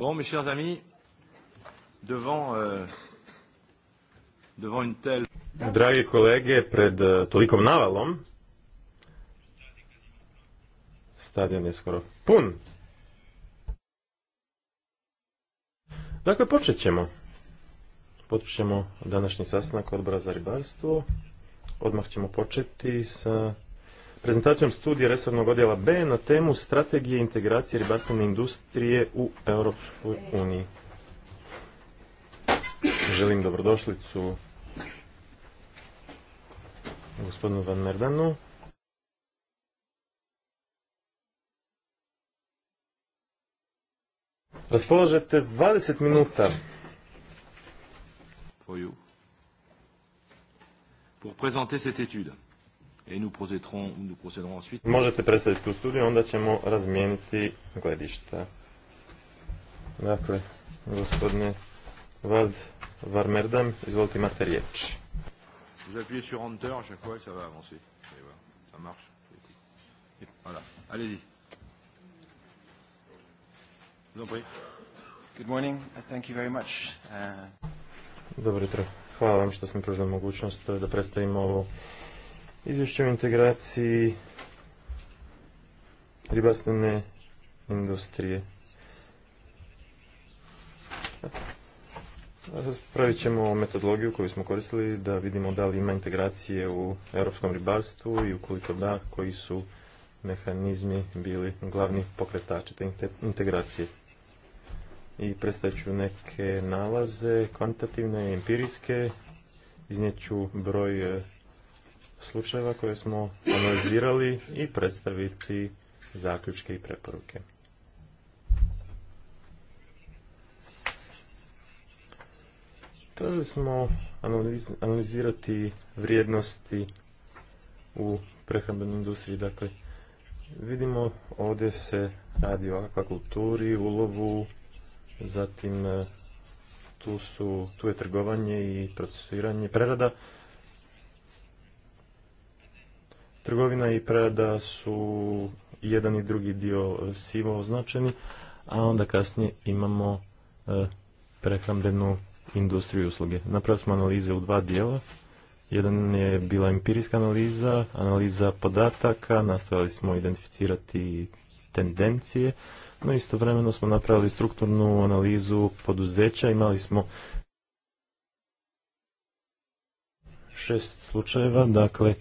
Bon, mes chers amis, devant, euh, devant une telle... kolege, pred uh, tolikom navalom, stadion je skoro pun. Dakle, počet ćemo. Počet ćemo današnji sastanak odbora za ribarstvo. Odmah ćemo početi sa prezentacijom studije resornog odjela B na temu strategije integracije ribarstvene industrije u Europskoj uniji. Želim dobrodošlicu gospodinu Van Merdanu. Raspolažete s 20 minuta. For Pour présenter cette étude et nous procéderons, nous procéderons ensuite. Možete predstaviti tu studiju, onda ćemo razmijeniti gledišta. Dakle, gospodine Vald Varmerdam, izvolite imate riječ. Vous appuyez sur Enter à chaque fois ça va avancer. Et voilà, ça marche. Voilà, allez-y. Vous en prie. Good morning. Thank you very much. Uh, Dobro jutro. Hvala vam što ste mi pružili mogućnost da predstavimo ovo Izvješće o integraciji ribarstvene industrije. Raspravit ćemo metodologiju koju smo koristili da vidimo da li ima integracije u europskom ribarstvu i ukoliko da, koji su mehanizmi bili glavni pokretači te integracije. I predstavit ću neke nalaze, kvantitativne i empirijske, iznijet ću broj slučajeva koje smo analizirali i predstaviti zaključke i preporuke. Trebali smo analizirati vrijednosti u prehrambenoj industriji. Dakle, vidimo ovdje se radi o akvakulturi, ulovu, zatim eh, tu, su, tu je trgovanje i procesuiranje prerada. Trgovina i prerada su jedan i drugi dio e, sivo označeni, a onda kasnije imamo e, prehrambenu industriju usluge. Napravili smo analize u dva dijela. Jedan je bila empirijska analiza, analiza podataka, nastojali smo identificirati tendencije, no istovremeno smo napravili strukturnu analizu poduzeća, imali smo šest slučajeva, dakle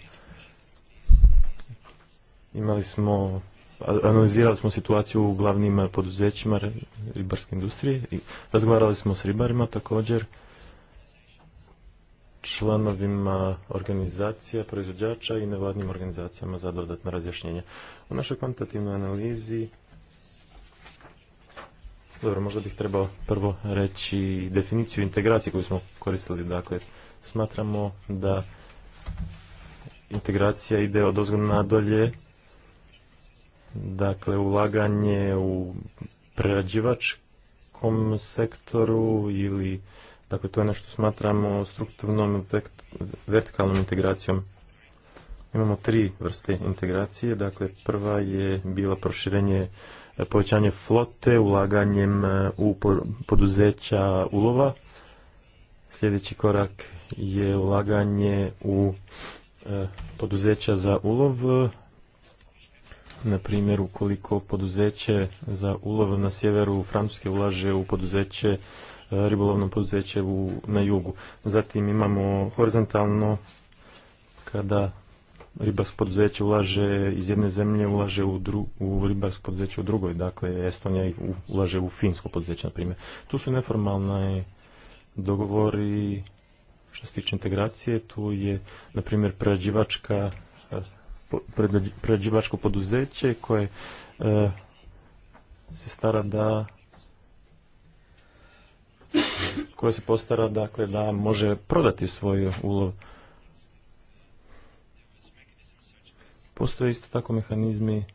Imali smo, analizirali smo situaciju u glavnim eh, poduzećima ribarske industrije i razgovarali smo s ribarima također članovima organizacija, proizvođača i nevladnim organizacijama za dodatna razjašnjenja. U našoj kvantitativnoj analizi dobro, možda bih trebao prvo reći definiciju integracije koju smo koristili. Dakle, smatramo da integracija ide od na dolje Dakle, ulaganje u prerađivačkom sektoru ili, dakle, to je nešto smatramo strukturnom vertikalnom integracijom. Imamo tri vrste integracije, dakle, prva je bila proširenje e, povećanje flote ulaganjem e, u poduzeća ulova. Sljedeći korak je ulaganje u e, poduzeća za ulov na primjer, ukoliko poduzeće za ulov na sjeveru Francuske ulaže u poduzeće e, ribolovno poduzeće u, na jugu. Zatim imamo horizontalno kada ribarsko poduzeće ulaže iz jedne zemlje ulaže u, dru, u ribarsko poduzeće u drugoj, dakle Estonija ulaže u finsko poduzeće na primjer. Tu su neformalni dogovori što se tiče integracije, tu je na primjer prerađivačka prerađivačko poduzeće koje e, se stara da koje se postara dakle da može prodati svoj ulov. Postoje isto tako mehanizmi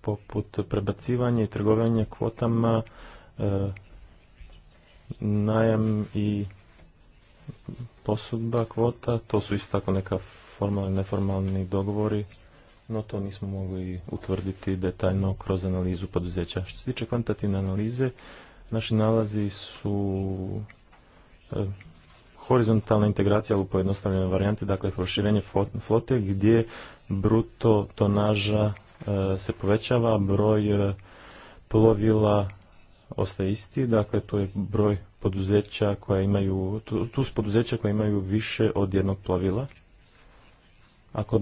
poput prebacivanja i trgovanja kvotama, e, najam i posudba kvota, to su isto tako neka formalni i neformalni dogovori, no to nismo mogli utvrditi detaljno kroz analizu poduzeća. Što se tiče kvantitativne analize, naši nalazi su e, horizontalna integracija u pojednostavljene varijante, dakle proširenje flote gdje bruto tonaža e, se povećava, broj e, plovila ostaje isti, dakle to je broj poduzeća koja imaju, tu, tu su poduzeća koja imaju više od jednog plovila, ako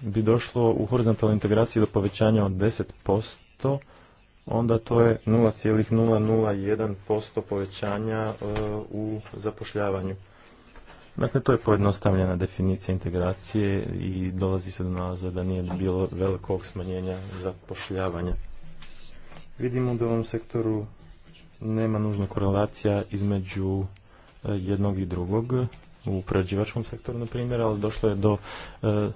bi došlo u horizontalnoj integraciji do povećanja od 10%, onda to je 0,001% povećanja e, u zapošljavanju. Dakle, to je pojednostavljena definicija integracije i dolazi se do nalaza da nije bilo velikog smanjenja zapošljavanja. Vidimo da u ovom sektoru nema nužna korelacija između e, jednog i drugog u prerađivačkom sektoru, na primjer, ali došlo je do, e,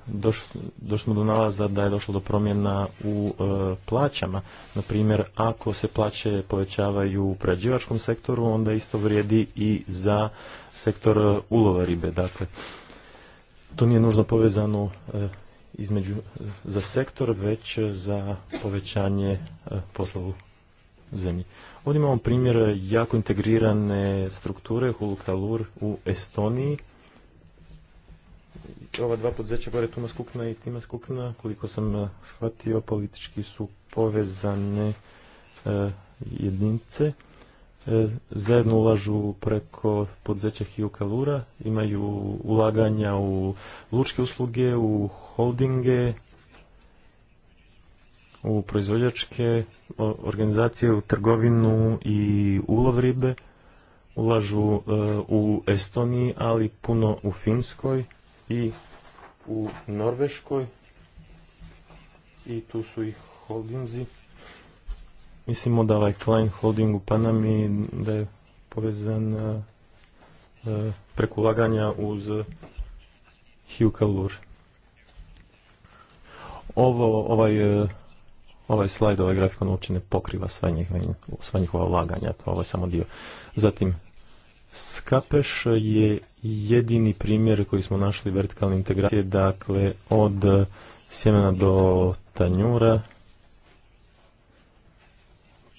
do nalaza da je došlo do promjena u e, plaćama. Na primjer, ako se plaće povećavaju u prerađivačkom sektoru, onda isto vrijedi i za sektor e, ulova ribe. Dakle, to nije nužno povezano između za sektor, već za povećanje posla u zemlji. Ovdje imamo primjer jako integrirane strukture Hulukalur u Estoniji. Ova dva podzeća, gore Tuma Skupna i Tima Skupna, koliko sam eh, shvatio, politički su povezane eh, jedinice. Eh, zajedno ulažu preko podzeća Hulukalura, imaju ulaganja u lučke usluge, u holdinge, u proizvođačke organizacije, u trgovinu i ulov ribe. Ulažu e, u Estoniji, ali puno u Finskoj i u Norveškoj. I tu su ih holdingzi Mislimo da ovaj Klein holding u Panami da je povezan e, e, preko ulaganja uz kalur Ovo, ovaj ovaj slajd, ovaj grafikon uopće ne pokriva sva njihova, sva njihova ulaganja, ovo je ovaj samo dio. Zatim, Skapeš je jedini primjer koji smo našli vertikalne integracije, dakle od sjemena do tanjura,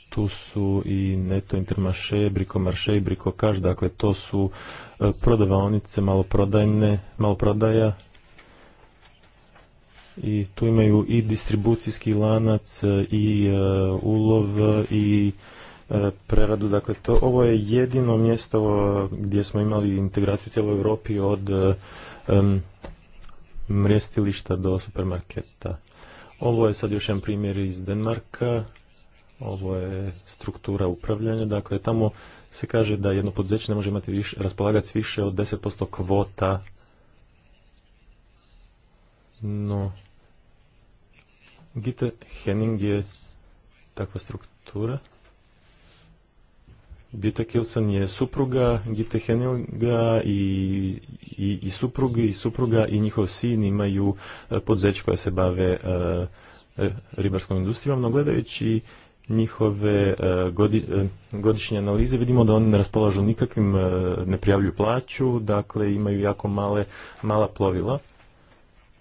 tu su i Neto intermaše, Brico Marše i Briko Kaš, dakle to su e, prodavaonice maloprodajne, maloprodaja i tu imaju i distribucijski lanac e, i e, ulov e, i preradu. Dakle, to, ovo je jedino mjesto gdje smo imali integraciju u cijeloj Europi od um, do supermarketa. Ovo je sad još jedan primjer iz Denmarka. Ovo je struktura upravljanja. Dakle, tamo se kaže da jedno poduzeće ne može imati više, raspolagati više od 10% kvota. No, Gite Henning je takva struktura. Gita Kilson je supruga Gita Heninga i, i, i suprug i supruga i njihov sin imaju e, poduzeće koja se bave e, e, ribarskom industrijom, no gledajući njihove godišnje analize vidimo da oni ne raspolažu nikakvim, ne prijavljuju plaću, dakle imaju jako male, mala plovila.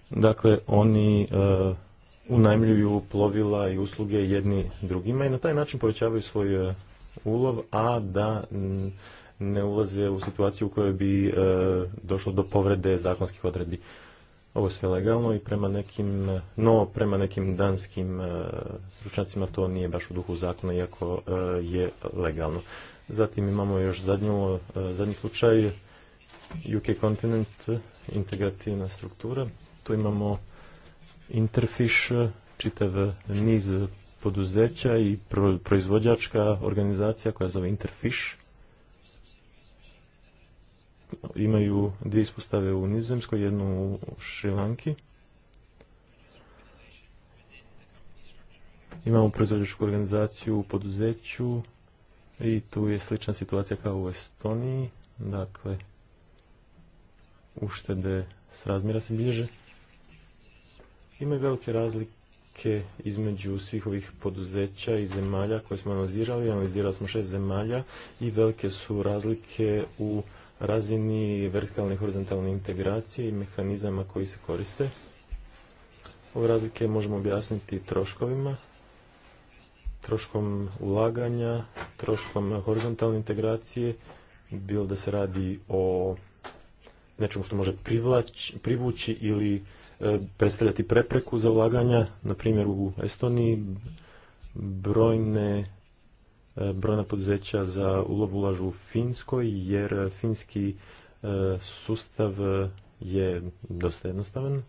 Dakle, oni unajmljuju plovila i usluge jedni drugima i na taj način povećavaju svoj e, ulov, a da ne ulaze u situaciju u kojoj bi e, došlo do povrede zakonskih odredbi. Ovo je sve legalno i prema nekim, no prema nekim danskim e, stručnjacima to nije baš u duhu zakona, iako je legalno. Zatim imamo još zadnju, zadnji slučaj UK Continent, integrativna struktura. Tu imamo Interfish, čitav niz poduzeća i proizvođačka organizacija koja zove Interfish. Imaju dvije ispostave u Nizozemskoj, jednu u Šrilanki. Imamo proizvođačku organizaciju u poduzeću i tu je slična situacija kao u Estoniji. Dakle, uštede s razmjera se bliže. Imaju velike razlike između svih ovih poduzeća i zemalja koje smo analizirali. Analizirali smo šest zemalja i velike su razlike u razini vertikalne i horizontalne integracije i mehanizama koji se koriste. Ove razlike možemo objasniti troškovima, troškom ulaganja, troškom horizontalne integracije, bilo da se radi o nečemu što može privući ili predstavljati prepreku za ulaganja. Na primjer u Estoniji brojne e, brojna poduzeća za ulov ulažu u Finskoj jer finski e, sustav je dosta jednostavan.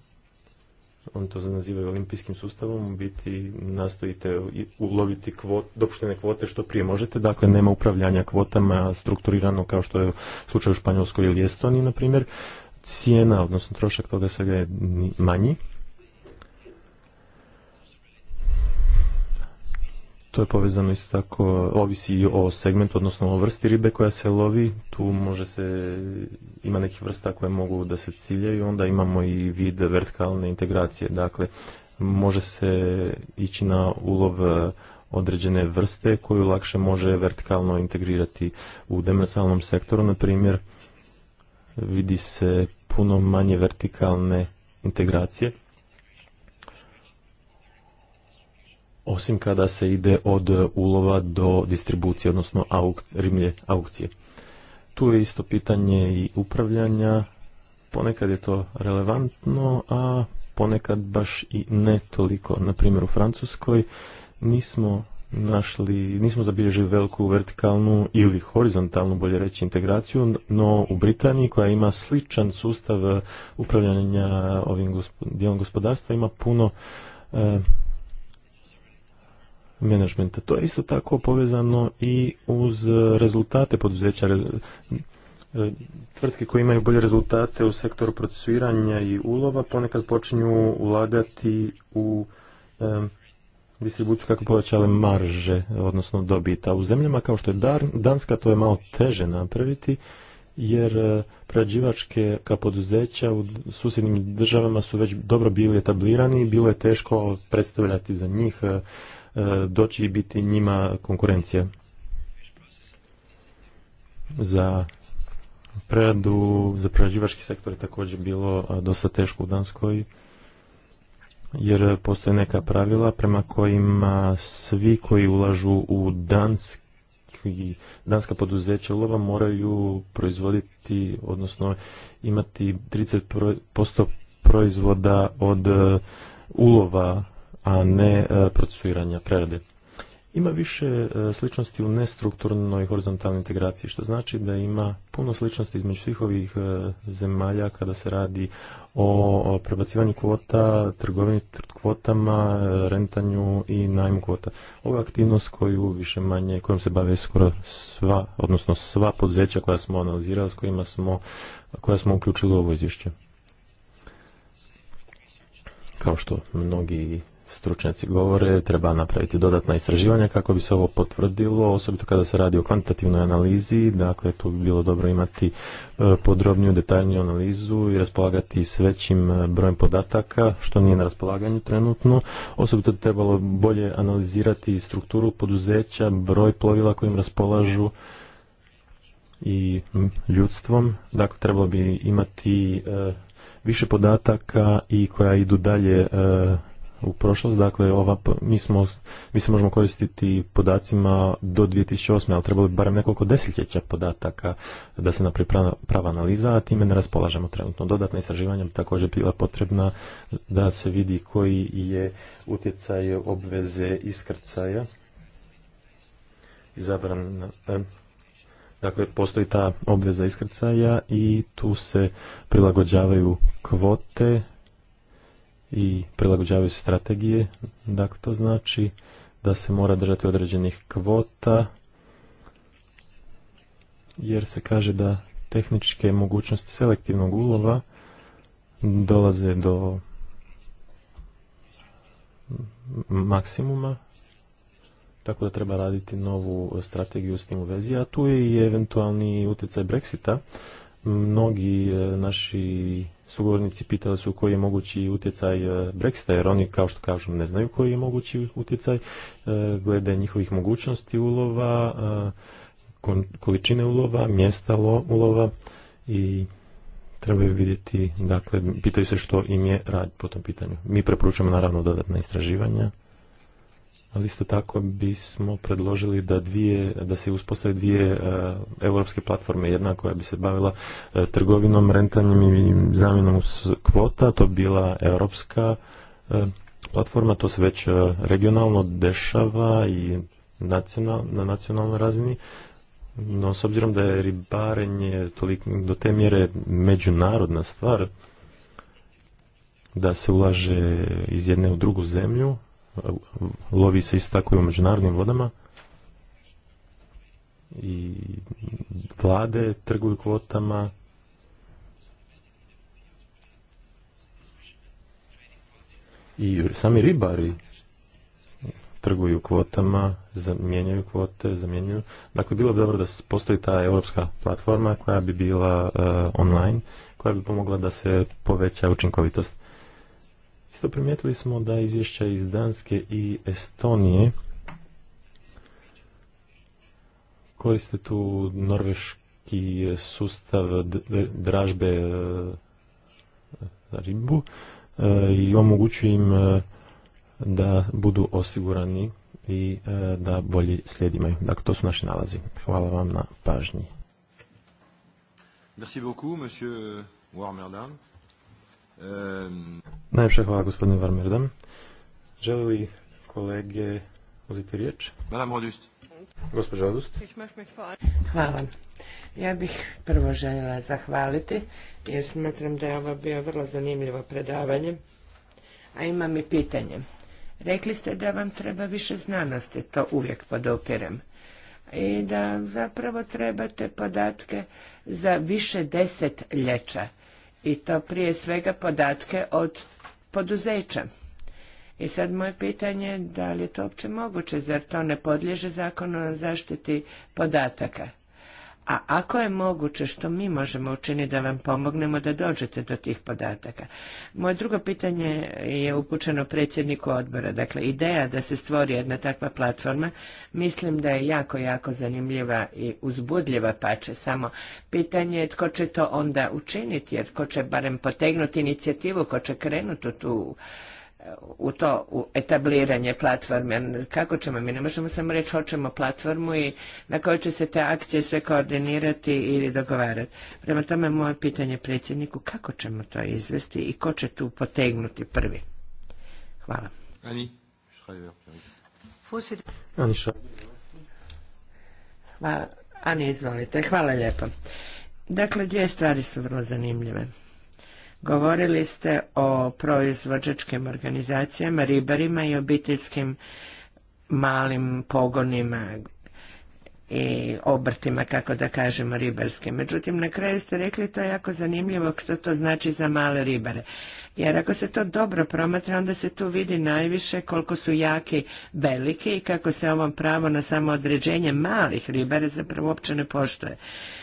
On to nazivaju olimpijskim sustavom, u biti nastojite uloviti kvot, dopuštene kvote što prije možete, dakle nema upravljanja kvotama strukturirano kao što je u slučaju u Španjolskoj ili Estoniji, na primjer cijena, odnosno trošak toga svega je manji. To je povezano isto tako, ovisi i o segmentu, odnosno o vrsti ribe koja se lovi. Tu može se, ima nekih vrsta koje mogu da se ciljaju, onda imamo i vid vertikalne integracije. Dakle, može se ići na ulov e, određene vrste koju lakše može vertikalno integrirati u demersalnom sektoru, na primjer vidi se puno manje vertikalne integracije. Osim kada se ide od ulova do distribucije, odnosno auk, rimlje aukcije. Tu je isto pitanje i upravljanja. Ponekad je to relevantno, a ponekad baš i ne toliko. Na primjer u Francuskoj nismo našli, nismo zabilježili veliku vertikalnu ili horizontalnu, bolje reći, integraciju, no u Britaniji koja ima sličan sustav upravljanja ovim dijelom gospodarstva ima puno eh, menadžmenta. To je isto tako povezano i uz rezultate poduzeća eh, tvrtke koje imaju bolje rezultate u sektoru procesuiranja i ulova ponekad počinju ulagati u eh, distribuciju kako povećale marže, odnosno dobita. U zemljama kao što je Danska to je malo teže napraviti, jer e, prerađivačke poduzeća u susjednim državama su već dobro bili etablirani i bilo je teško predstavljati za njih, e, e, doći i biti njima konkurencija. Za preradu, za prerađivački sektor je također bilo dosta teško u Danskoj jer postoje neka pravila prema kojima svi koji ulažu u danski, danska poduzeća ulova moraju proizvoditi, odnosno imati 30% proizvoda od e, ulova, a ne e, procesuiranja prerade. Ima više e, sličnosti u nestrukturnoj horizontalnoj integraciji, što znači da ima puno sličnosti između svih ovih zemalja kada se radi o prebacivanju kvota, trgovini kvotama, rentanju i najmu kvota. Ovo je aktivnost koju više manje, kojom se bave skoro sva, odnosno sva poduzeća koja smo analizirali, s kojima smo, koja smo uključili u ovo izvješće. Kao što mnogi stručnjaci govore, treba napraviti dodatna istraživanja kako bi se ovo potvrdilo, osobito kada se radi o kvantitativnoj analizi, dakle tu bi bilo dobro imati e, podrobniju, detaljniju analizu i raspolagati s većim e, brojem podataka, što nije na raspolaganju trenutno. Osobito bi trebalo bolje analizirati strukturu poduzeća, broj plovila kojim raspolažu, i ljudstvom. Dakle, trebalo bi imati e, više podataka i koja idu dalje u prošlost. Dakle, ova, mi, smo, mi se možemo koristiti podacima do 2008. ali trebalo bi barem nekoliko desetljeća podataka da se napravi prava analiza, a time ne raspolažemo trenutno. Dodatna istraživanja bi također bila potrebna da se vidi koji je utjecaj obveze iskrcaja izabran e, Dakle, postoji ta obveza iskrcaja i tu se prilagođavaju kvote i prilagođavaju strategije. Dakle, to znači da se mora držati određenih kvota, jer se kaže da tehničke mogućnosti selektivnog ulova dolaze do maksimuma, tako da treba raditi novu strategiju s tim u vezi, a tu je i eventualni utjecaj Brexita, mnogi e, naši sugovornici pitali su koji je mogući utjecaj e, Brexita, jer oni kao što kažu ne znaju koji je mogući utjecaj e, glede njihovih mogućnosti ulova, količine ulova, mjesta ulova i trebaju vidjeti, dakle, pitaju se što im je rad po tom pitanju. Mi preporučujemo naravno dodatna istraživanja ali isto tako bismo predložili da dvije, da se uspostave dvije europske platforme, jedna koja bi se bavila e, trgovinom, rentanjem i zamjenom kvota, to bila europska e, platforma, to se već e, regionalno dešava i nacional, na nacionalnoj razini. No, s obzirom da je ribarenje tolik, do te mjere međunarodna stvar, da se ulaže iz jedne u drugu zemlju, lovi se isto tako i u međunarodnim vodama i vlade trguju kvotama i sami ribari trguju kvotama, zamjenjuju kvote, zamjenjuju. Dakle, bilo bi dobro da postoji ta europska platforma koja bi bila eh, online, koja bi pomogla da se poveća učinkovitost. Isto primijetili smo da izvješća iz Danske i Estonije koriste tu norveški sustav dražbe e, za ribu e, i omogućuje im e, da budu osigurani i da bolje slijedi Dakle, to su naši nalazi. Hvala vam na pažnji. Merci beaucoup, monsieur Warmerdam. Um... hvala gospodine Varmerdam. Želi li kolege uzeti riječ? Gospođa Hvala. Ja bih prvo željela zahvaliti jer smatram da je ovo bio vrlo zanimljivo predavanje. A imam i pitanje. Rekli ste da vam treba više znanosti, to uvijek podopirem. I da zapravo trebate podatke za više deset lječa i to prije svega podatke od poduzeća. I sad moje pitanje je da li je to uopće moguće, zar to ne podliježe zakonu o zaštiti podataka? a ako je moguće što mi možemo učiniti da vam pomognemo da dođete do tih podataka. Moje drugo pitanje je upućeno predsjedniku odbora. Dakle, ideja da se stvori jedna takva platforma mislim da je jako, jako zanimljiva i uzbudljiva pače. Samo pitanje je tko će to onda učiniti, jer tko će barem potegnuti inicijativu, tko će krenuti u tu u to u etabliranje platforme. Kako ćemo? Mi ne možemo samo reći hoćemo platformu i na kojoj će se te akcije sve koordinirati ili dogovarati. Prema tome moje pitanje predsjedniku kako ćemo to izvesti i ko će tu potegnuti prvi? Hvala. Ani Hvala. Ani, izvolite. Hvala lijepo. Dakle, dvije stvari su vrlo zanimljive. Govorili ste o proizvođačkim organizacijama, ribarima i obiteljskim malim pogonima i obrtima, kako da kažemo, ribarskim. Međutim, na kraju ste rekli to je jako zanimljivo što to znači za male ribare. Jer ako se to dobro promatra, onda se tu vidi najviše koliko su jaki veliki i kako se ovom pravo na samoodređenje malih ribara zapravo uopće ne poštuje.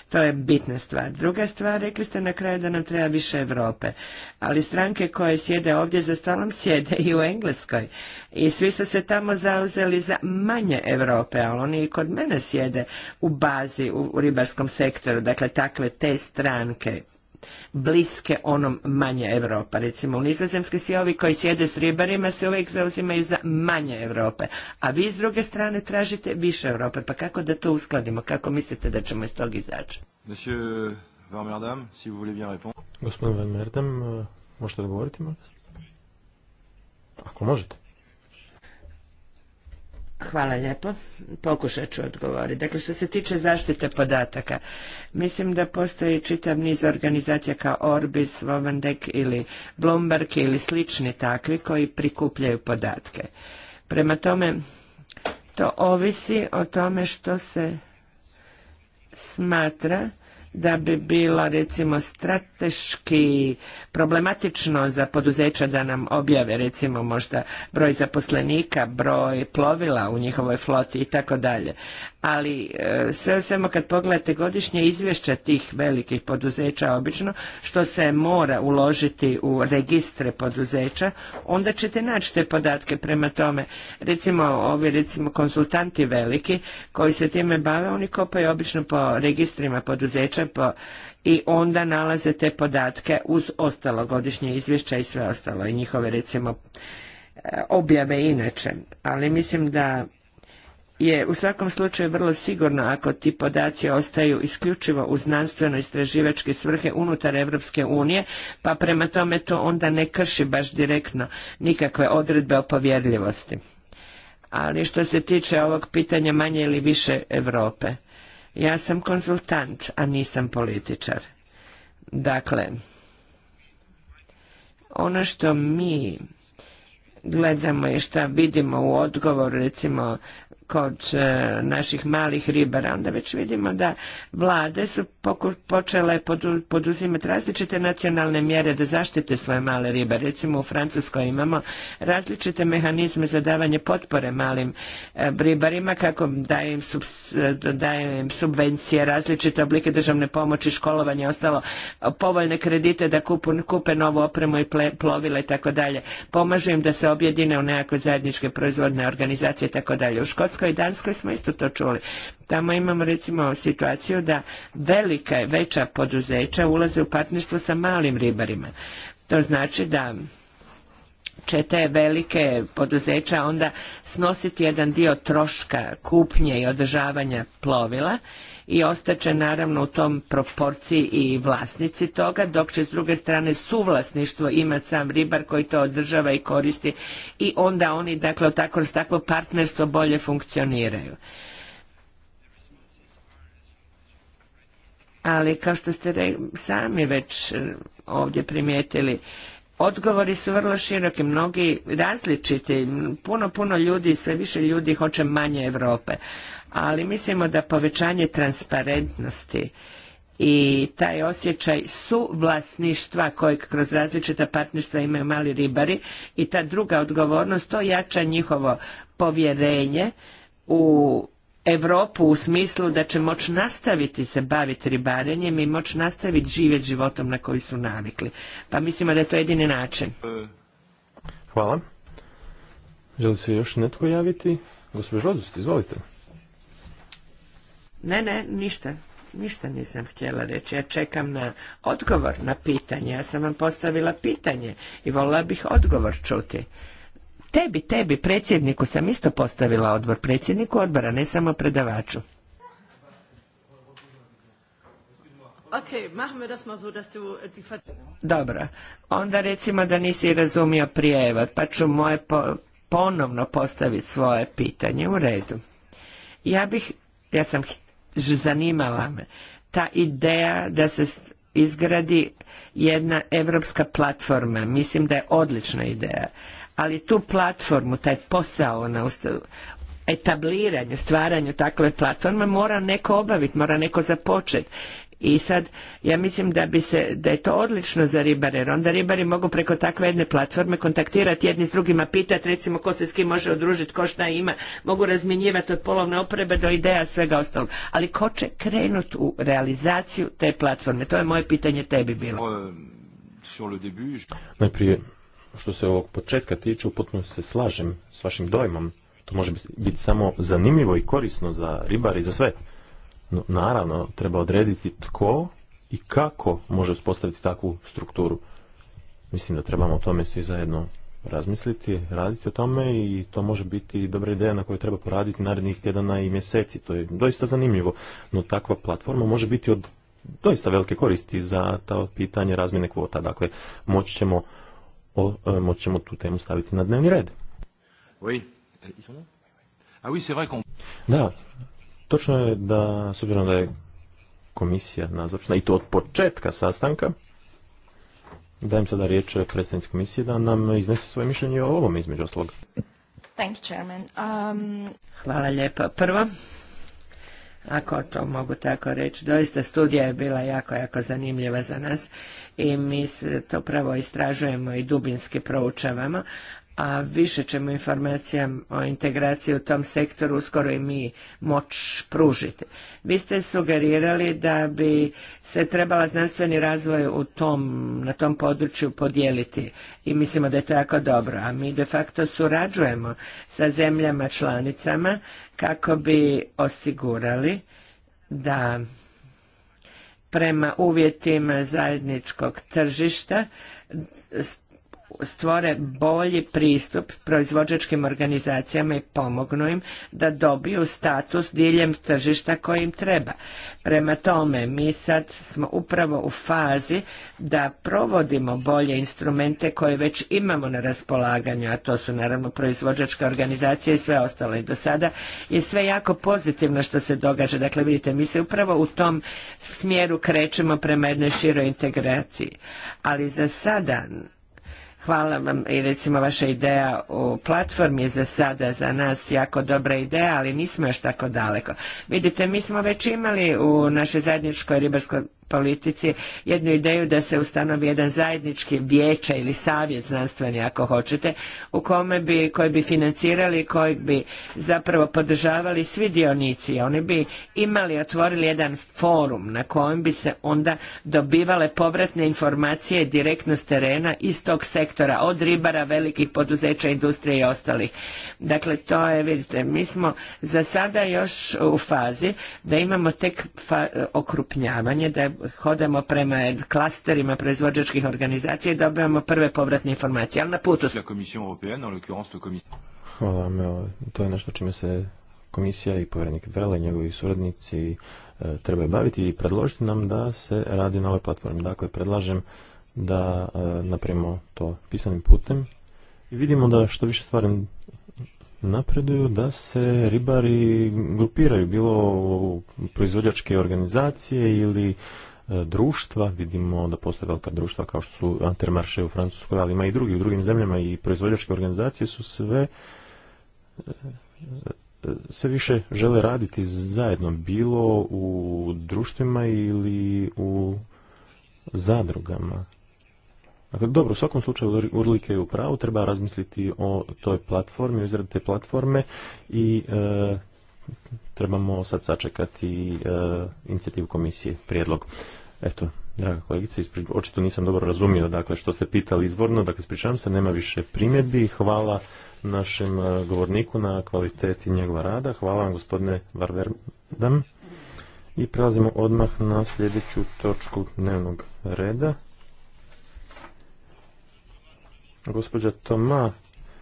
To je bitna stvar. Druga stvar, rekli ste na kraju da nam treba više Europe, ali stranke koje sjede ovdje za stolom sjede i u Engleskoj i svi su se tamo zauzeli za manje Europe, ali oni i kod mene sjede u bazi u ribarskom sektoru, dakle takve te stranke bliske onom manje Europa. Recimo u Nizozemskoj svi ovi koji sjede s ribarima se uvijek zauzimaju za manje Europe, a vi s druge strane tražite više Europe. Pa kako da to uskladimo? Kako mislite da ćemo iz toga izaći? Monsieur si vous voulez bien répondre. Gospodin Vermerdam, eh, možete odgovoriti, Ako možete. Hvala lijepo. Pokušat ću odgovoriti. Dakle, što se tiče zaštite podataka, mislim da postoji čitav niz organizacija kao Orbis, Vomandek ili Bloomberg ili slični takvi koji prikupljaju podatke. Prema tome, to ovisi o tome što se smatra da bi bilo recimo strateški problematično za poduzeća da nam objave recimo možda broj zaposlenika, broj plovila u njihovoj floti i tako dalje ali e, sve samo kad pogledate godišnje izvješća tih velikih poduzeća obično, što se mora uložiti u registre poduzeća, onda ćete naći te podatke prema tome. Recimo ovi recimo konsultanti veliki koji se time bave, oni kopaju obično po registrima poduzeća po i onda nalaze te podatke uz ostalo godišnje izvješća i sve ostalo i njihove recimo e, objave inače. Ali mislim da je u svakom slučaju vrlo sigurno ako ti podaci ostaju isključivo u znanstveno-istraživačke svrhe unutar Europske unije, pa prema tome to onda ne krši baš direktno nikakve odredbe o povjerljivosti. Ali što se tiče ovog pitanja manje ili više Europe, ja sam konzultant, a nisam političar. Dakle, ono što mi gledamo i šta vidimo u odgovoru recimo kod e, naših malih ribara, onda već vidimo da vlade su počele poduzimati različite nacionalne mjere da zaštite svoje male ribe. Recimo u Francuskoj imamo različite mehanizme za davanje potpore malim e, ribarima kako daje im, sub, e, im subvencije, različite oblike državne pomoći, školovanje, ostalo povoljne kredite da kupe novu opremu i plovile i tako dalje. Pomažu im da se objedine u nekakve zajedničke proizvodne organizacije i tako dalje. U Škotskoj Švedskoj i Danskoj smo isto to čuli. Tamo imamo recimo situaciju da velika, veća poduzeća ulaze u partnerstvo sa malim ribarima. To znači da će te velike poduzeća onda snositi jedan dio troška kupnje i održavanja plovila i ostaće naravno u tom proporciji i vlasnici toga, dok će s druge strane suvlasništvo imati sam ribar koji to održava i koristi i onda oni dakle tako, takvo partnerstvo bolje funkcioniraju. Ali kao što ste sami već eh, ovdje primijetili, odgovori su vrlo široki, mnogi različiti, puno, puno ljudi, sve više ljudi hoće manje Europe, ali mislimo da povećanje transparentnosti i taj osjećaj su vlasništva kojeg kroz različita partnerstva imaju mali ribari i ta druga odgovornost, to jača njihovo povjerenje u Europu u smislu da će moći nastaviti se baviti ribarenjem i moći nastaviti živjeti životom na koji su navikli. Pa mislimo da je to jedini način. Hvala. Želi se još netko javiti? izvolite. Ne, ne, ništa. Ništa nisam htjela reći. Ja čekam na odgovor na pitanje. Ja sam vam postavila pitanje i volila bih odgovor čuti. Tebi, tebi, predsjedniku sam isto postavila odbor, predsjedniku odbora, ne samo predavaču. Äh, Dobro, onda recimo da nisi razumio prijevod, pa ću moje ponovno postaviti svoje pitanje u redu. Ja bih, ja sam zanimala me, ta ideja da se izgradi jedna evropska platforma, mislim da je odlična ideja, ali tu platformu, taj posao na etabliranju, stvaranju takve platforme mora neko obaviti, mora neko započeti. I sad, ja mislim da bi se, da je to odlično za ribare, jer onda ribari mogu preko takve jedne platforme kontaktirati jedni s drugima, pitati recimo ko se s kim može odružiti, ko šta ima, mogu razminjivati od polovne oprebe do ideja svega ostalog. Ali ko će krenuti u realizaciju te platforme? To je moje pitanje tebi bilo. Euh, Najprije što se ovog početka tiče, potpuno se slažem s vašim dojmom. To može biti samo zanimljivo i korisno za ribare i za sve. No, naravno, treba odrediti tko i kako može uspostaviti takvu strukturu. Mislim da trebamo o tome svi zajedno razmisliti, raditi o tome i to može biti dobra ideja na kojoj treba poraditi narednih tjedana i mjeseci. To je doista zanimljivo, no takva platforma može biti od doista velike koristi za ta pitanje razmjene kvota. Dakle, moći ćemo o, e, moći ćemo tu temu staviti na dnevni red. Ah da, točno je da, s obzirom da je komisija nazočna, i to od početka sastanka, dajem sada riječ predstavnici komisije da nam iznese svoje mišljenje o ovom između osloga. Um, Hvala lijepa. prva ako to mogu tako reći. Doista studija je bila jako, jako zanimljiva za nas i mi to pravo istražujemo i dubinski proučavamo, a više ćemo informacija o integraciji u tom sektoru uskoro i mi moć pružiti. Vi ste sugerirali da bi se trebala znanstveni razvoj u tom, na tom području podijeliti i mislimo da je to jako dobro, a mi de facto surađujemo sa zemljama članicama kako bi osigurali da prema uvjetima zajedničkog tržišta stvore bolji pristup proizvođačkim organizacijama i pomognu im da dobiju status diljem tržišta koji im treba. Prema tome, mi sad smo upravo u fazi da provodimo bolje instrumente koje već imamo na raspolaganju, a to su naravno proizvođačke organizacije i sve ostalo. I do sada je sve jako pozitivno što se događa. Dakle, vidite, mi se upravo u tom smjeru krećemo prema jednoj široj integraciji. Ali za sada Hvala vam i recimo vaša ideja u platformi je za sada za nas jako dobra ideja, ali nismo još tako daleko. Vidite, mi smo već imali u našoj zajedničkoj ribarskoj politici jednu ideju da se ustanovi jedan zajednički vijeće ili savjet znanstveni ako hoćete u kome bi, koji bi financirali koji bi zapravo podržavali svi dionici. Oni bi imali otvorili jedan forum na kojem bi se onda dobivale povratne informacije direktno s terena iz tog sektora sektora, od ribara, velikih poduzeća, industrije i ostalih. Dakle, to je, vidite, mi smo za sada još u fazi da imamo tek okrupnjavanje, da hodamo prema klasterima proizvođačkih organizacija i dobivamo prve povratne informacije, ali na putu. Hvala vam, to je nešto čime se komisija i povjerenik Vrela i njegovi suradnici e, trebaju baviti i predložiti nam da se radi na ovoj platformi. Dakle, predlažem da e, napravimo to pisanim putem i vidimo da što više stvari napreduju da se ribari grupiraju bilo u proizvođačke organizacije ili e, društva, vidimo da postoje velika društva kao što su Antermarše u Francuskoj, ali ima i drugi u drugim zemljama i proizvođačke organizacije su sve e, sve više žele raditi zajedno, bilo u društvima ili u zadrugama. Dakle, dobro, u svakom slučaju Urlike je u pravu, treba razmisliti o toj platformi, o izradi te platforme i e, trebamo sad sačekati e, inicijativu komisije, prijedlog. Eto, draga kolegice, očito nisam dobro razumio dakle, što ste pitali izvorno, dakle, spričavam se, nema više primjedbi, hvala našem e, govorniku na kvaliteti njegova rada, hvala vam gospodine Varverdam i prelazimo odmah na sljedeću točku dnevnog reda. Gospođa Toma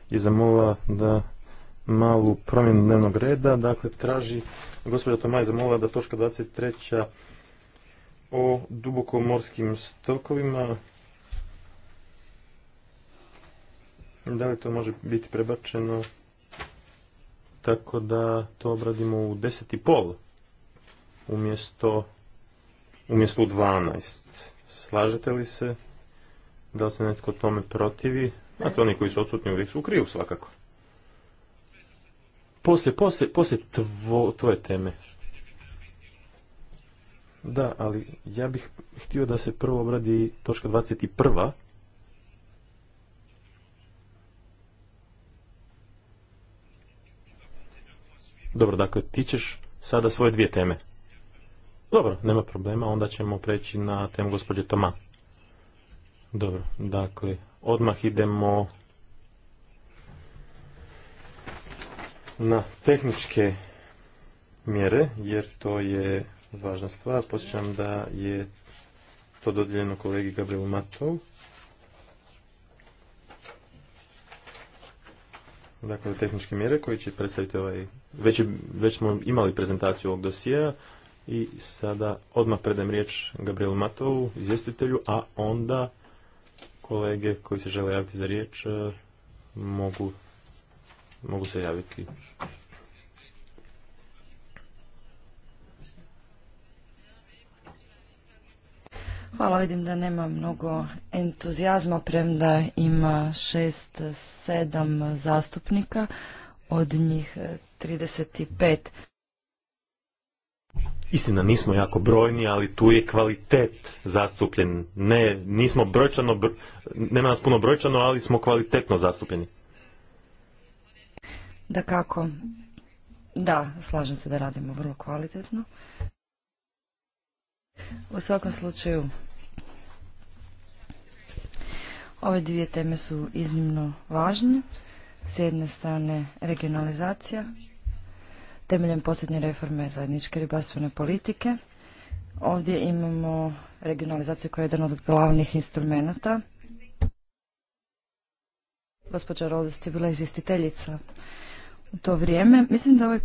je zamolila da malu promjenu dnevnog reda, dakle traži, gospođa Toma je zamolila da točka 23. o dubokomorskim stokovima, da li to može biti prebačeno tako da to obradimo u pol umjesto umjesto u 12. Slažete li se? Da li se netko tome protivi? Znate, oni koji su odsutni uvijek su u krivu svakako. Poslije, poslije, poslije tvoje teme. Da, ali ja bih htio da se prvo obradi točka 21. Dobro, dakle, ti ćeš sada svoje dvije teme. Dobro, nema problema, onda ćemo preći na temu gospođe Toma. Dobro, dakle, odmah idemo na tehničke mjere, jer to je važna stvar. Posjećam da je to dodijeljeno kolegi Gabrielu Matovu. Dakle, tehničke mjere koje će predstaviti ovaj... Već, već smo imali prezentaciju ovog dosija i sada odmah predajem riječ Gabrielu Matovu, izvjestitelju, a onda kolege koji se žele javiti za riječ e, mogu, mogu se javiti. Hvala, vidim da nema mnogo entuzijazma, premda ima šest, sedam zastupnika, od njih 35. E, Istina, nismo jako brojni, ali tu je kvalitet zastupljen. Ne, nismo brojčano, nema nas puno brojčano, ali smo kvalitetno zastupljeni. Da kako? Da, slažem se da radimo vrlo kvalitetno. U svakom slučaju, ove dvije teme su iznimno važne. S jedne strane regionalizacija temeljem posljednje reforme zajedničke ribarstvene politike. Ovdje imamo regionalizaciju koja je jedan od glavnih instrumenata. Gospođa Rodost je bila izvjestiteljica u to vrijeme. Mislim da ovaj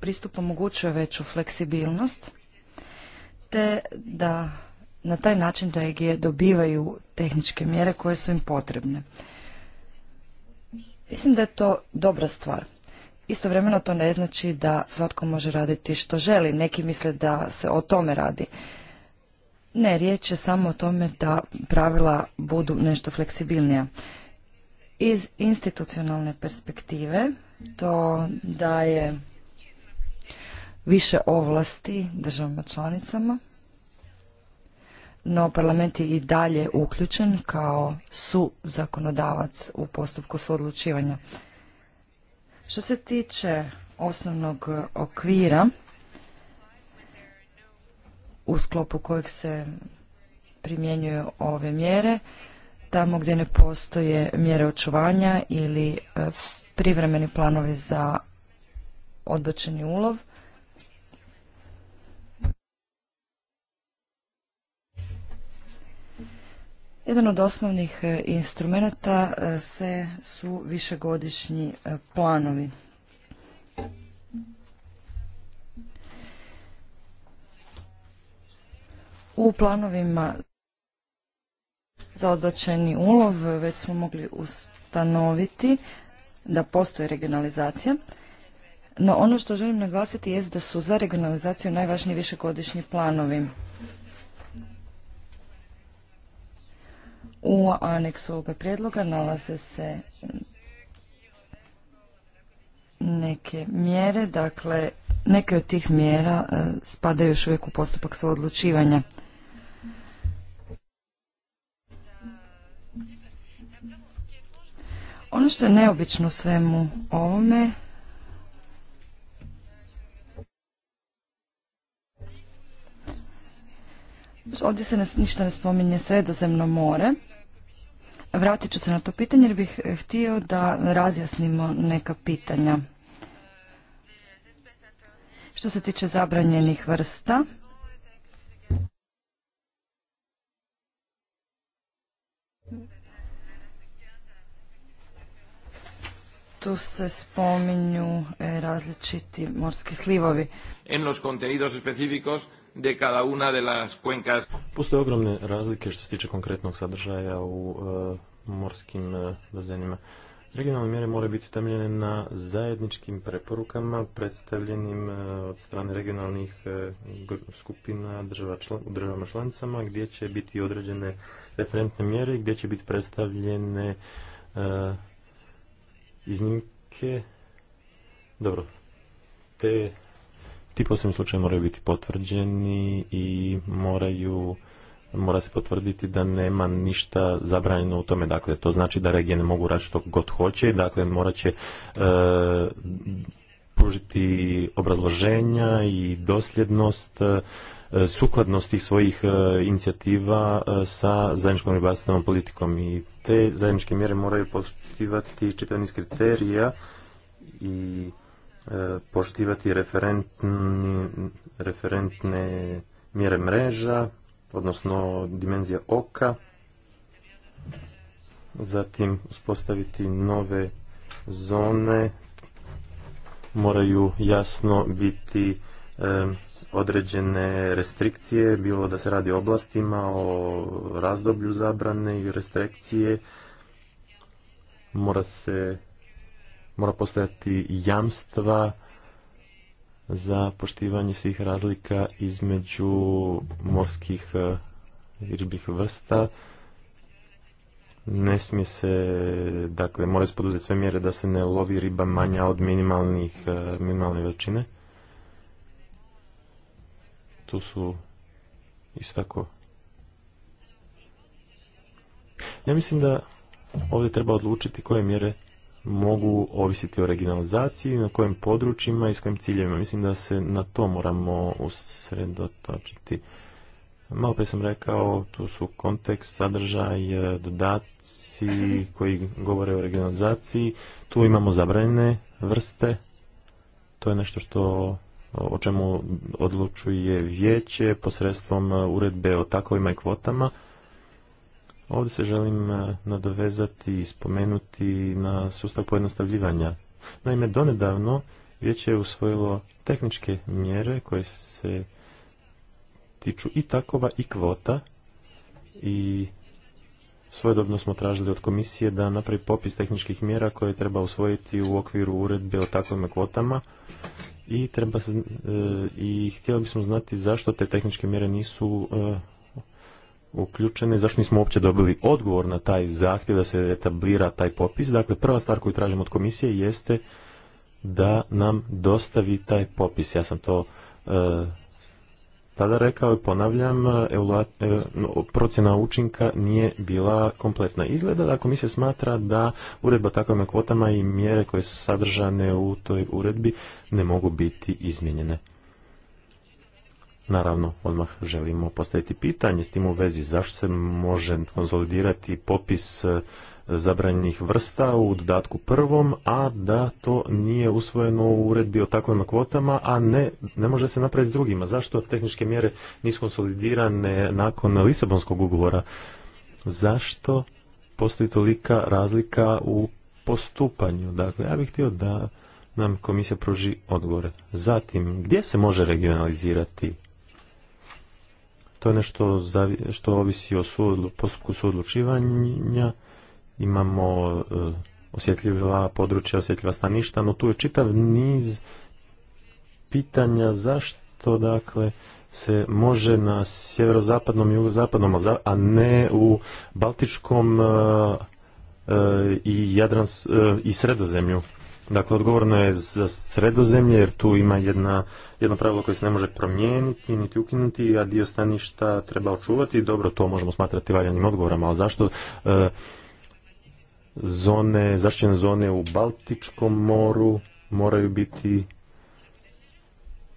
pristup, omogućuje veću fleksibilnost te da na taj način da regije dobivaju tehničke mjere koje su im potrebne. Mislim da je to dobra stvar. Istovremeno to ne znači da svatko može raditi što želi. Neki misle da se o tome radi. Ne, riječ je samo o tome da pravila budu nešto fleksibilnija. Iz institucionalne perspektive to daje više ovlasti državama članicama, no parlament je i dalje uključen kao su zakonodavac u postupku suodlučivanja. odlučivanja. Što se tiče osnovnog okvira u sklopu kojeg se primjenjuju ove mjere, tamo gdje ne postoje mjere očuvanja ili e, privremeni planovi za odbačeni ulov, Jedan od osnovnih e, instrumenata e, se su višegodišnji e, planovi. U planovima za odbačeni ulov već smo mogli ustanoviti da postoji regionalizacija. No ono što želim naglasiti jest da su za regionalizaciju najvažniji višegodišnji planovi. U aneksu ovoga prijedloga nalaze se neke mjere, dakle neke od tih mjera e, spadaju još uvijek u postupak odlučivanja. Ono što je neobično svemu ovome Ovdje se ništa ne spominje sredozemno more, Vratit ću se na to pitanje jer bih htio da razjasnimo neka pitanja. Što se tiče zabranjenih vrsta, tu se spominju e, različiti morski slivovi. En los contenidos de cada una de las cuencas. Postoje ogromne razlike što se tiče konkretnog sadržaja u e, morskim e, bazenima. Regionalne mjere moraju biti temeljene na zajedničkim preporukama predstavljenim e, od strane regionalnih skupina u državama članicama gdje će biti određene referentne mjere i gdje će biti predstavljene iznimke. Dobro, te ti posebni slučajevi moraju biti potvrđeni i moraju mora se potvrditi da nema ništa zabranjeno u tome. Dakle, to znači da regije ne mogu raditi što god hoće, dakle morat će e, pružiti obrazloženja i dosljednost e, sukladnost tih svojih e, inicijativa e, sa zajedničkom ribarstvenom politikom i te zajedničke mjere moraju poštivati čitav kriterija i E, poštivati referentne mjere mreža, odnosno dimenzija oka, zatim uspostaviti nove zone, moraju jasno biti e, određene restrikcije, bilo da se radi o oblastima, o razdoblju zabrane i restrikcije, mora se mora postojati jamstva za poštivanje svih razlika između morskih i e, ribih vrsta. Ne smije se, dakle, mora se poduzeti sve mjere da se ne lovi riba manja od minimalnih, e, minimalne veličine. Tu su isto tako. Ja mislim da ovdje treba odlučiti koje mjere mogu ovisiti o regionalizaciji, na kojim područjima i s kojim ciljevima. Mislim da se na to moramo usredotočiti. Malo prije sam rekao, tu su kontekst, sadržaj, e, dodaci koji govore o regionalizaciji. Tu imamo zabranjene vrste. To je nešto što o čemu odlučuje vijeće posredstvom e, uredbe o takovima i kvotama. Ovdje se želim e, nadovezati i spomenuti na sustav pojednostavljivanja. Naime, donedavno vijeće je usvojilo tehničke mjere koje se tiču i takova i kvota i svojedobno smo tražili od komisije da napravi popis tehničkih mjera koje treba usvojiti u okviru uredbe o takvim kvotama i treba e, i htjeli bismo znati zašto te tehničke mjere nisu e, uključene, zašto nismo uopće dobili odgovor na taj zahtjev da se etablira taj popis. Dakle, prva stvar koju tražimo od komisije jeste da nam dostavi taj popis. Ja sam to e, tada rekao i ponavljam, e, e, procjena učinka nije bila kompletna. Izgleda da komisija smatra da uredba takvim kvotama i mjere koje su sadržane u toj uredbi ne mogu biti izmijenjene. Naravno, odmah želimo postaviti pitanje s tim u vezi zašto se može konsolidirati popis e, zabranjenih vrsta u dodatku prvom, a da to nije usvojeno u uredbi o takvim kvotama, a ne, ne može se napraviti s drugima. Zašto tehničke mjere nisu konsolidirane nakon Lisabonskog ugovora? Zašto postoji tolika razlika u postupanju? Dakle, ja bih htio da nam komisija pruži odgovore. Zatim, gdje se može regionalizirati to je nešto što ovisi o postupku suodlučivanja. Imamo e, osjetljiva područja, osjetljiva staništa, no tu je čitav niz pitanja zašto dakle se može na sjeverozapadnom i jugozapadnom, a ne u Baltičkom e, e, i, Jadrans, i Sredozemlju. Dakle, odgovorno je za sredozemlje, jer tu ima jedna, jedno pravilo koje se ne može promijeniti, niti ukinuti, a dio staništa treba očuvati. Dobro, to možemo smatrati valjanim odgovorom, ali zašto e, zone, zaštićene zone u Baltičkom moru moraju biti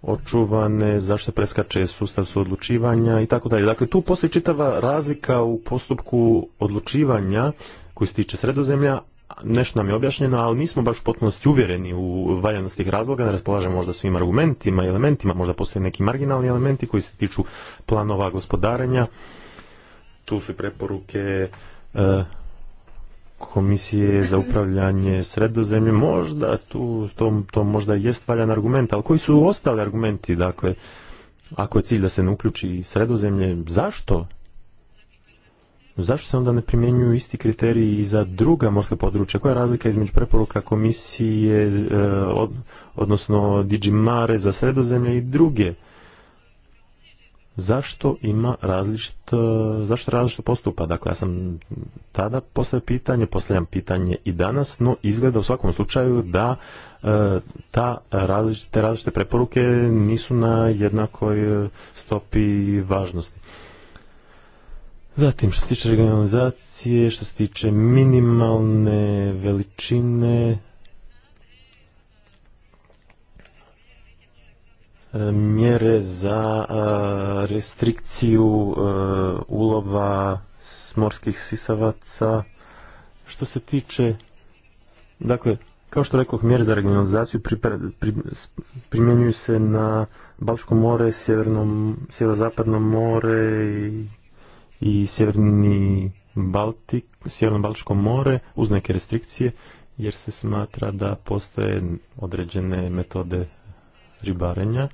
očuvane, zašto preskače sustav suodlučivanja i tako dalje. Dakle, tu postoji čitava razlika u postupku odlučivanja koji se tiče sredozemlja, nešto nam je objašnjeno, ali nismo baš u potpunosti uvjereni u valjanost tih razloga, ne raspolažemo možda svim argumentima, i elementima, možda postoje neki marginalni elementi koji se tiču planova gospodarenja. Tu su preporuke e, komisije za upravljanje sredozemlje, možda tu, to, to možda jest valjan argument, ali koji su ostali argumenti, dakle, ako je cilj da se ne uključi sredozemlje, zašto? zašto se onda ne primjenjuju isti kriteriji i za druga morska područja? Koja je razlika između preporuka komisije, e, odnosno Digimare za sredozemlje i druge? Zašto ima različito, e, zašto različito postupa? Dakle, ja sam tada postavio pitanje, postavljam pitanje i danas, no izgleda u svakom slučaju da e, ta različite, te različite preporuke nisu na jednakoj stopi važnosti. Zatim, što se tiče regionalizacije, što se tiče minimalne veličine, e, mjere za e, restrikciju e, ulova morskih sisavaca. Što se tiče, dakle, kao što rekoh, mjere za regionalizaciju primjenjuju se na Balčko more, Sjeverno, Sjeverozapadno more i i sjeverni Baltik, sjeverno-baltičko more uz neke restrikcije jer se smatra da postoje određene metode ribarenja.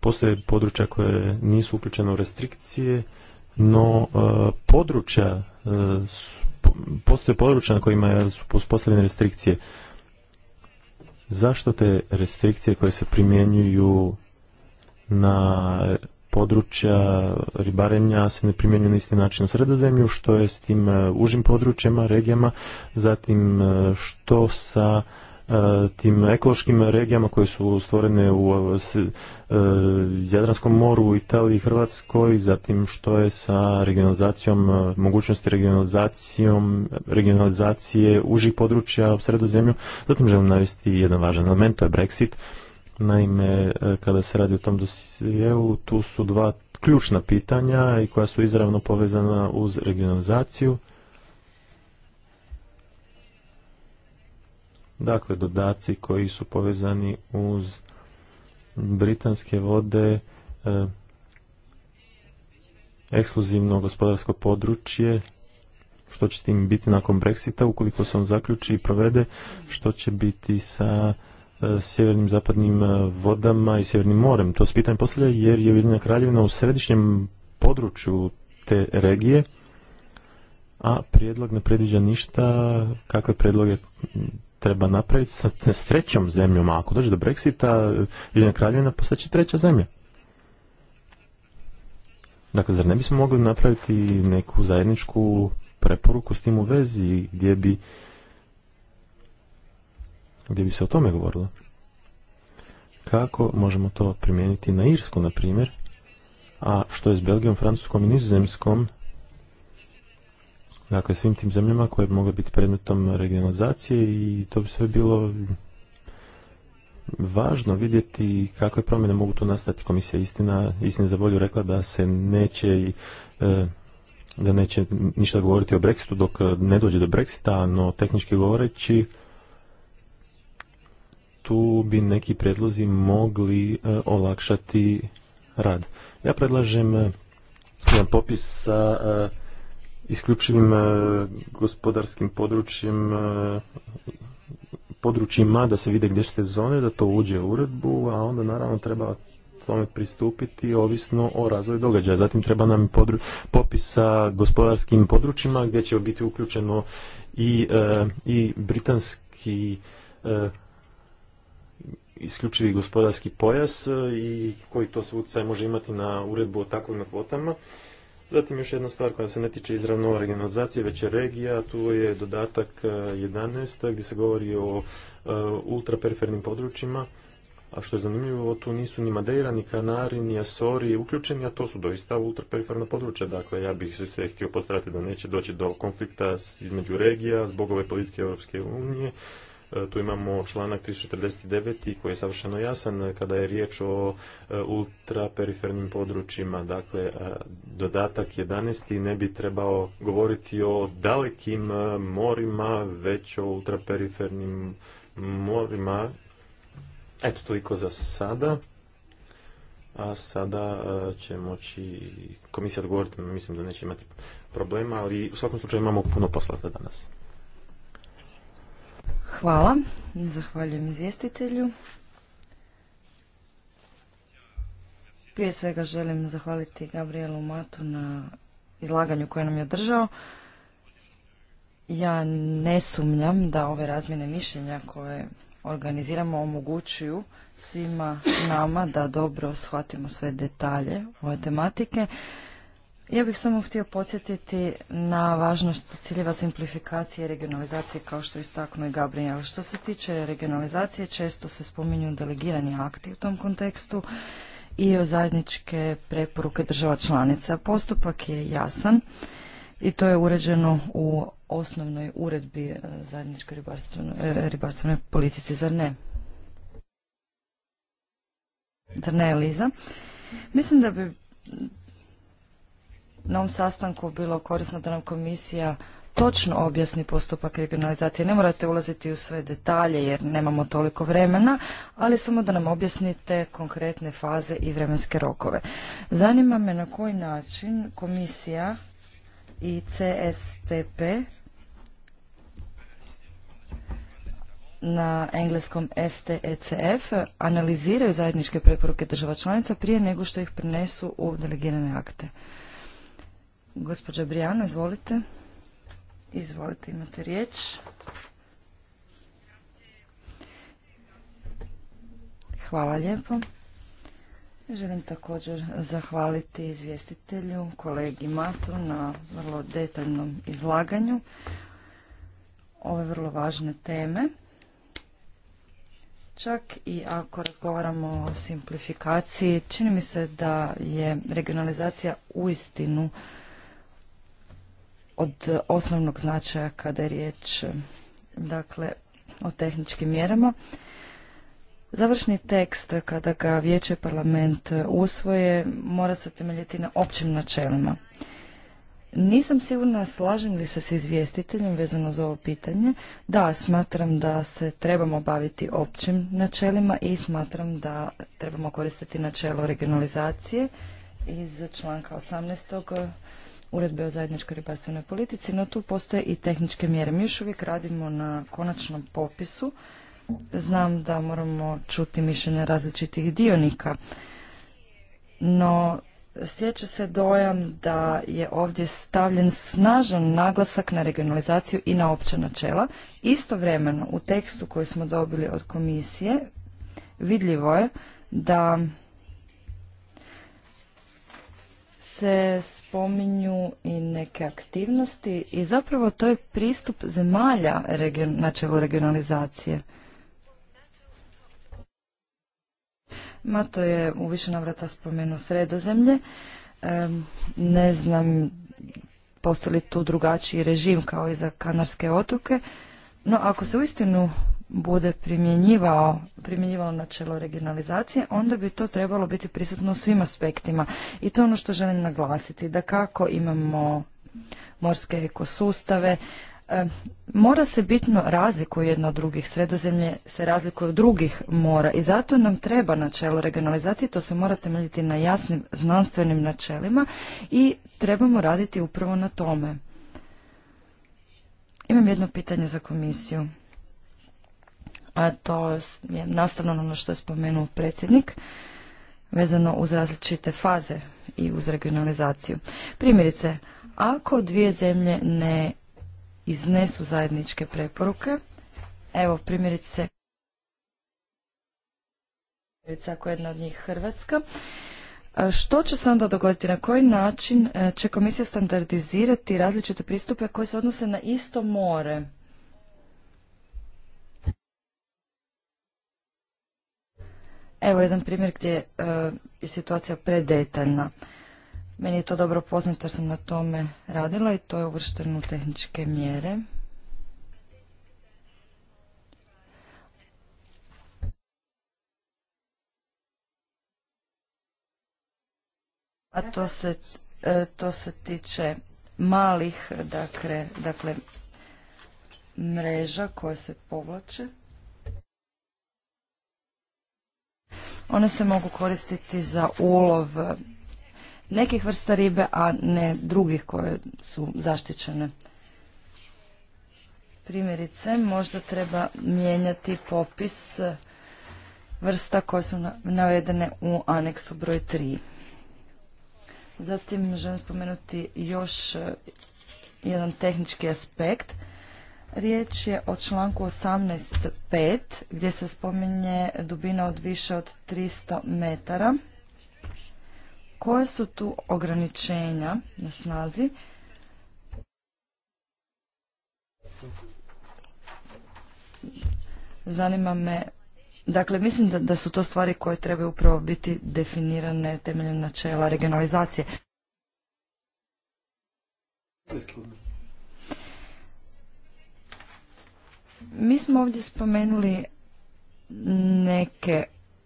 Postoje područja koje nisu uključene u restrikcije, no e, područja, e, postoje područja na kojima su postavljene restrikcije. Zašto te restrikcije koje se primjenjuju na područja ribarenja se ne primjenjuje na isti način u sredozemlju, što je s tim e, užim područjima, regijama, zatim e, što sa e, tim ekološkim regijama koje su stvorene u Jadranskom moru, Italiji, Hrvatskoj, zatim što je sa regionalizacijom, mogućnosti regionalizacijom, regionalizacije užih područja u sredozemlju. Zatim želim navesti jedan važan element, to je Brexit Naime, e, kada se radi o tom dosijevu, tu su dva ključna pitanja i koja su izravno povezana uz regionalizaciju. Dakle, dodaci koji su povezani uz britanske vode, e, ekskluzivno gospodarsko područje, što će s tim biti nakon Brexita, ukoliko se on zaključi i provede, što će biti sa E, sjevernim zapadnim e, vodama i sjevernim morem. To se pitanje postavlja jer je Ujedinjena kraljevina u središnjem području te regije, a prijedlog ne predviđa ništa kakve predloge treba napraviti sa, s trećom zemljom. ako dođe do Brexita, Ujedinjena kraljevina postaće treća zemlja. Dakle, zar ne bismo mogli napraviti neku zajedničku preporuku s tim u vezi gdje bi gdje bi se o tome govorilo. Kako možemo to primijeniti na Irsku, na primjer, a što je s Belgijom, Francuskom i Nizozemskom, dakle svim tim zemljama koje bi mogle biti predmetom regionalizacije i to bi sve bilo važno vidjeti kakve promjene mogu tu nastati. Komisija istina, istina za volju rekla da se neće i e, da neće ništa govoriti o Brexitu dok ne dođe do Brexita, no tehnički govoreći tu bi neki predlozi mogli e, olakšati rad. Ja predlažem e, jedan popis sa e, isključivim gospodarskim područjem područjima da se vide gdje su te zone, da to uđe u uredbu, a onda naravno treba tome pristupiti ovisno o razvoju događaja. Zatim treba nam popis sa gospodarskim područjima gdje će biti uključeno i, britanski isključivi gospodarski pojas e, i koji to se može imati na uredbu o takvim kvotama. Zatim još jedna stvar koja se ne tiče izravno regionalizacije, već je regija, tu je dodatak 11 e, gdje se govori o e, ultraperifernim područjima, a što je zanimljivo, tu nisu ni Madeira, ni Kanari, ni Asori uključeni, a to su doista ultraperiferna područja. Dakle, ja bih se htio postarati da neće doći do konflikta između regija zbog ove politike Europske unije E, tu imamo članak 1049. koji je savršeno jasan e, kada je riječ o e, ultraperifernim područjima. Dakle, dodatak 11. ne bi trebao govoriti o dalekim morima, već o ultraperifernim morima. Eto, toliko za sada. A sada će moći komisija odgovoriti, mislim da neće imati problema, ali u svakom slučaju imamo puno posla za danas. Hvala. Zahvaljujem izvjestitelju. Prije svega želim zahvaliti Gabrielu Matu na izlaganju koje nam je održao. Ja ne sumnjam da ove razmjene mišljenja koje organiziramo omogućuju svima nama da dobro shvatimo sve detalje ove tematike. Ja bih samo htio podsjetiti na važnost ciljeva simplifikacije i regionalizacije kao što je istaknuo i Gabriel. Što se tiče regionalizacije, često se spominju delegirani akti u tom kontekstu i o zajedničke preporuke država članica. Postupak je jasan i to je uređeno u osnovnoj uredbi eh, zajedničke ribarstvene eh, politici, zar ne? Zar ne, Eliza? Mislim da bi na ovom sastanku bilo korisno da nam komisija točno objasni postupak regionalizacije. Ne morate ulaziti u sve detalje jer nemamo toliko vremena, ali samo da nam objasnite konkretne faze i vremenske rokove. Zanima me na koji način komisija i CSTP na engleskom STECF analiziraju zajedničke preporuke država članica prije nego što ih prenesu u delegirane akte. Gospođa Brijana, izvolite. Izvolite, imate riječ. Hvala lijepo. Želim također zahvaliti izvjestitelju, kolegi Matu na vrlo detaljnom izlaganju ove vrlo važne teme. Čak i ako razgovaramo o simplifikaciji, čini mi se da je regionalizacija uistinu od osnovnog značaja kada je riječ dakle, o tehničkim mjerama. Završni tekst, kada ga vijeće parlament usvoje, mora se temeljiti na općim načelima. Nisam sigurna slažem li se s izvjestiteljem vezano za ovo pitanje. Da, smatram da se trebamo baviti općim načelima i smatram da trebamo koristiti načelo regionalizacije iz članka 18 uredbe o zajedničkoj ribarstvenoj politici, no tu postoje i tehničke mjere. Mi još uvijek radimo na konačnom popisu. Znam da moramo čuti mišljenje različitih dionika, no stječe se dojam da je ovdje stavljen snažan naglasak na regionalizaciju i na opće načela. Istovremeno u tekstu koji smo dobili od komisije vidljivo je da se spominju i neke aktivnosti i zapravo to je pristup zemalja region, načelu regionalizacije. To je u više navrata spomenuo sredozemlje. ne znam postoji li tu drugačiji režim kao i za Kanarske otoke, no ako se uistinu bude primjenjivao, primjenjivalo načelo regionalizacije, onda bi to trebalo biti prisutno u svim aspektima. I to je ono što želim naglasiti, da kako imamo morske ekosustave, e, mora se bitno razlikuje jedno od drugih. Sredozemlje se razlikuje od drugih mora i zato nam treba načelo regionalizacije. To se mora temeljiti na jasnim znanstvenim načelima i trebamo raditi upravo na tome. Imam jedno pitanje za komisiju a to je nastavno ono što je spomenuo predsjednik, vezano uz različite faze i uz regionalizaciju. Primjerice, ako dvije zemlje ne iznesu zajedničke preporuke, evo primjerice, primjerice ako jedna od njih Hrvatska, što će se onda dogoditi? Na koji način e, će komisija standardizirati različite pristupe koje se odnose na isto more? Evo jedan primjer gdje e, je situacija predetaljna. Meni je to dobro poznato jer sam na tome radila i to je uvršteno u tehničke mjere. A to se, e, to se tiče malih dakle, dakle mreža koje se povlače. One se mogu koristiti za ulov nekih vrsta ribe, a ne drugih koje su zaštićene. Primjerice, možda treba mijenjati popis vrsta koje su navedene u aneksu broj 3. Zatim želim spomenuti još eh, jedan tehnički aspekt – Riječ je o članku 18.5 gdje se spominje dubina od više od 300 metara. Koje su tu ograničenja na snazi? Zanima me, dakle mislim da, su to stvari koje trebaju upravo biti definirane temeljem načela regionalizacije. Mi smo ovdje spomenuli neke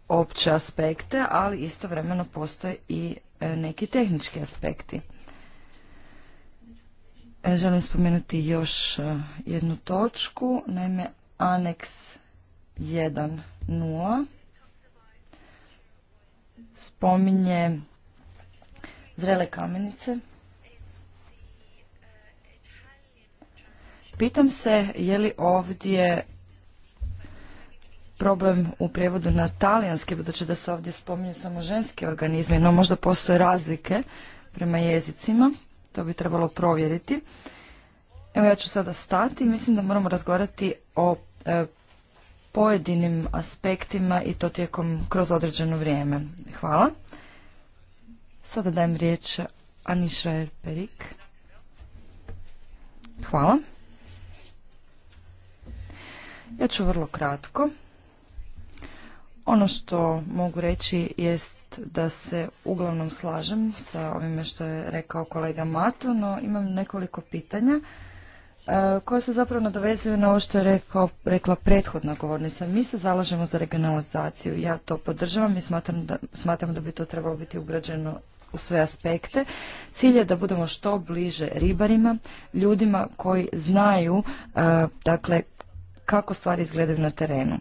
opće aspekte, ali istovremeno postoje i e, neki tehnički aspekti. E, želim spomenuti još e, jednu točku, naime aneks 1.0 spominje zrele kamenice Pitam se je li ovdje problem u prijevodu na talijanski, budući da se ovdje spominju samo ženski organizmi, no možda postoje razlike prema jezicima, to bi trebalo provjeriti. Evo ja ću sada stati, mislim da moramo razgovarati o e, pojedinim aspektima i to tijekom kroz određeno vrijeme. Hvala. Sada dajem riječ Aniša Perik. Hvala. Ja ću vrlo kratko. Ono što mogu reći jest da se uglavnom slažem sa ovime što je rekao kolega Mato, no imam nekoliko pitanja e, koja se zapravo nadovezuju na ovo što je rekao, rekla prethodna govornica. Mi se zalažemo za regionalizaciju, ja to podržavam i smatram da, smatram da bi to trebalo biti ugrađeno u sve aspekte. Cilj je da budemo što bliže ribarima, ljudima koji znaju e, dakle kako stvari izgledaju na terenu.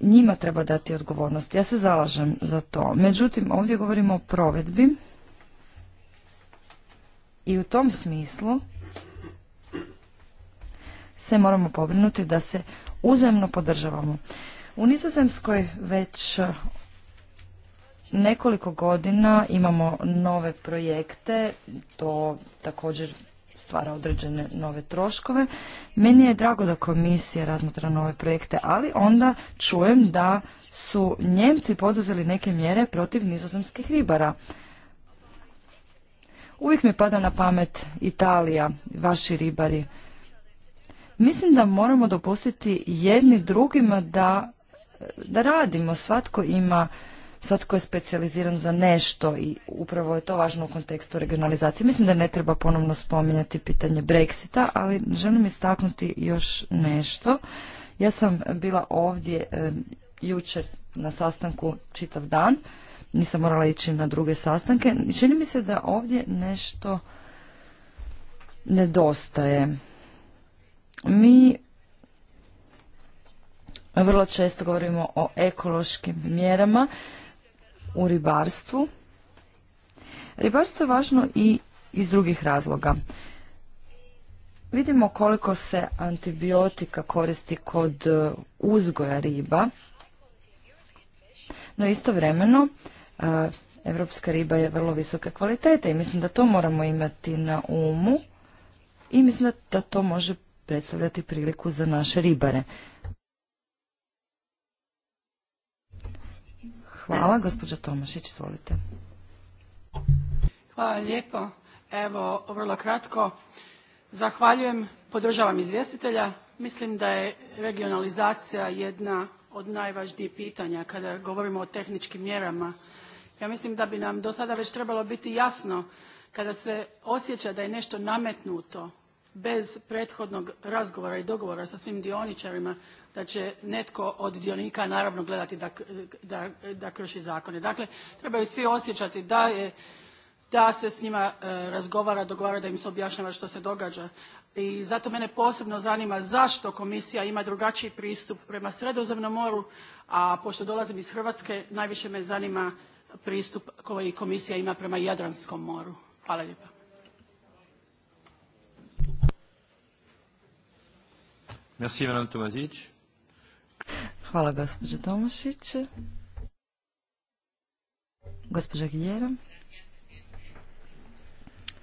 Njima treba dati odgovornost. Ja se zalažem za to. Međutim, ovdje govorimo o provedbi i u tom smislu se moramo pobrinuti da se uzemno podržavamo. U Nizozemskoj već e, nekoliko godina imamo nove projekte, to također stvara određene nove troškove. Meni je drago da komisija razmatra nove projekte, ali onda čujem da su Njemci poduzeli neke mjere protiv nizozemskih ribara. Uvijek mi pada na pamet Italija, vaši ribari. Mislim da moramo dopustiti jedni drugima da, da radimo. Svatko ima svatko je specijaliziran za nešto i upravo je to važno u kontekstu regionalizacije. Mislim da ne treba ponovno spominjati pitanje Brexita, ali želim istaknuti još nešto. Ja sam bila ovdje jučer na sastanku čitav dan, nisam morala ići na druge sastanke. Čini mi se da ovdje nešto nedostaje. Mi vrlo često govorimo o ekološkim mjerama u ribarstvu. Ribarstvo je važno i iz drugih razloga. Vidimo koliko se antibiotika koristi kod e, uzgoja riba, no istovremeno e, evropska riba je vrlo visoke kvalitete i mislim da to moramo imati na umu i mislim da to može predstavljati priliku za naše ribare. Hvala, gospođa Tomašić, izvolite. Hvala lijepo. Evo, vrlo kratko. Zahvaljujem, podržavam izvjestitelja. Mislim da je regionalizacija jedna od najvažnijih pitanja kada govorimo o tehničkim mjerama. Ja mislim da bi nam do sada već trebalo biti jasno kada se osjeća da je nešto nametnuto bez prethodnog razgovora i dogovora sa svim dioničarima da će netko od dionika naravno gledati da, krši zakone. Dakle, trebaju svi osjećati da je da se s njima e, razgovara, dogovara, da im se objašnjava što se događa. I zato mene posebno zanima zašto komisija ima drugačiji pristup prema Sredozemnom moru, a pošto dolazim iz Hrvatske, najviše me zanima pristup koji komisija ima prema Jadranskom moru. Hvala lijepa. Hvala, gospođa Tomašić. Gospođa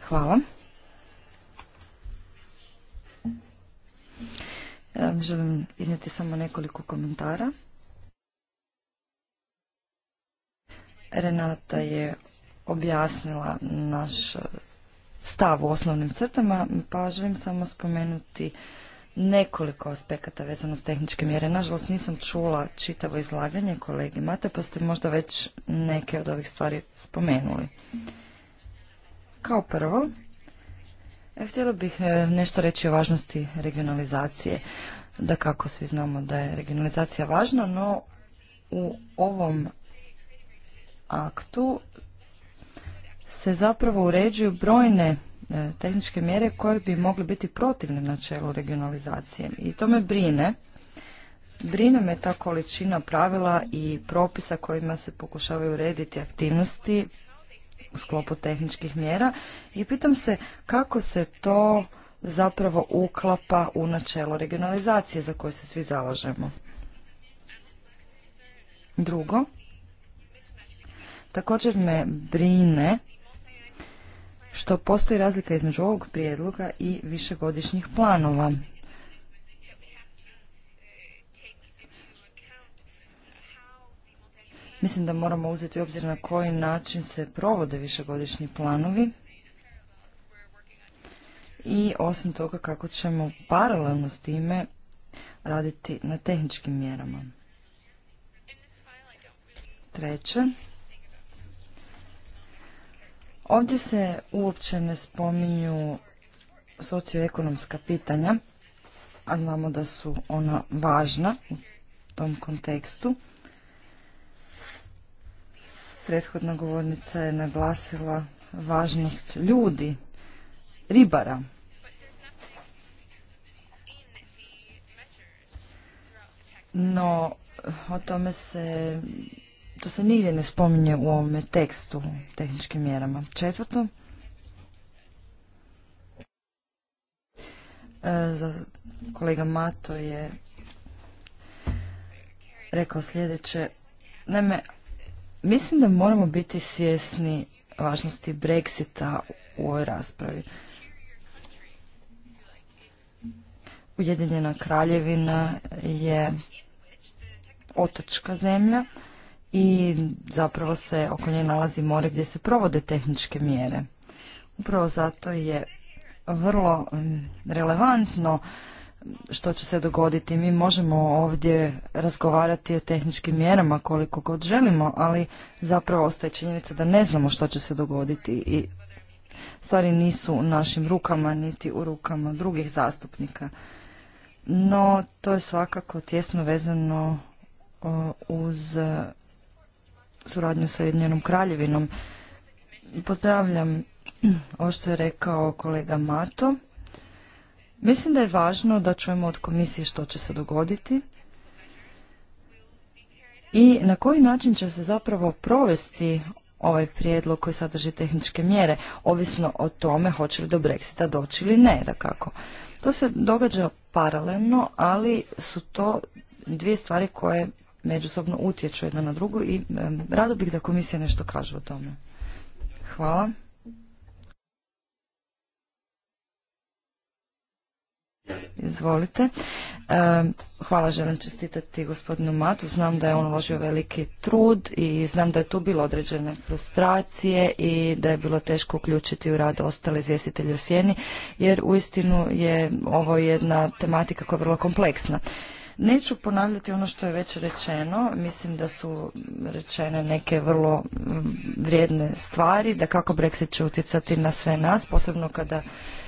Hvala. želim iznijeti samo nekoliko komentara. Renata je objasnila naš stav u osnovnim crtama, pa želim samo spomenuti nekoliko aspekata vezano s tehničke mjere. Nažalost nisam čula čitavo izlaganje kolege Mate, pa ste možda već neke od ovih stvari spomenuli. Kao prvo, e, htjela bih e, nešto reći o važnosti regionalizacije. Da kako svi znamo da je regionalizacija važna, no u ovom aktu se zapravo uređuju brojne E, tehničke mjere koje bi mogle biti protivne načelu regionalizacije. I to me brine. Brine me ta količina pravila i propisa kojima se pokušavaju urediti aktivnosti u sklopu tehničkih mjera i pitam se kako se to zapravo uklapa u načelo regionalizacije za koje se svi zalažemo. Drugo, također me brine što postoji razlika između ovog prijedloga i višegodišnjih planova. Mislim da moramo uzeti obzir na koji način se provode višegodišnji planovi i osim toga kako ćemo paralelno s time raditi na tehničkim mjerama. Treće, Ovdje se uopće ne spominju socioekonomska pitanja, a znamo da su ona važna u tom kontekstu. Prethodna govornica je naglasila važnost ljudi, ribara. No, o tome se to se nigdje ne spominje u ovome tekstu tehničkim mjerama. Četvrto, e, za kolega Mato je rekao sljedeće. Naime, mislim da moramo biti svjesni važnosti Brexita u ovoj raspravi. Ujedinjena kraljevina je otočka zemlja i zapravo se oko nje nalazi more gdje se provode tehničke mjere. Upravo zato je vrlo mm, relevantno što će se dogoditi. Mi možemo ovdje razgovarati o tehničkim mjerama koliko god želimo, ali zapravo ostaje činjenica da ne znamo što će se dogoditi i stvari nisu u našim rukama niti u rukama drugih zastupnika. No, to je svakako tjesno vezano uz suradnju sa Jedinjenom kraljevinom. Pozdravljam ovo što je rekao kolega Mato. Mislim da je važno da čujemo od komisije što će se dogoditi i na koji način će se zapravo provesti ovaj prijedlog koji sadrži tehničke mjere, ovisno o tome hoće li do Brexita doći ili ne, da kako. To se događa paralelno, ali su to dvije stvari koje međusobno utječu jedna na drugu i rado bih da komisija nešto kaže o tome. Hvala. Izvolite. Hvala, želim čestitati gospodinu Matu. Znam da je on uložio veliki trud i znam da je tu bilo određene frustracije i da je bilo teško uključiti u rad ostale izvjestitelje u sjeni, jer uistinu je ovo jedna tematika koja je vrlo kompleksna. Neću ponavljati ono što je već rečeno, mislim da su rečene neke vrlo mm, vrijedne stvari, da kako Brexit će utjecati na sve nas, posebno kada,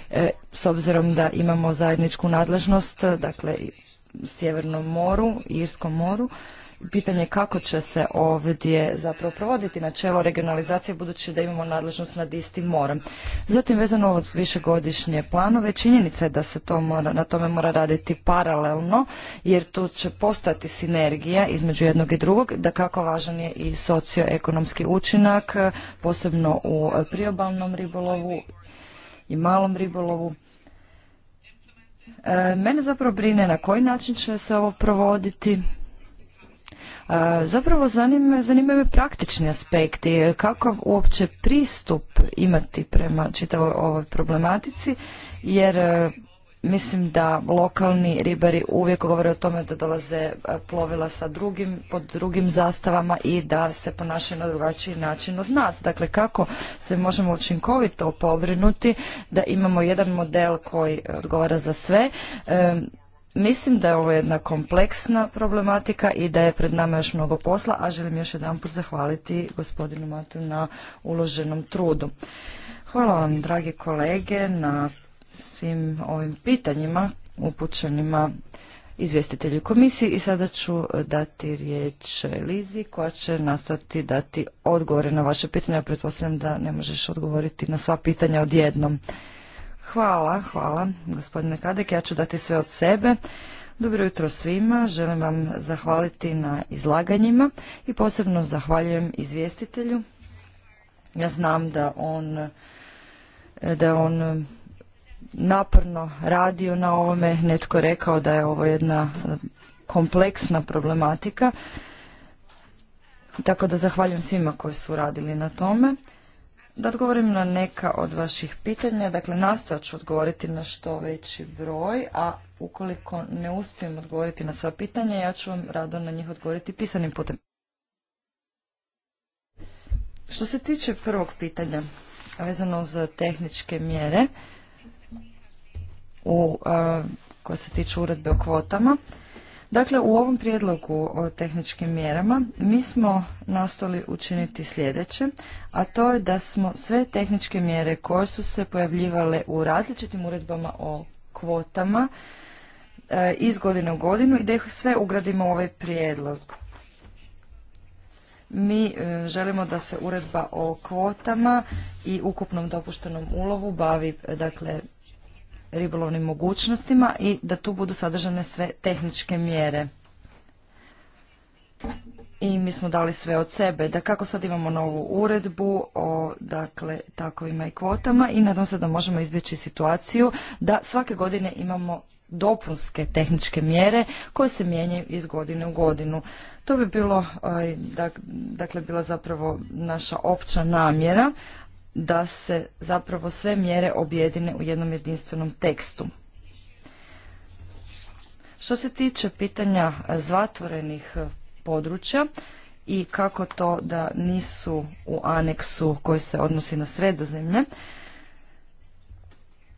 e, s obzirom da imamo zajedničku nadležnost, dakle, Sjevernom moru, Irskom moru, pitanje kako će se ovdje zapravo provoditi načelo regionalizacije budući da imamo nadležnost nad istim morem. Zatim vezano ovo višegodišnje planove, činjenica je da se to mora, na tome mora raditi paralelno jer tu će postojati sinergija između jednog i drugog, da kako važan je i socioekonomski učinak, posebno u priobalnom ribolovu i malom ribolovu. E, mene zapravo brine na koji način će se ovo provoditi Zapravo zanima, zanima me praktični aspekti, kakav uopće pristup imati prema čitavoj ovoj problematici, jer e, mislim da lokalni ribari uvijek govore o tome da dolaze e, plovila sa drugim, pod drugim zastavama i da se ponašaju na drugačiji način od nas. Dakle, kako se možemo učinkovito pobrinuti da imamo jedan model koji odgovara za sve, e, Mislim da je ovo jedna kompleksna problematika i da je pred nama još mnogo posla, a želim još jedanput zahvaliti gospodinu Matu na uloženom trudu. Hvala vam, dragi kolege, na svim ovim pitanjima upućenima izvjestitelju komisiji i sada ću dati riječ Lizi koja će nastati dati odgovore na vaše pitanja. Pretpostavljam da ne možeš odgovoriti na sva pitanja odjednom. Hvala, hvala gospodine Kadek. Ja ću dati sve od sebe. Dobro jutro svima. Želim vam zahvaliti na izlaganjima i posebno zahvaljujem izvjestitelju. Ja znam da on da on naporno radio na ovome. Netko rekao da je ovo jedna kompleksna problematika. Tako da zahvaljujem svima koji su radili na tome. Da odgovorim na neka od vaših pitanja, dakle nastojat ću odgovoriti na što veći broj, a ukoliko ne uspijem odgovoriti na sva pitanja, ja ću vam rado na njih odgovoriti pisanim putem. Što se tiče prvog pitanja, vezano uz tehničke mjere u, koje se tiču uredbe o kvotama, Dakle, u ovom prijedlogu o tehničkim mjerama mi smo nastali učiniti sljedeće, a to je da smo sve tehničke mjere koje su se pojavljivale u različitim uredbama o kvotama eh, iz godine u godinu i da ih sve ugradimo u ovaj prijedlog. Mi eh, želimo da se uredba o kvotama i ukupnom dopuštenom ulovu bavi eh, dakle ribolovnim mogućnostima i da tu budu sadržane sve tehničke mjere. I mi smo dali sve od sebe, da kako sad imamo novu uredbu o dakle, takovima i kvotama i nadam se da možemo izbjeći situaciju da svake godine imamo dopunske tehničke mjere koje se mijenjaju iz godine u godinu. To bi bilo, e, dakle, bila zapravo naša opća namjera, da se zapravo sve mjere objedine u jednom jedinstvenom tekstu. Što se tiče pitanja zatvorenih područja i kako to da nisu u aneksu koji se odnosi na sredozemlje,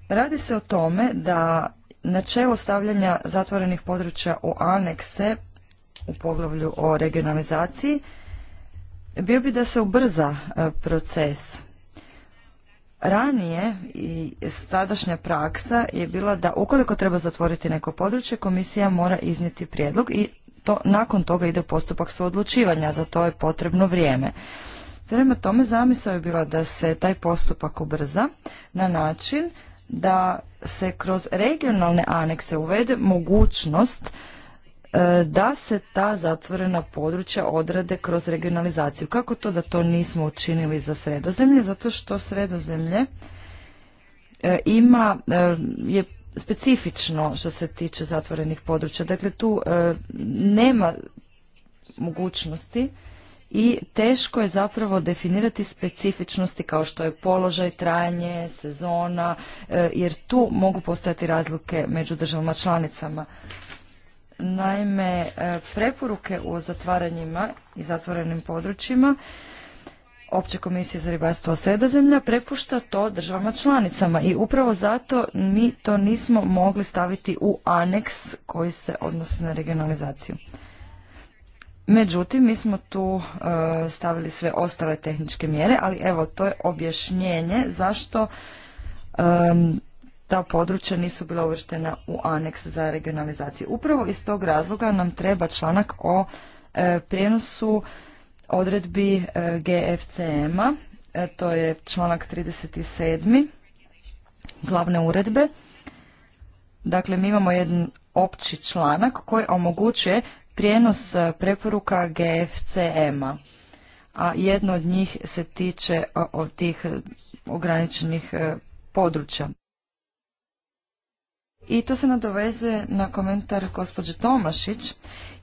radi se o tome da načelo stavljanja zatvorenih područja u anekse u poglavlju o regionalizaciji bio bi da se ubrza e, proces Ranije i sadašnja praksa je bila da ukoliko treba zatvoriti neko područje, komisija mora iznijeti prijedlog i to nakon toga ide postupak suodlučivanja, za to je potrebno vrijeme. Prema tome zamisao je bila da se taj postupak ubrza na način da se kroz regionalne anekse uvede mogućnost E, da se ta zatvorena područja odrade kroz regionalizaciju. Kako to da to nismo učinili za sredozemlje? Zato što sredozemlje e, ima, e, je specifično što se tiče zatvorenih područja. Dakle, tu nema mogućnosti i teško je zapravo definirati specifičnosti kao što je položaj, trajanje, sezona, jer tu mogu postojati razlike među državama članicama. Naime, e, preporuke o zatvaranjima i zatvorenim područjima Opće komisije za ribarstvo sredozemlja prepušta to državama članicama i upravo zato mi to nismo mogli staviti u aneks koji se odnosi na regionalizaciju. Međutim, mi smo tu e, stavili sve ostale tehničke mjere, ali evo to je objašnjenje zašto ta područja nisu bila uvrštena u aneks za regionalizaciju. Upravo iz tog razloga nam treba članak o e, prijenosu odredbi e, GFCM-a, e, to je članak 37. glavne uredbe. Dakle, mi imamo jedan opći članak koji omogućuje prijenos e, preporuka GFCM-a, a jedno od njih se tiče od tih ograničenih područja. I to se nadovezuje na komentar gospođe Tomašić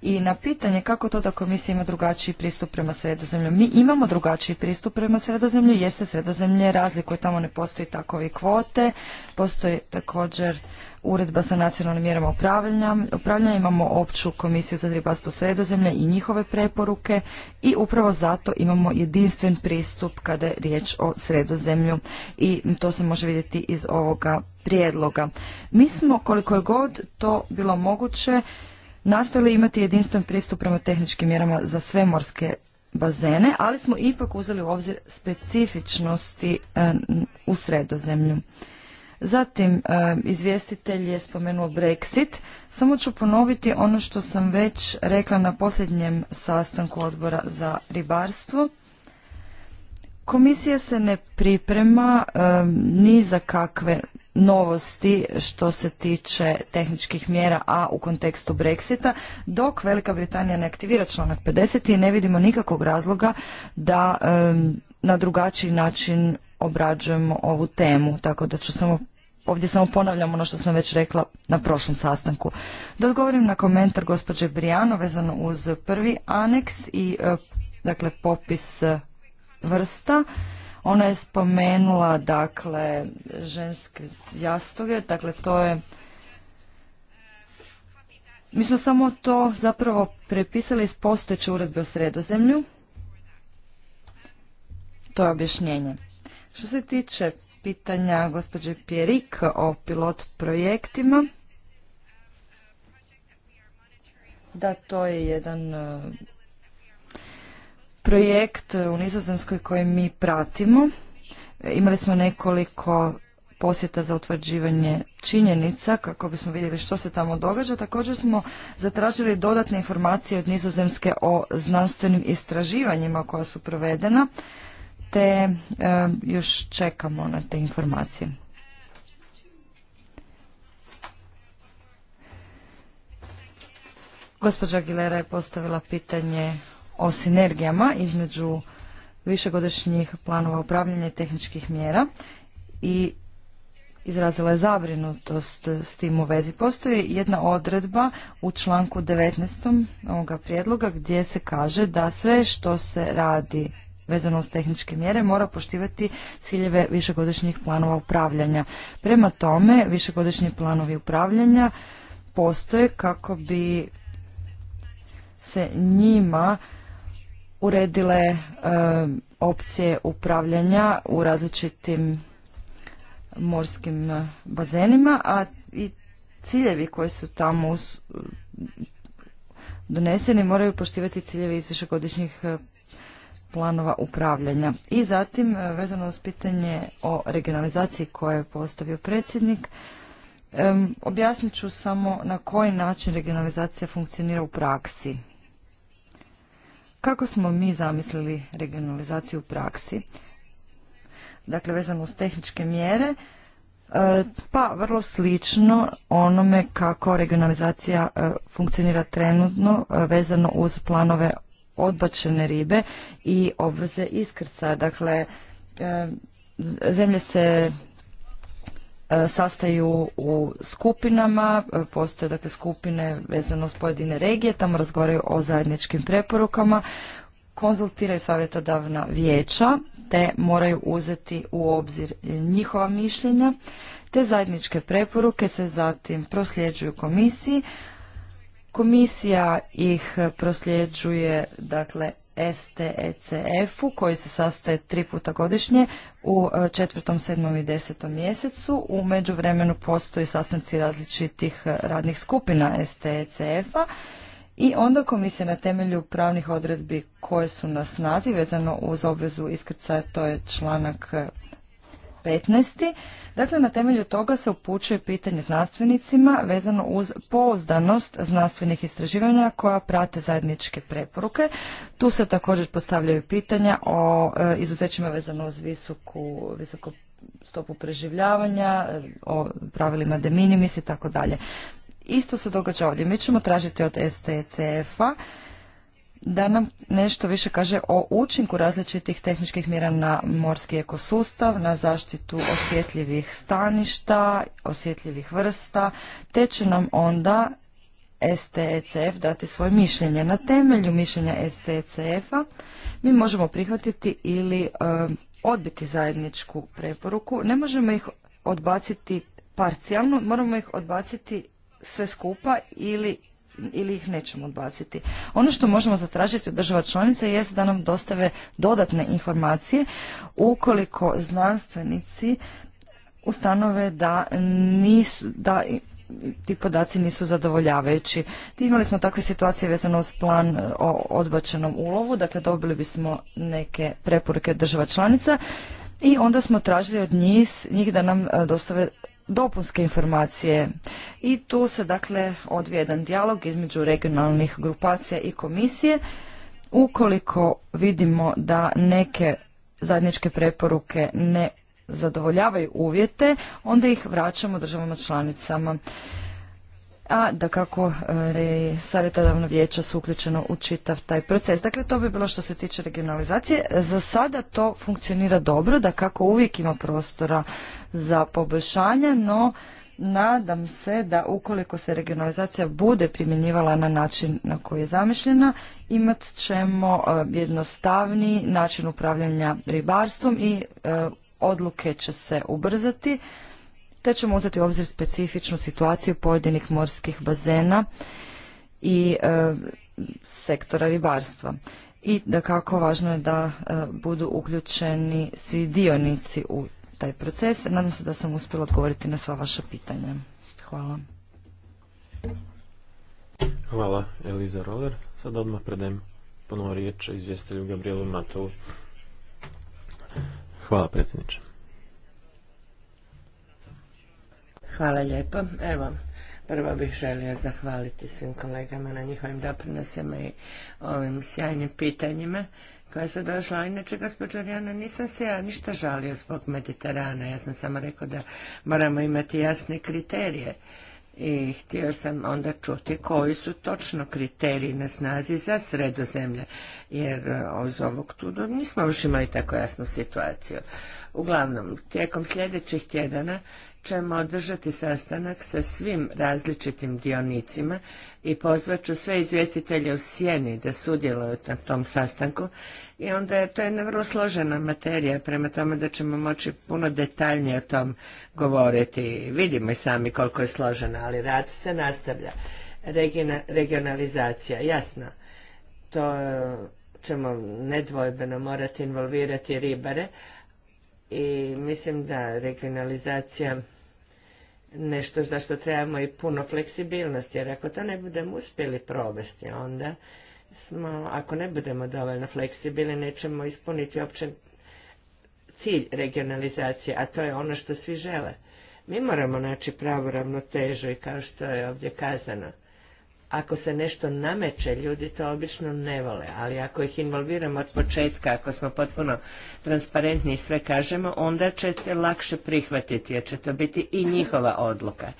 i na pitanje kako to da komisija ima drugačiji pristup prema sredozemlju. Mi imamo drugačiji pristup prema sredozemlju jeste se sredozemlje razlikuje, tamo ne postoji takove kvote, postoji također uredba sa nacionalnim mjerama upravljanja, upravljanja imamo opću komisiju za ribarstvo sredozemlje i njihove preporuke i upravo zato imamo jedinstven pristup kada je riječ o sredozemlju i to se može vidjeti iz ovoga prijedloga. Mi smo koliko je god to bilo moguće nastojali imati jedinstven pristup prema tehničkim mjerama za sve morske bazene, ali smo ipak uzeli u obzir specifičnosti e, u sredozemlju. Zatim, e, izvjestitelj je spomenuo Brexit. Samo ću ponoviti ono što sam već rekla na posljednjem sastanku odbora za ribarstvo. Komisija se ne priprema e, ni za kakve novosti što se tiče tehničkih mjera, a u kontekstu Brexita, dok Velika Britanija ne aktivira članak 50 i ne vidimo nikakvog razloga da e, na drugačiji način obrađujemo ovu temu, tako da ću samo ovdje samo ponavljam ono što sam već rekla na prošlom sastanku. Da odgovorim na komentar gospođe Brijano vezano uz prvi aneks i e, dakle popis e, vrsta. Ona je spomenula dakle ženske jastoge, dakle to je mi smo samo to zapravo prepisali iz postojeće uredbe o sredozemlju. To je objašnjenje. Što se tiče pitanja gospođe Pierik o pilot projektima, da to je jedan e, projekt u Nizozemskoj koji mi pratimo. E, imali smo nekoliko posjeta za utvrđivanje činjenica kako bismo vidjeli što se tamo događa. Također smo zatražili dodatne informacije od Nizozemske o znanstvenim istraživanjima koja su provedena te e, još čekamo na te informacije. Gospođa Gilera je postavila pitanje o sinergijama između višegodišnjih planova upravljanja i tehničkih mjera i izrazila je zabrinutost s tim u vezi. Postoji jedna odredba u članku 19. ovoga prijedloga gdje se kaže da sve što se radi vezano uz tehničke mjere mora poštivati ciljeve višegodišnjih planova upravljanja. Prema tome, višegodišnji planovi upravljanja postoje kako bi se njima uredile opcije upravljanja u različitim morskim bazenima, a i ciljevi koji su tamo doneseni moraju poštivati ciljevi iz višegodišnjih planova upravljanja. I zatim, e, vezano uz pitanje o regionalizaciji koje je postavio predsjednik, objasnit ću samo na koji način regionalizacija funkcionira u praksi. Kako smo mi zamislili regionalizaciju u praksi? Dakle, vezano uz tehničke mjere, e, pa vrlo slično onome kako regionalizacija e, funkcionira trenutno vezano uz planove odbačene ribe i obveze iskrca. Dakle, e, zemlje se e, sastaju u skupinama, e, postoje dakle skupine vezano s pojedine regije, tamo razgovaraju o zajedničkim preporukama, konzultiraju savjetodavna vijeća, te moraju uzeti u obzir njihova mišljenja, te zajedničke preporuke se zatim prosljeđuju komisiji, Komisija ih prosljeđuje dakle STECF-u koji se sastaje tri puta godišnje u e, četvrtom, sedmom i desetom mjesecu. U međuvremenu postoji sastanci različitih e, radnih skupina STECF-a i onda komisija na temelju pravnih odredbi koje su na snazi vezano uz obvezu iskrcaja, to je članak e, 15. Dakle, na temelju toga se upućuje pitanje znanstvenicima vezano uz pouzdanost znanstvenih istraživanja koja prate zajedničke preporuke. Tu se također postavljaju pitanja o e, izuzećima vezano uz visoku, visoku stopu preživljavanja, e, o pravilima de minimis i tako dalje. Isto se događa ovdje. Mi ćemo tražiti od STCF-a da nam nešto više kaže o učinku različitih tehničkih mjera na morski ekosustav, na zaštitu osjetljivih staništa, osjetljivih vrsta, te će nam onda STECF dati svoje mišljenje. Na temelju mišljenja STECF-a mi možemo prihvatiti ili e, odbiti zajedničku preporuku. Ne možemo ih odbaciti parcijalno, moramo ih odbaciti sve skupa ili ili ih nećemo odbaciti. Ono što možemo zatražiti od država članica jest da nam dostave dodatne informacije ukoliko znanstvenici ustanove da nisu, da ti podaci nisu zadovoljavajući. Imali smo takve situacije vezano uz plan e, o odbačenom ulovu, dakle dobili bismo neke preporuke država članica i onda smo tražili od njih, njih da nam e, dostave dopunske informacije i tu se dakle odvija jedan dijalog između regionalnih grupacija i komisije. Ukoliko vidimo da neke zajedničke preporuke ne zadovoljavaju uvjete, onda ih vraćamo državama članicama a da kako e, savjetodavno vijeća su uključeno u čitav taj proces. Dakle, to bi bilo što se tiče regionalizacije. Za sada to funkcionira dobro, da kako uvijek ima prostora za poboljšanja, no nadam se da ukoliko se regionalizacija bude primjenjivala na način na koji je zamišljena, imat ćemo e, jednostavni način upravljanja ribarstvom i e, odluke će se ubrzati te ćemo uzeti u obzir specifičnu situaciju pojedinih morskih bazena i e, sektora ribarstva. I da kako važno je da e, budu uključeni svi dionici u taj proces. Nadam se da sam uspjela odgovoriti na sva vaša pitanja. Hvala. Hvala Eliza Roller. Sad odmah predajem ponovo riječ izvjestelju Gabrielu Matovu. Hvala predsjedniče. Hvala lijepo. Evo, prvo bih želio zahvaliti svim kolegama na njihovim doprinosima i ovim sjajnim pitanjima koja su došla. Inače, gospođo Rijana, nisam se ja ništa žalio zbog Mediterana. Ja sam samo rekao da moramo imati jasne kriterije i htio sam onda čuti koji su točno kriteriji na snazi za sredozemlje, jer e, iz ovog tu nismo još imali tako jasnu situaciju. Uglavnom, tijekom sljedećih tjedana ćemo održati sastanak sa svim različitim dionicima i pozvat ću sve izvjestitelje u sjeni da sudjeluju na tom sastanku i onda je to jedna vrlo složena materija prema tome da ćemo moći puno detaljnije o tom govoriti. Vidimo i sami koliko je složena, ali rad se nastavlja. regionalizacija, jasno. To e, ćemo nedvojbeno morati involvirati ribare i mislim da regionalizacija nešto za što trebamo i puno fleksibilnosti, jer ako to ne budemo uspjeli provesti, onda smo, ako ne budemo dovoljno fleksibilni, nećemo ispuniti uopće cilj regionalizacije, a to je ono što svi žele. Mi moramo naći pravu ravnotežu i kao što je ovdje kazano, ako se nešto nameće, ljudi to obično ne vole, ali ako ih involviramo od početka, ako smo potpuno transparentni i sve kažemo, onda ćete lakše prihvatiti, jer će to biti i njihova odluka.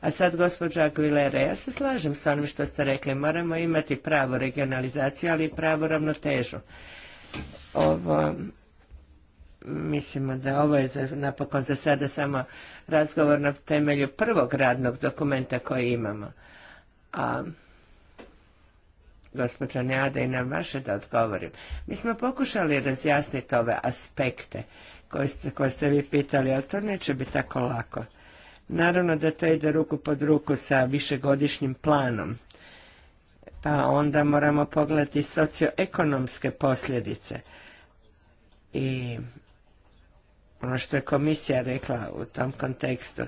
A sad, gospođa Aguilera, ja se slažem s onim što ste rekli, moramo imati pravo regionalizaciju, ali i pravu ravnotežu. Ovo, mislimo da ovo je za, napokon za sada samo razgovor na temelju prvog radnog dokumenta koji imamo. A gospođa Neada i na vaše da odgovorim. Mi smo pokušali razjasniti ove aspekte koje ste, koje ste vi pitali, ali to neće biti tako lako. Naravno da to ide ruku pod ruku sa višegodišnjim planom. Pa onda moramo pogledati socioekonomske posljedice. I ono što je komisija rekla u tom kontekstu,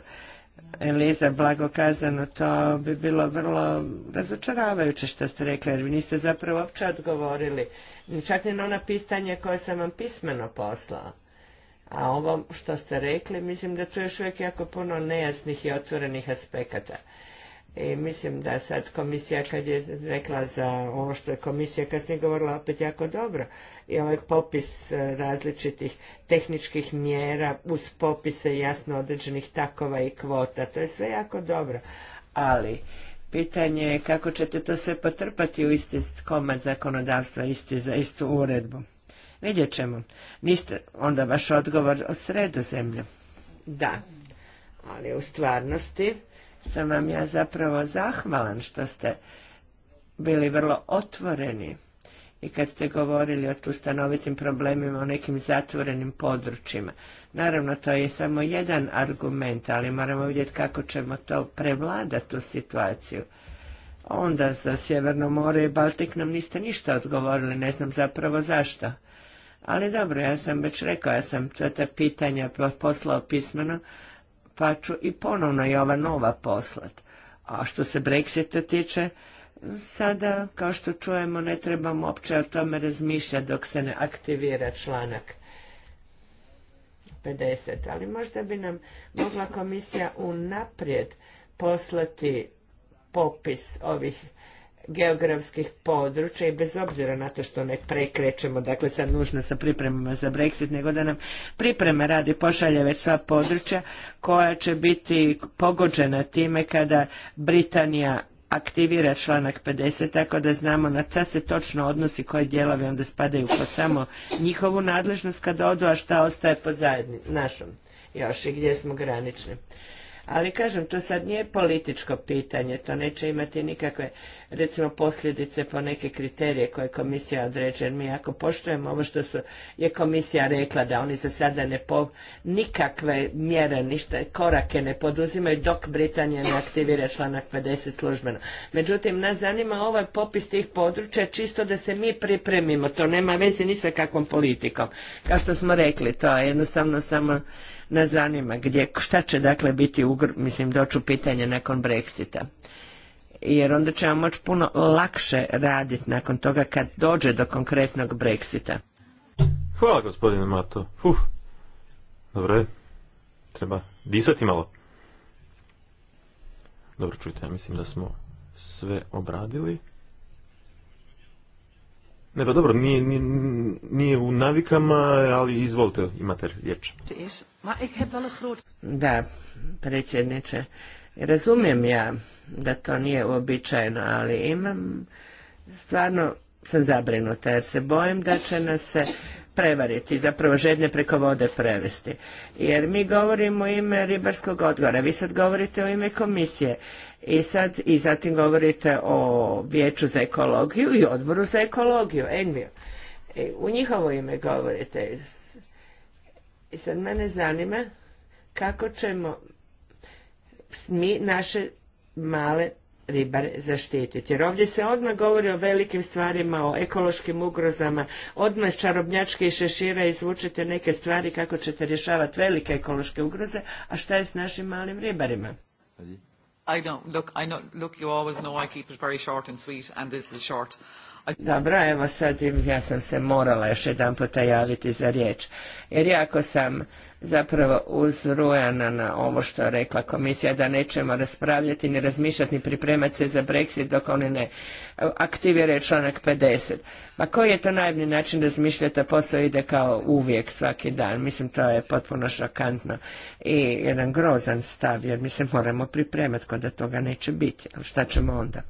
Eliza kazano, to bi bilo vrlo razočaravajuće što ste rekli, jer vi niste zapravo uopće odgovorili. Čak ni na ona pitanja koje sam vam pismeno poslao. A ovo što ste rekli, mislim da tu još uvijek jako puno nejasnih i otvorenih aspekata. I mislim da sad komisija kad je rekla za ovo što je komisija kasnije govorila opet jako dobro i ovaj popis e, različitih tehničkih mjera uz popise jasno određenih takova i kvota, to je sve jako dobro. Ali pitanje je kako ćete to sve potrpati u isti komad zakonodavstva, isti za istu uredbu. Vidjet ćemo. Niste onda vaš odgovor o Sredozemlju. Da, ali u stvarnosti sam vam ja zapravo zahvalan što ste bili vrlo otvoreni i kad ste govorili o tu stanovitim problemima o nekim zatvorenim područjima. Naravno, to je samo jedan argument, ali moramo vidjeti kako ćemo to prevladati tu situaciju. Onda za Sjeverno more i Baltik nam niste ništa odgovorili, ne znam zapravo zašto. Ali dobro, ja sam već rekao, ja sam ta pitanja poslao pismeno, pa ću i ponovno i ova nova poslat. A što se Brexita tiče, sada, kao što čujemo, ne trebamo uopće o tome razmišljati dok se ne aktivira članak 50. Ali možda bi nam mogla komisija unaprijed poslati popis ovih geografskih područja i bez obzira na to što ne prekrećemo, dakle sad nužno sa pripremama za Brexit, nego da nam pripreme radi pošalje već sva područja koja će biti pogođena time kada Britanija aktivira članak 50, tako da znamo na ta se točno odnosi koji dijelovi onda spadaju pod samo njihovu nadležnost kada odu, a šta ostaje pod našom još i gdje smo granični. Ali kažem, to sad nije političko pitanje, to neće imati nikakve, recimo, posljedice po neke kriterije koje komisija određuje. Mi ako poštujemo ovo što je komisija rekla da oni za sada ne nikakve mjere, ništa, korake ne poduzimaju dok Britanija ne aktivira članak 50 službeno. Međutim, nas zanima ovaj popis tih područja čisto da se mi pripremimo. To nema veze ni sa kakvom politikom. Kao što smo rekli, to je jednostavno samo ne zanima gdje, šta će dakle biti, mislim, doću pitanje nakon Brexita. Jer onda vam moći puno lakše raditi nakon toga kad dođe do konkretnog Brexita. Hvala gospodine Mato. Huh. Dobro je. Treba disati malo. Dobro čujte, ja mislim da smo sve obradili. Ne, pa dobro, nije, nije u navikama, ali izvolite, imate riječ. Da, predsjedniče, razumijem ja da to nije uobičajeno, ali imam, stvarno sam zabrinuta jer se bojim da će nas se prevariti, zapravo žedne preko vode prevesti. Jer mi govorimo u ime ribarskog odgora, vi sad govorite u ime komisije i sad i zatim govorite o vijeću za ekologiju i odboru za ekologiju, Envio. E, u njihovo ime govorite, i sad mene zanima kako ćemo mi naše male ribare zaštititi. Jer ovdje se odmah govori o velikim stvarima, o ekološkim ugrozama, odmah čarobnjačke i šešira izvučete neke stvari kako ćete rješavati velike ekološke ugroze, a šta je s našim malim ribarima? I look, I look, dobro, evo sad ja sam se morala još jedan puta javiti za riječ. Jer jako sam zapravo uzrujana na ovo što je rekla komisija, da nećemo raspravljati, ni razmišljati, ni pripremati se za Brexit dok oni ne aktiviraju članak 50. Ma koji je to najbolji način razmišljati, da posao ide kao uvijek svaki dan. Mislim, to je potpuno šokantno i jedan grozan stav, jer mi se moramo pripremati kod da toga neće biti. Ali šta ćemo onda?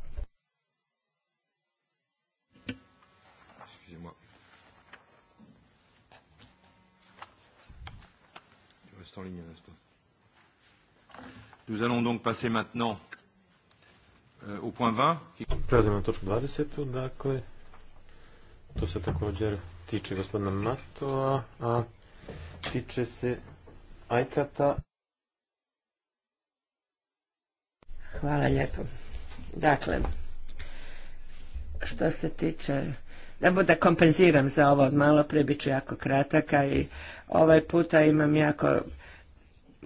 Nous allons donc passer maintenant euh, au point 20. Prelazimo na točku 20. Dakle, to se također tiče gospodina Matova, a tiče se Ajkata. Hvala lijepo. Dakle, što se tiče da da kompenziram za ovo od malo prije, bit ću jako krataka i ovaj puta imam jako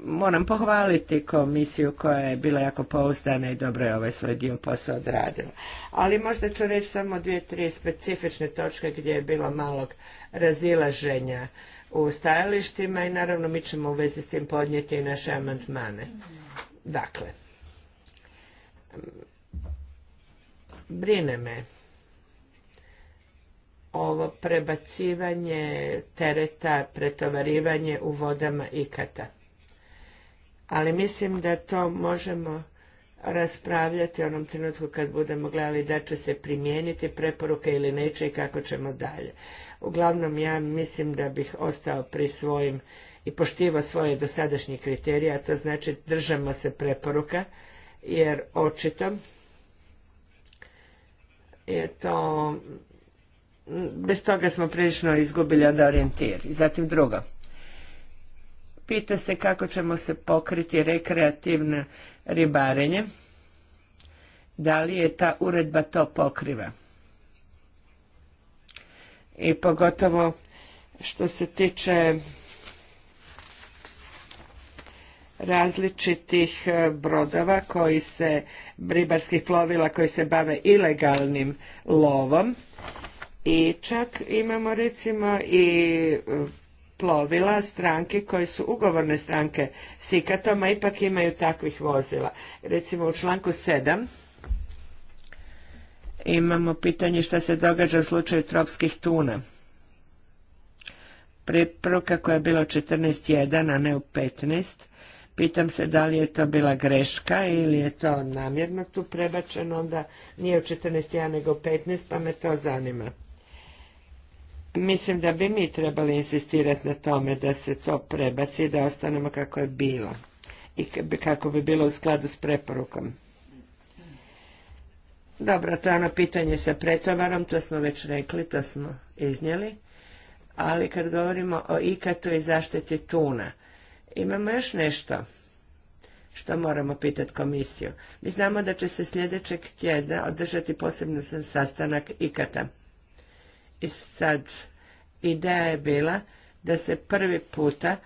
moram pohvaliti komisiju koja je bila jako pouzdana i dobro je ovaj svoj dio posao odradila. Ali možda ću reći samo dvije, tri specifične točke gdje je bilo malog razilaženja u stajalištima i naravno mi ćemo u vezi s tim podnijeti i naše amandmane. Dakle, brine me ovo prebacivanje tereta, pretovarivanje u vodama ikata ali mislim da to možemo raspravljati u onom trenutku kad budemo gledali da će se primijeniti preporuke ili neće i kako ćemo dalje. Uglavnom ja mislim da bih ostao pri svojim i poštivao svoje dosadašnje kriterije, a to znači držamo se preporuka, jer očito je to, bez toga smo prilično izgubili onda orijentir. Zatim drugo. Pita se kako ćemo se pokriti rekreativno ribarenje. Da li je ta uredba to pokriva? I pogotovo što se tiče različitih e, brodova koji se, ribarskih plovila koji se bave ilegalnim lovom i čak imamo recimo i plovila stranke koje su ugovorne stranke s ikatom, a ipak imaju takvih vozila. Recimo u članku 7 imamo pitanje šta se događa u slučaju tropskih tuna. Preporuka koja je bila 14.1, a ne u 15. Pitam se da li je to bila greška ili je to namjerno tu prebačeno, onda nije u 14.1 nego u 15, pa me to zanima. Mislim da bi mi trebali insistirati na tome da se to prebaci i da ostanemo kako je bilo i kako bi bilo u skladu s preporukom. Dobro, to je ono pitanje sa pretovarom, to smo već rekli, to smo iznijeli. Ali kad govorimo o ikatu i zaštiti tuna, imamo još nešto što moramo pitati komisiju. Mi znamo da će se sljedećeg tjedna održati posebno sastanak ikata. I sad ideja je bila da se prvi puta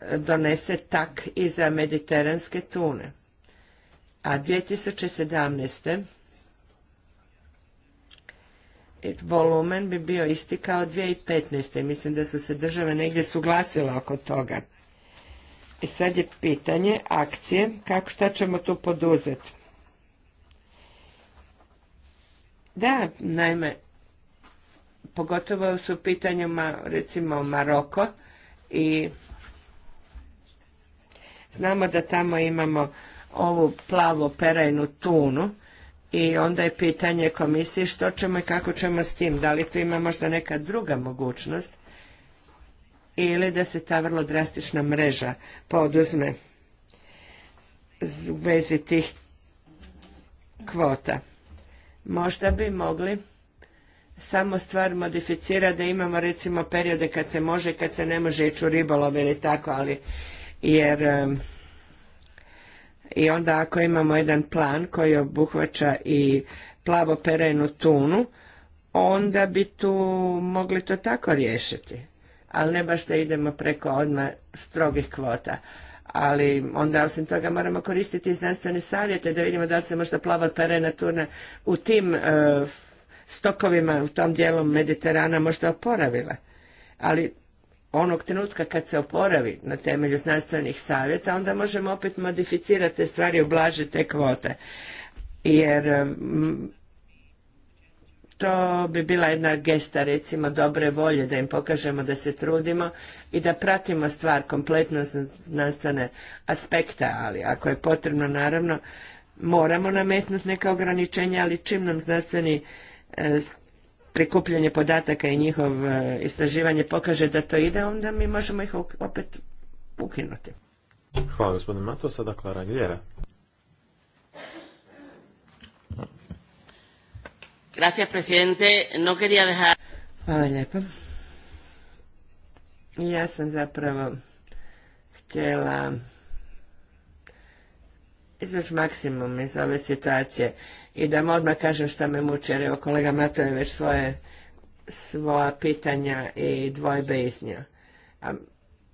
e, donese tak i za mediteranske tune. A 2017. E, volumen bi bio isti kao 2015. Mislim da su se države negdje suglasile oko toga. I sad je pitanje akcije, kako šta ćemo tu poduzeti? Da, naime, pogotovo su u pitanju recimo Maroko i znamo da tamo imamo ovu plavu perajnu tunu i onda je pitanje komisije što ćemo i kako ćemo s tim, da li tu ima možda neka druga mogućnost ili da se ta vrlo drastična mreža poduzme u vezi tih kvota. Možda bi mogli samo stvar modificira da imamo recimo periode kad se može, kad se ne može ići u ribolov ili tako, ali jer i onda ako imamo jedan plan koji obuhvaća i plavo perenu tunu, onda bi tu mogli to tako riješiti. Ali ne baš da idemo preko odmah strogih kvota. Ali onda osim toga moramo koristiti znanstvene savjete da vidimo da li se možda plava perena tuna u tim e, stokovima u tom dijelu Mediterana možda oporavila. Ali onog trenutka kad se oporavi na temelju znanstvenih savjeta, onda možemo opet modificirati te stvari, ublažiti te kvote. Jer to bi bila jedna gesta recimo dobre volje da im pokažemo da se trudimo i da pratimo stvar kompletno znanstvene aspekta, ali ako je potrebno naravno moramo nametnuti neka ograničenja, ali čim nam znanstveni prikupljanje podataka i njihov e, istraživanje pokaže da to ide, onda mi možemo ih opet ukinuti. Hvala gospodine Mato, sada Klara Gracias, presidente. No quería dejar... Hvala lijepo. Ja sam zapravo htjela izvući maksimum iz ove situacije i da vam odmah kažem šta me muči, jer evo kolega Mato je već svoje, svoja pitanja i dvojbe iznio. A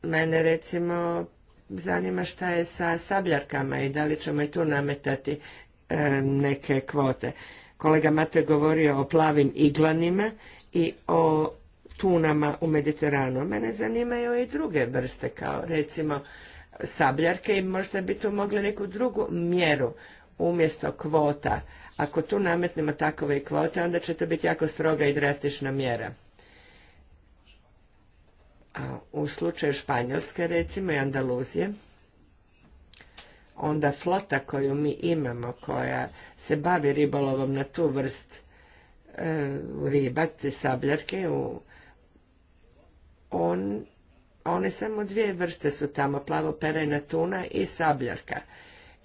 mene recimo zanima šta je sa sabljarkama i da li ćemo i tu nametati e, neke kvote. Kolega Mato je govorio o plavim iglanima i o tunama u Mediteranu. Mene zanimaju i druge vrste kao recimo sabljarke i možda bi tu mogli neku drugu mjeru umjesto kvota ako tu nametnemo takove kvote, onda će to biti jako stroga i drastična mjera. A u slučaju Španjolske, recimo, i Andaluzije, onda flota koju mi imamo, koja se bavi ribolovom na tu vrst e, riba, te sabljarke, u, on, one samo dvije vrste su tamo, plavo perajna tuna i sabljarka.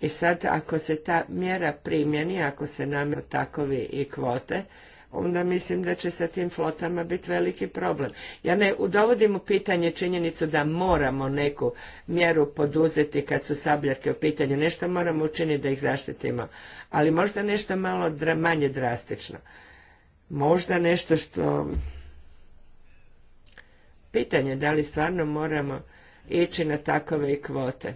I sad ako se ta mjera primjeni, ako se namjeru takovi i kvote, onda mislim da će sa tim flotama biti veliki problem. Ja ne udovodim u pitanje činjenicu da moramo neku mjeru poduzeti kad su sabljarke u pitanju. Nešto moramo učiniti da ih zaštitimo, ali možda nešto malo manje drastično. Možda nešto što... Pitanje da li stvarno moramo ići na takove i kvote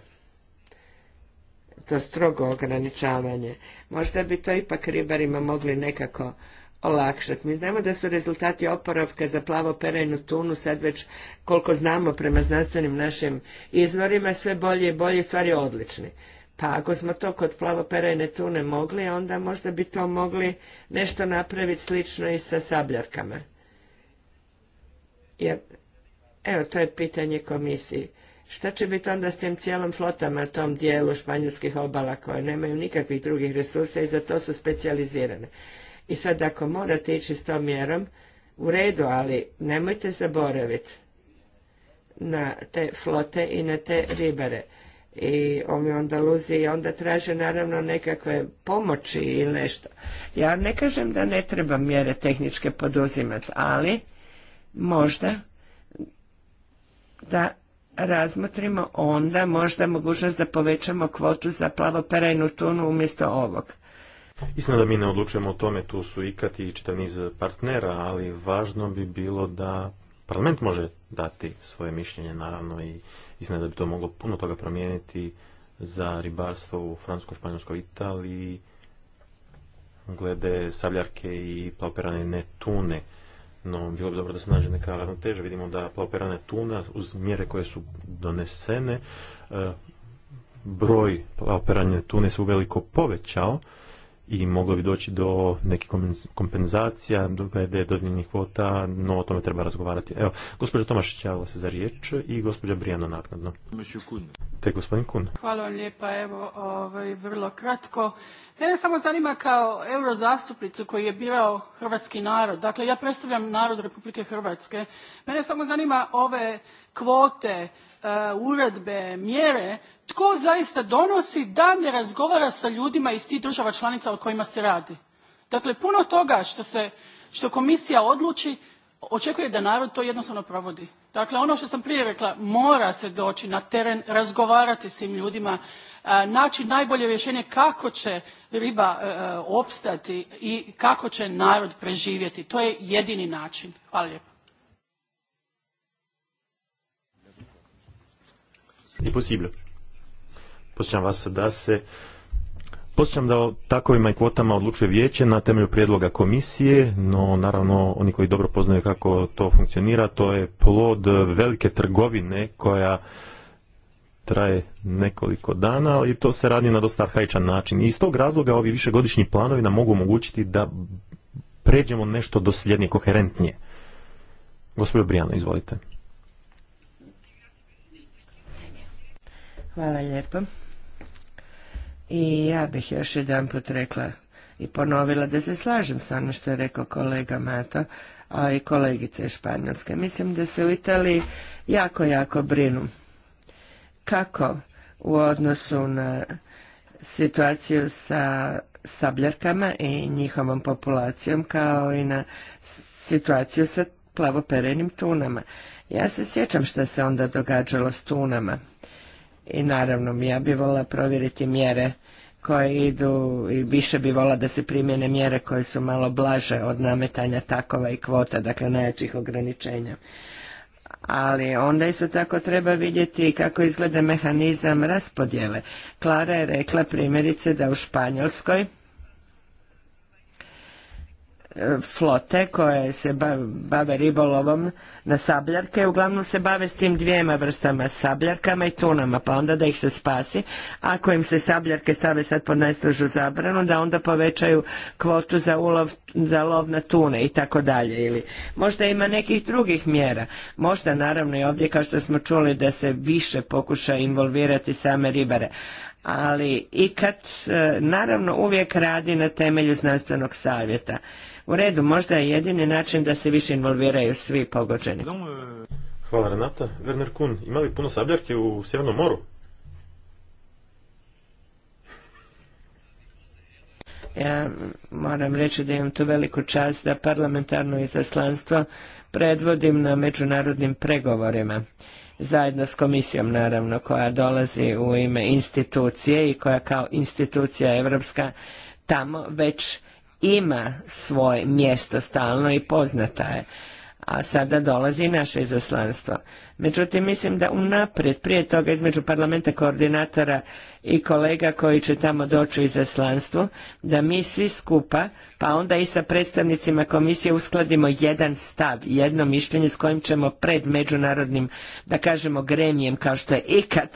strogo ograničavanje. Možda bi to ipak ribarima mogli nekako olakšati. Mi znamo da su rezultati oporavka za plavo perajnu tunu sad već koliko znamo prema znanstvenim našim izvorima sve bolje i bolje stvari odlični. Pa ako smo to kod plavo perajne tune mogli, onda možda bi to mogli nešto napraviti slično i sa sabljarkama. Jer, evo, to je pitanje komisiji. Šta će biti onda s tim cijelom flotama, tom dijelu španjolskih obala koje nemaju nikakvih drugih resursa i za to su specijalizirane. I sad ako morate ići s tom mjerom, u redu, ali nemojte zaboraviti na te flote i na te ribare. I ovi i onda traže naravno nekakve pomoći ili nešto. Ja ne kažem da ne treba mjere tehničke poduzimati, ali možda da razmotrimo onda možda mogućnost da povećamo kvotu za plavoperajnu tunu umjesto ovog. Istina da mi ne odlučujemo o tome, tu su ikati i čitav niz partnera, ali važno bi bilo da parlament može dati svoje mišljenje, naravno, i istina da bi to moglo puno toga promijeniti za ribarstvo u Francuskoj, Španjolskoj, Italiji, glede savljarke i plavoperajne tune no bilo bi dobro da se nađe neka ravnoteža. Vidimo da plaoperana tuna uz mjere koje su donesene, e, broj plaoperane tune se uveliko povećao, i moglo bi doći do nekih kompenzacija glede dodijeljenih kvota, no o tome treba razgovarati. Evo, gospođa Tomašić javila se za riječ i gospođa Brijano naknadno. Te gospodin Kun. Hvala vam lijepa, evo, ovaj, vrlo kratko. Mene samo zanima kao eurozastupnicu koji je birao hrvatski narod, dakle ja predstavljam narod Republike Hrvatske, mene samo zanima ove kvote, e, uredbe, mjere tko zaista donosi da ne razgovara sa ljudima iz tih država članica o kojima se radi. Dakle, puno toga što, se, što komisija odluči očekuje da narod to jednostavno provodi. Dakle, ono što sam prije rekla, mora se doći na teren, razgovarati s tim ljudima, e, naći najbolje rješenje kako će riba e, opstati i kako će narod preživjeti. To je jedini način. Hvala Posjećam vas da se Posjećam da o takovima i kvotama odlučuje vijeće na temelju prijedloga komisije, no naravno oni koji dobro poznaju kako to funkcionira, to je plod velike trgovine koja traje nekoliko dana, ali to se radi na dosta arhaičan način. I iz tog razloga ovi višegodišnji planovi nam mogu omogućiti da pređemo nešto dosljednije, koherentnije. Gospodin Brijano, izvolite. Hvala lijepo. I ja bih još jedan put rekla i ponovila da se slažem sa ono što je rekao kolega Mato, a i kolegice Španjolske. Mislim da se u Italiji jako, jako brinu. Kako u odnosu na situaciju sa sabljarkama i njihovom populacijom, kao i na situaciju sa plavoperenim tunama. Ja se sjećam što se onda događalo s tunama i naravno, ja bi volila provjeriti mjere koje idu i više bi vola da se primjene mjere koje su malo blaže od nametanja takova i kvota, dakle najjačih ograničenja. Ali onda isto tako treba vidjeti kako izgleda mehanizam raspodjele. Klara je rekla primjerice da u Španjolskoj flote koje se bave ribolovom na sabljarke, uglavnom se bave s tim dvijema vrstama sabljarkama i tunama, pa onda da ih se spasi. Ako im se sabljarke stave sad pod najstrožu zabranu, da onda povećaju kvotu za ulov, za lov na tune i tako dalje. Ili možda ima nekih drugih mjera. Možda naravno i ovdje kao što smo čuli da se više pokuša involvirati same ribare ali ikad e, naravno uvijek radi na temelju znanstvenog savjeta u redu, možda je jedini način da se više involviraju svi pogođeni. Hvala Renata. Werner Kuhn, ima li puno sabljarke u Sjevernom moru? Ja moram reći da imam tu veliku čast da parlamentarno izaslanstvo predvodim na međunarodnim pregovorima zajedno s komisijom naravno koja dolazi u ime institucije i koja kao institucija evropska tamo već ima svoje mjesto stalno i poznata je a sada dolazi naše izaslanstvo. Međutim, mislim da unaprijed, prije toga između parlamenta koordinatora i kolega koji će tamo doći u izaslanstvo, da mi svi skupa, pa onda i sa predstavnicima komisije uskladimo jedan stav, jedno mišljenje s kojim ćemo pred međunarodnim, da kažemo, gremijem kao što je ikad,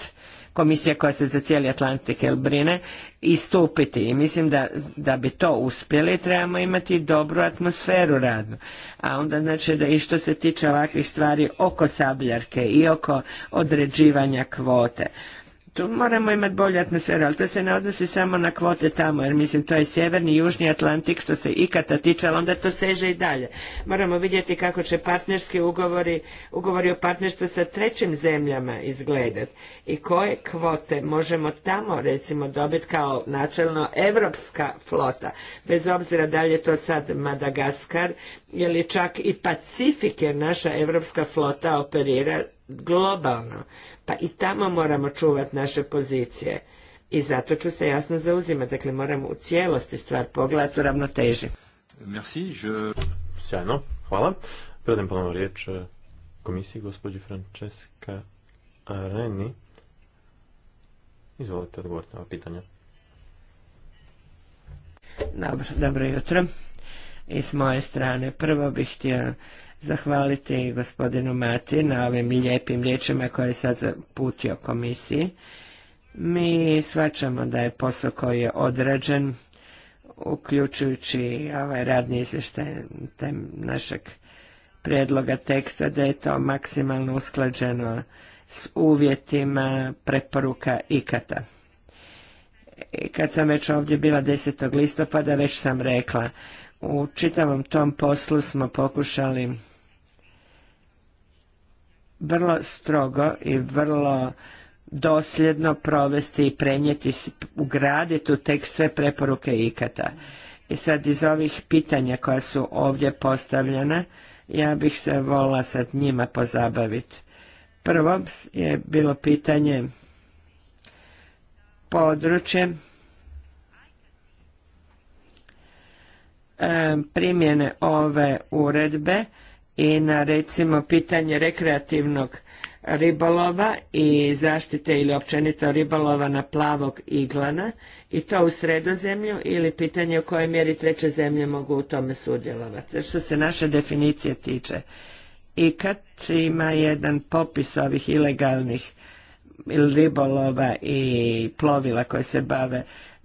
komisija koja se za cijeli Atlantik jel brine, istupiti. I mislim da, da bi to uspjeli trebamo imati dobru atmosferu radnu. A onda znači da i što se tiče ovakvih stvari oko sabljarke i oko određivanja kvote tu moramo imati bolju atmosferu, ali to se ne odnosi samo na kvote tamo, jer mislim to je sjeverni i južni Atlantik što se ikada tiče, ali onda to seže i dalje. Moramo vidjeti kako će partnerski ugovori, ugovori o partnerstvu sa trećim zemljama izgledati i koje kvote možemo tamo recimo dobiti kao načelno evropska flota, bez obzira da li je to sad Madagaskar li čak i Pacifik jer naša evropska flota operira globalno pa i tamo moramo čuvati naše pozicije. I zato ću se jasno zauzimati, dakle moramo u cijelosti stvar pogledati u ravnoteži. Merci, je... Sjajno, hvala. predajem ponovno riječ e, komisiji gospođi Francesca Areni. Izvolite odgovoriti na ova pitanja. Dobro, dobro jutro. I s moje strane prvo bih htjela zahvaliti gospodinu Mati na ovim lijepim riječima koje je sad putio komisiji. Mi svačamo da je posao koji je odrađen, uključujući ovaj radni izvještaj našeg prijedloga teksta, da je to maksimalno usklađeno s uvjetima preporuka ikata. kad sam već ovdje bila 10. listopada, već sam rekla u čitavom tom poslu smo pokušali vrlo strogo i vrlo dosljedno provesti i prenijeti, ugraditi u tek sve preporuke ikata. I sad iz ovih pitanja koja su ovdje postavljena, ja bih se volila sad njima pozabaviti. Prvo je bilo pitanje područje E, primjene ove uredbe i na recimo pitanje rekreativnog ribolova i zaštite ili općenito ribolova na plavog iglana i to u sredozemlju ili pitanje u kojoj mjeri treće zemlje mogu u tome sudjelovati. Što se naše definicije tiče, i kad ima jedan popis ovih ilegalnih ribolova i plovila koje se bave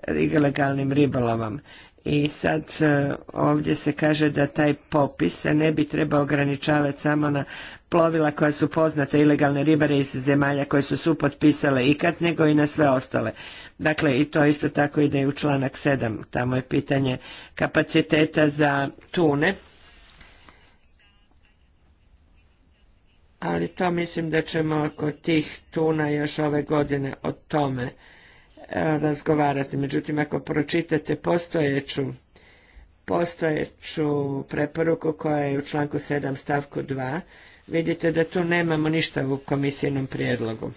ilegalnim ribolovom i sad e, ovdje se kaže da taj popis se ne bi trebao ograničavati samo na plovila koja su poznate ilegalne ribare iz zemalja koje su supotpisale ikad, nego i na sve ostale. Dakle, i to isto tako ide i u članak 7. Tamo je pitanje kapaciteta za tune. Ali to mislim da ćemo oko tih tuna još ove godine o tome razgovarati. Međutim, ako pročitate postojeću postojeću preporuku koja je u članku 7 stavku 2, vidite da tu nemamo ništa u komisijenom prijedlogu.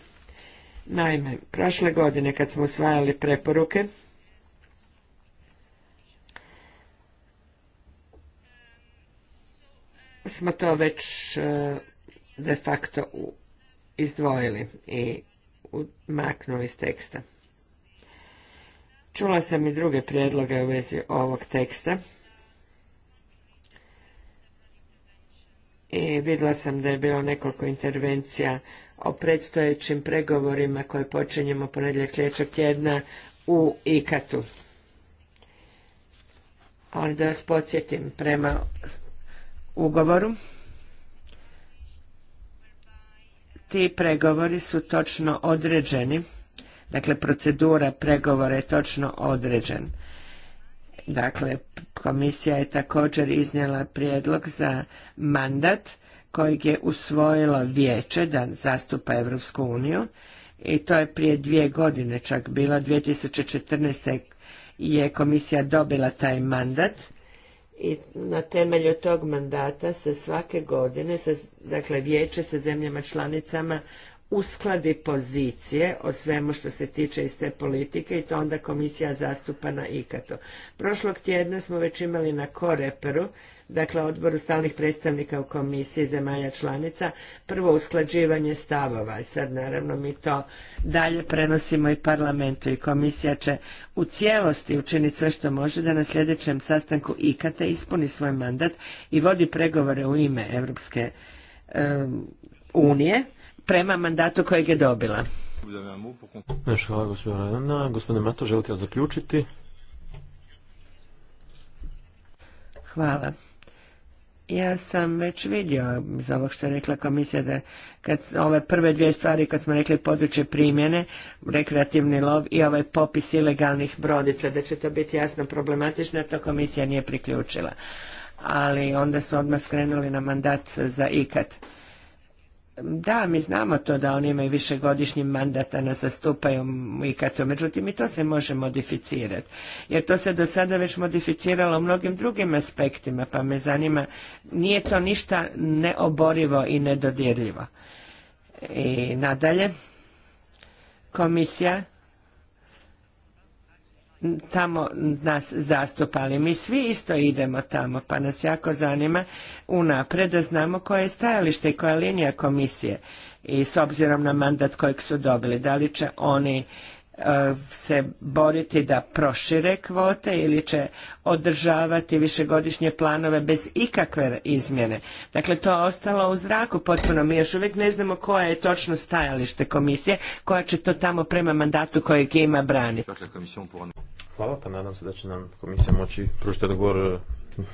Naime, prošle godine kad smo usvajali preporuke, smo to već e, de facto izdvojili i maknuli iz teksta. Čula sam i druge prijedloge u vezi ovog teksta. I vidjela sam da je bilo nekoliko intervencija o predstojećim pregovorima koje počinjemo ponedjeljak sljedećeg tjedna u IKAT-u. Ali da vas podsjetim prema ugovoru. Ti pregovori su točno određeni Dakle, procedura pregovora je točno određen. Dakle, komisija je također iznijela prijedlog za mandat kojeg je usvojilo vijeće da zastupa Europsku uniju i to je prije dvije godine čak bilo, 2014. je komisija dobila taj mandat i na temelju tog mandata se svake godine, dakle vijeće sa zemljama članicama uskladi pozicije o svemu što se tiče iz te politike i to onda komisija zastupa na ikatu. Prošlog tjedna smo već imali na Koreperu, dakle odboru stalnih predstavnika u komisiji zemalja članica, prvo usklađivanje stavova. I sad naravno mi to dalje prenosimo i parlamentu i komisija će u cijelosti učiniti sve što može da na sljedećem sastanku ikata ispuni svoj mandat i vodi pregovore u ime Europske unije prema mandatu kojeg je dobila. Hvala Rajana. Gospodine Mato, želite zaključiti? Hvala. Ja sam već vidio iz ovog što je rekla komisija da kad ove prve dvije stvari kad smo rekli područje primjene, rekreativni lov i ovaj popis ilegalnih brodica, da će to biti jasno problematično jer to komisija nije priključila. Ali onda su odmah skrenuli na mandat za ikat da, mi znamo to da oni imaju višegodišnji mandat, a nas zastupaju i kato. Međutim, i to se može modificirati. Jer to se do sada već modificiralo u mnogim drugim aspektima, pa me zanima, nije to ništa neoborivo i nedodirljivo. I nadalje, komisija tamo nas zastupa, ali mi svi isto idemo tamo, pa nas jako zanima unapred da znamo koje je stajalište i koja je linija komisije i s obzirom na mandat kojeg su dobili, da li će oni e, se boriti da prošire kvote ili će održavati višegodišnje planove bez ikakve izmjene. Dakle, to je ostalo u zraku potpuno. Mi još uvijek ne znamo koje je točno stajalište komisije, koja će to tamo prema mandatu kojeg ima braniti. Dakle, Hvala, pa nadam se da će nam komisija moći pružiti odgovor e,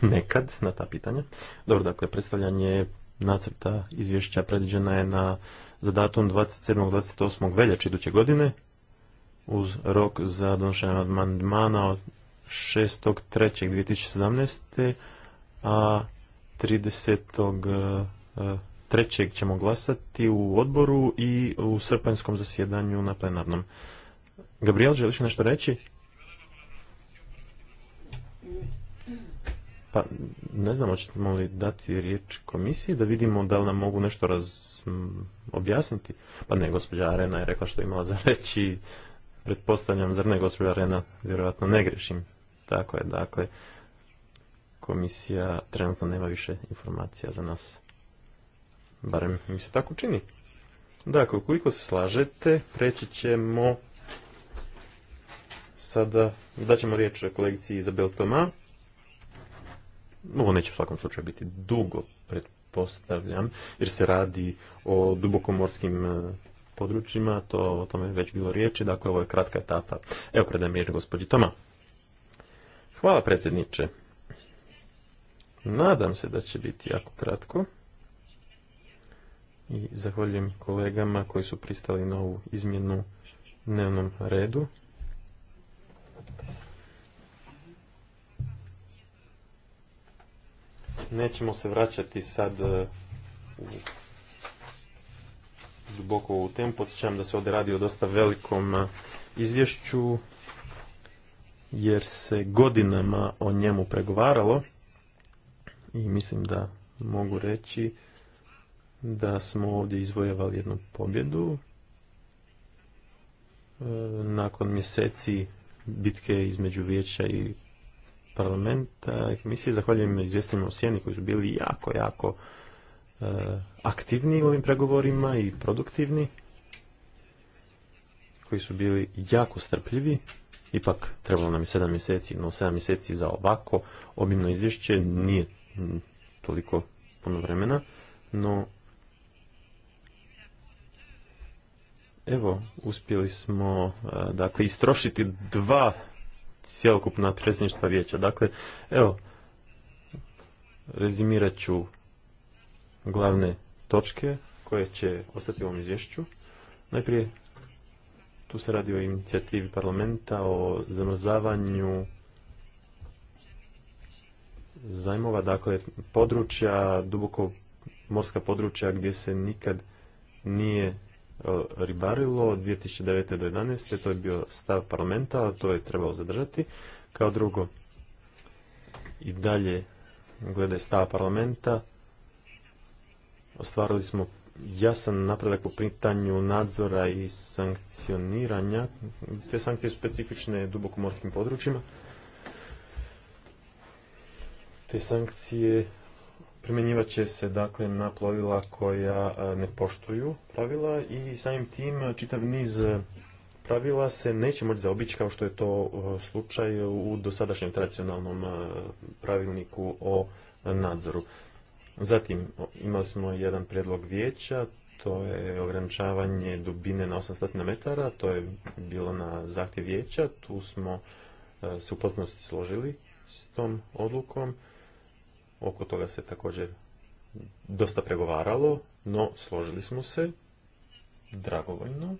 nekad na ta pitanja. Dobro, dakle, predstavljanje nacrta izvješća predviđena je na za datum 27. 28. veljače iduće godine uz rok za donošenje amandmana od 6.3.2017. a 30.3. E, e, ćemo glasati u odboru i u srpanjskom zasjedanju na plenarnom. Gabriel, želiš nešto reći? Pa ne znam, hoćemo li dati riječ komisiji da vidimo da li nam mogu nešto raz... objasniti. Pa ne, gospođa Arena je rekla što je imala za reći. Pretpostavljam, zar ne, gospođa Arena, vjerojatno ne grešim. Tako je, dakle, komisija trenutno nema više informacija za nas. Barem mi se tako čini. Dakle, ukoliko se slažete, preći ćemo sada, daćemo riječ kolegici Izabel Toma ovo neće u svakom slučaju biti dugo, pretpostavljam, jer se radi o dubokomorskim e, područjima, to o tome je već bilo riječi, dakle ovo je kratka etapa. Evo predajem riječ gospođi Toma. Hvala predsjedniče. Nadam se da će biti jako kratko. I zahvaljujem kolegama koji su pristali na ovu izmjenu dnevnom redu. nećemo se vraćati sad e, u duboko u temu. Podsjećam da se ovdje radi o dosta velikom e, izvješću, jer se godinama o njemu pregovaralo i mislim da mogu reći da smo ovdje izvojevali jednu pobjedu e, nakon mjeseci bitke između vijeća i parlamenta i komisije. Zahvaljujem izvjestima u koji su bili jako, jako e, aktivni u ovim pregovorima i produktivni, koji su bili jako strpljivi. Ipak trebalo nam je sedam mjeseci, no sedam mjeseci za ovako obimno izvješće nije toliko puno vremena, no evo, uspjeli smo e, dakle istrošiti dva Cijelokupna predsjedništva vijeća. Dakle, evo, rezimirat ću glavne točke koje će ostati u ovom izvješću. Najprije, tu se radi o inicijativi parlamenta, o zamrzavanju zajmova, dakle, područja, duboko morska područja gdje se nikad nije E, ribarilo od 2009. do 2011. To je bio stav parlamenta, a to je trebalo zadržati. Kao drugo, i dalje glede stava parlamenta, ostvarili smo jasan napredak po pitanju nadzora i sankcioniranja. Te sankcije su specifične dubokomorskim područjima. Te sankcije primjenjivat će se dakle na plovila koja e, ne poštuju pravila i samim tim e, čitav niz e, pravila se neće moći zaobići kao što je to slučaj u dosadašnjem tradicionalnom pravilniku o nadzoru. Zatim imali smo jedan prijedlog vijeća, to je ograničavanje dubine na 800 metara, to je bilo na zahtjev vijeća, tu smo se u potpunosti složili s tom odlukom. Oko toga se također dosta pregovaralo, no složili smo se dragovoljno.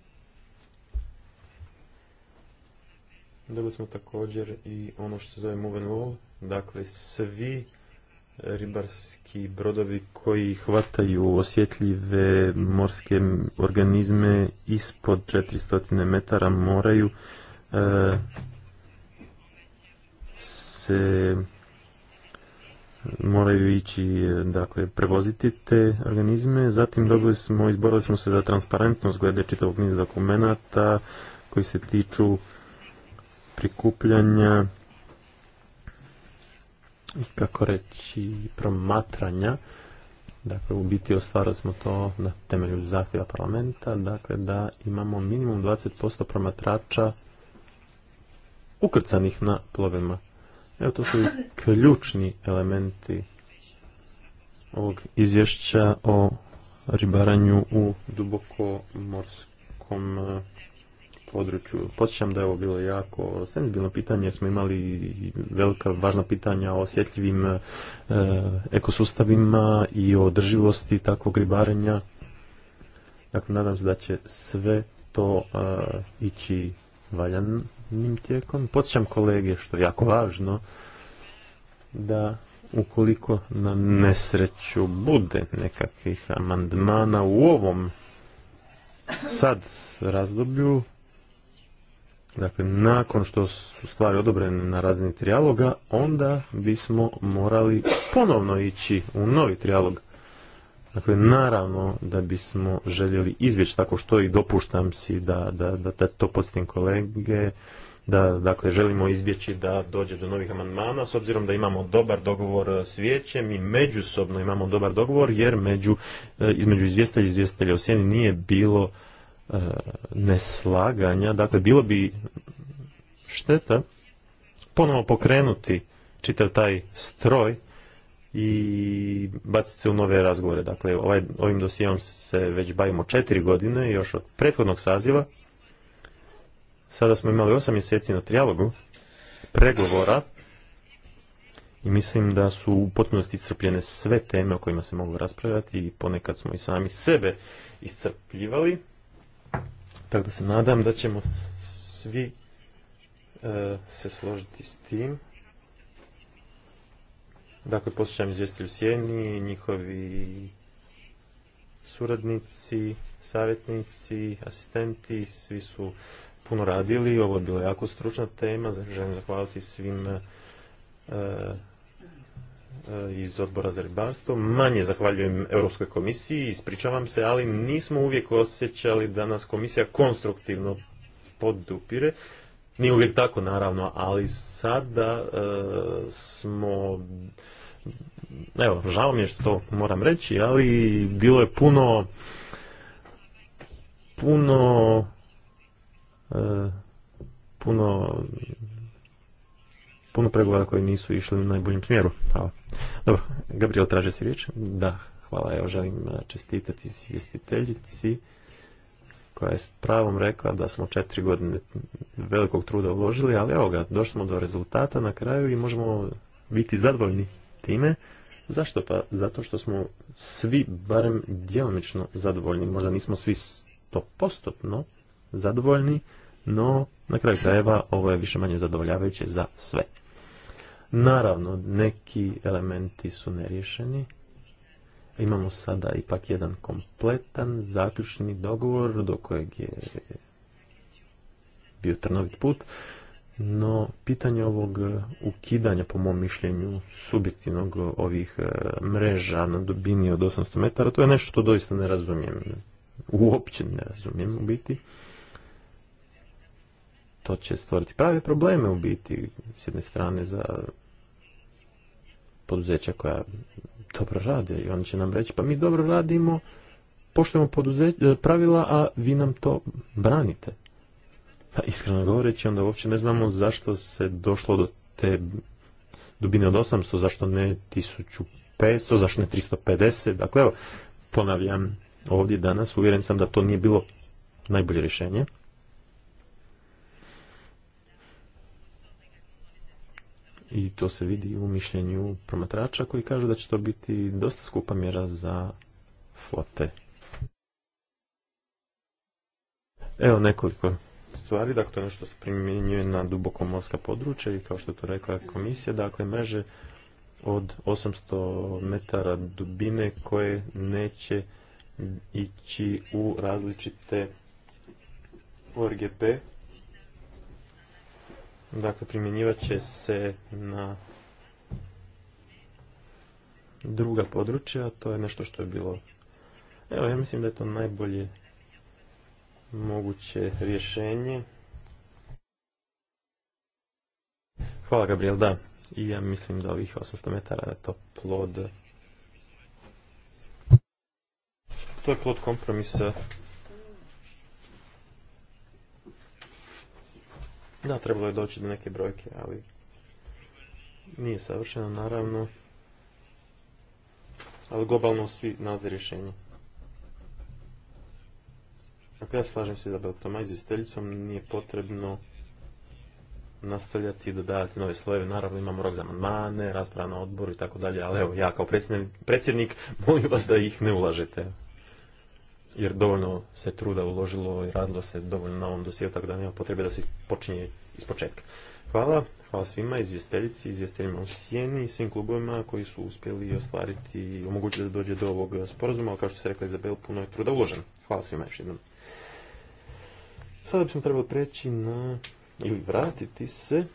Dobili smo također i ono što se zove move wall, dakle svi ribarski brodovi koji hvataju osjetljive morske organizme ispod 400 metara moraju e, se moraju ići dakle, prevoziti te organizme. Zatim dobili smo, izborili smo se za transparentnost glede čitavog niza dokumenata koji se tiču prikupljanja i, kako reći promatranja dakle u biti ostvarili smo to na temelju zahtjeva parlamenta dakle da imamo minimum 20% promatrača ukrcanih na plovima Evo to su ključni elementi ovog izvješća o ribaranju u duboko morskom e, području. Podsjećam da je ovo bilo jako senzibilno pitanje, smo imali velika važna pitanja o osjetljivim e, ekosustavima i o održivosti takvog ribarenja. Dakle, nadam se da će sve to e, ići valjan, njim tijekom. Podsjećam kolege, što je jako važno, da ukoliko na nesreću bude nekakvih amandmana u ovom sad razdoblju, dakle nakon što su stvari odobrene na razini trijaloga, onda bismo morali ponovno ići u novi trijalog. Dakle, naravno da bismo željeli izbjeći tako što i dopuštam si da, da, da, da to podstim kolege, da dakle, želimo izbjeći da dođe do novih amandmana, s obzirom da imamo dobar dogovor s vijećem i međusobno imamo dobar dogovor, jer među, e, između izvjestelja i izvjestelja u nije bilo e, neslaganja. Dakle, bilo bi šteta ponovo pokrenuti čitav taj stroj i baciti se u nove razgovore. Dakle, ovaj, ovim dosijom se već bavimo četiri godine, još od prethodnog saziva. Sada smo imali osam mjeseci na trijalogu pregovora i mislim da su u potpunosti iscrpljene sve teme o kojima se mogu raspravljati i ponekad smo i sami sebe iscrpljivali. Tako da se nadam da ćemo svi e, se složiti s tim. Dakle, posjećam izvjestitelj u Sjeni, njihovi suradnici, savjetnici, asistenti, svi su puno radili. Ovo je bila jako stručna tema. Želim zahvaliti svim e, e, iz odbora za ribarstvo. Manje zahvaljujem Europskoj komisiji, ispričavam se, ali nismo uvijek osjećali da nas komisija konstruktivno podupire. Nije uvijek tako, naravno, ali sada e, smo... Evo, žao mi je što moram reći, ali bilo je puno puno e, puno puno pregovora koji nisu išli u najboljem smjeru. Hvala. Dobro, Gabriel traže si riječ. Da, hvala. Evo, želim e, čestitati izvjestiteljici koja je s pravom rekla da smo četiri godine velikog truda uložili, ali evo ga, došli smo do rezultata na kraju i možemo biti zadovoljni time. Zašto? Pa zato što smo svi barem djelomično zadovoljni. Možda nismo svi stopostotno zadovoljni, no na kraju krajeva ovo je više manje zadovoljavajuće za sve. Naravno, neki elementi su nerješeni, Imamo sada ipak jedan kompletan zaključni dogovor do kojeg je bio trnovit put, no pitanje ovog ukidanja, po mom mišljenju, subjektivnog ovih e, mreža na dubini od 800 metara, to je nešto što doista ne razumijem. Uopće ne razumijem u biti. To će stvoriti prave probleme u biti, s jedne strane za poduzeća koja dobro rade i oni će nam reći pa mi dobro radimo, poštujemo e, pravila, a vi nam to branite. Pa iskreno govoreći onda uopće ne znamo zašto se došlo do te dubine od 800, zašto ne 1500, zašto ne 350. Dakle, evo, ponavljam ovdje danas, uvjeren sam da to nije bilo najbolje rješenje. i to se vidi u mišljenju promatrača koji kažu da će to biti dosta skupa mjera za flote. Evo nekoliko stvari, dakle ono što se primjenjuje na duboko morska područja i kao što je to rekla komisija, dakle mreže od 800 metara dubine koje neće ići u različite ORGP Dakle, primjenjivat će se na druga područja, to je nešto što je bilo... Evo, ja mislim da je to najbolje moguće rješenje. Hvala, Gabriel, da. I ja mislim da ovih 800 metara je to plod... To je plod kompromisa Da, trebalo je doći do neke brojke, ali nije savršeno, naravno. Ali globalno svi nalaze rješenje. Dakle, ja slažem se da Beltoma Steljicom, nije potrebno nastavljati i dodavati nove slojeve. Naravno imamo rok za amandmane, rasprava na odboru i tako dalje, ali evo ja kao predsjednik, predsjednik molim vas da ih ne ulažete jer dovoljno se truda uložilo i radilo se dovoljno na ovom dosijelu, tako da nema potrebe da se počinje iz početka. Hvala, hvala svima, izvjesteljici, izvjesteljima u Sijeni i svim klubovima koji su uspjeli ostvariti i omogućiti da dođe do ovog sporazuma, ali kao što se rekla Izabel, puno je truda uloženo. Hvala svima još jednom. Sada bismo trebali preći na, ili vratiti se,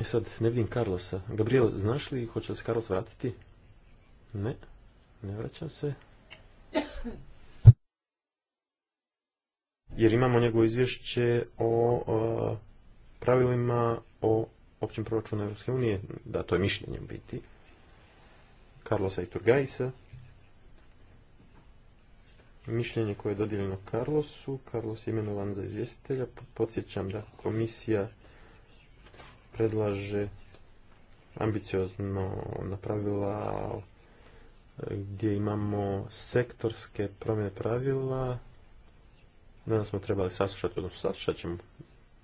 E sad, ne vidim Carlosa. Gabriel, znaš li, hoće li se Carlos vratiti? Ne, ne vraća se. jer imamo njegovo izvješće o, pravilima o općem proračunu Europske unije, da to je mišljenje u biti, Carlosa i Turgajsa. Mišljenje koje je dodijeljeno Carlosu, Carlos je imenovan za izvjestitelja, podsjećam da komisija predlaže ambiciozno napravila gdje imamo sektorske promjene pravila, Danas smo trebali saslušati, odnosno saslušat ćemo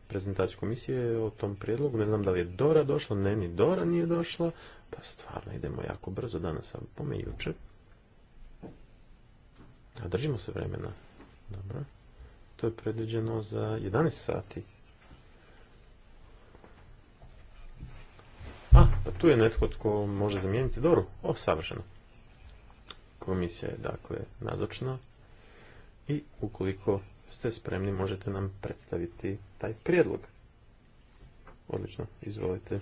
prezentaciju komisije o tom prijedlogu. Ne znam da li je Dora došla, ne, ni Dora nije došla. Pa stvarno idemo jako brzo danas, a pome jučer. A držimo se vremena. Dobro. To je predviđeno za 11 sati. A, pa tu je netko tko može zamijeniti Doru. O, savršeno. Komisija je dakle nazočna i ukoliko ste spremni, možete nam predstaviti taj prijedlog. Odlično, izvolite.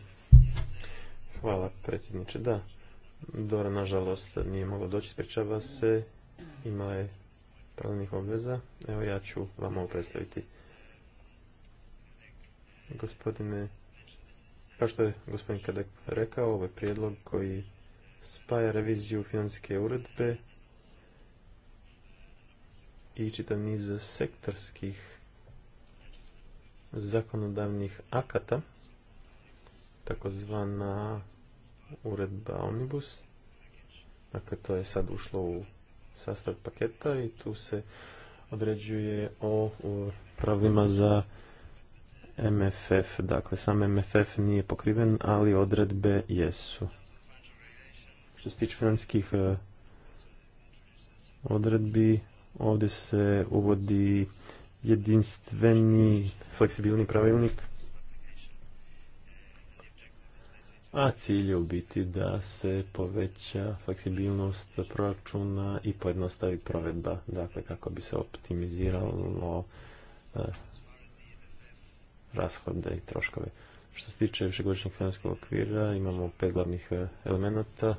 Hvala, predsjedniče. Da, Dora, nažalost, nije mogla doći, spričava se, ima je pravnih obveza. Evo, ja ću vam ovo predstaviti. Gospodine, kao što je gospodin Kadek rekao, ovo je prijedlog koji spaja reviziju financijske uredbe i čitav niz sektorskih zakonodavnih akata, takozvana uredba Omnibus. Dakle, to je sad ušlo u sastav paketa i tu se određuje o, pravima za MFF. Dakle, sam MFF nije pokriven, ali odredbe jesu. Što se tiče financijskih e, odredbi, Ovdje se uvodi jedinstveni fleksibilni pravilnik. A cilj je u biti da se poveća fleksibilnost proračuna i pojednostavi provedba, dakle kako bi se optimiziralo e, rashode i troškove. Što se tiče višegodišnjeg financijskog okvira, imamo pet glavnih e, elemenata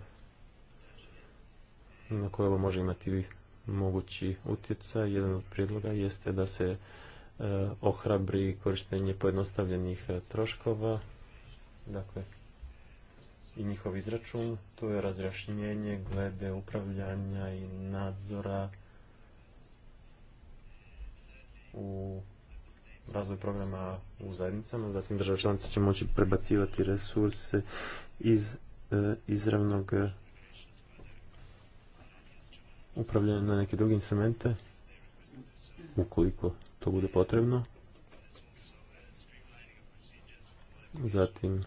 na koje ovo može imati mogući utjecaj. Jedan od prijedloga jeste da se e, ohrabri korištenje pojednostavljenih e, troškova, dakle i njihov izračun, To je razrašnjenje glede upravljanja i nadzora u razvoju programa u zajednicama, zatim država članica će moći prebacivati resurse iz e, izravnog upravljanje na neke druge instrumente, ukoliko to bude potrebno. Zatim,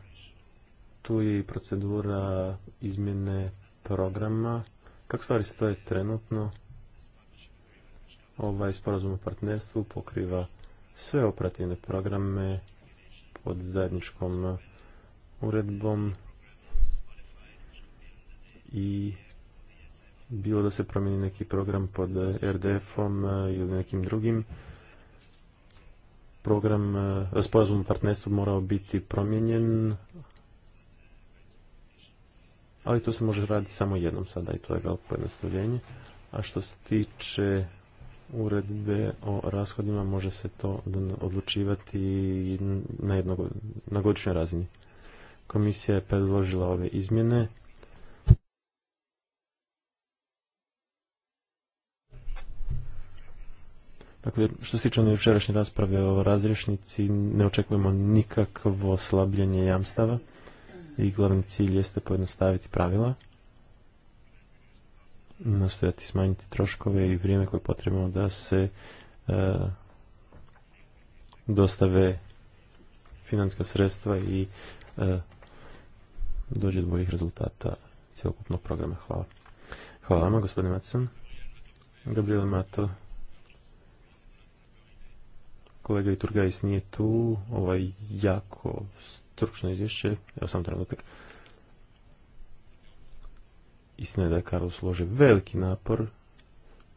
tu je i procedura izmjene programa. Kako stvari stoje trenutno? Ovaj sporazum o partnerstvu pokriva sve operativne programe pod zajedničkom uredbom i bilo da se promijeni neki program pod RDF-om eh, ili nekim drugim program, eh, sporazum o partnerstvu morao biti promijenjen, ali to se može raditi samo jednom sada i to je veliko pojednostavljenje. A što se tiče uredbe o rashodima, može se to odlučivati na, jednog, na godišnjoj razini. Komisija je predložila ove izmjene Dakle, što se tiče one jučerašnje rasprave o razrješnici, ne očekujemo nikakvo oslabljenje jamstava i glavni cilj jeste pojednostaviti pravila, nastojati smanjiti troškove i vrijeme koje potrebno da se e, dostave financijska sredstva i e, dođe do boljih rezultata cjelokupnog programa. Hvala. Hvala vama, gospodine Matson. Gabriel Mato kolega Turgajs nije tu, ovaj jako stručno izvješće, evo sam trenutak. Istina je da je Karol složi veliki napor,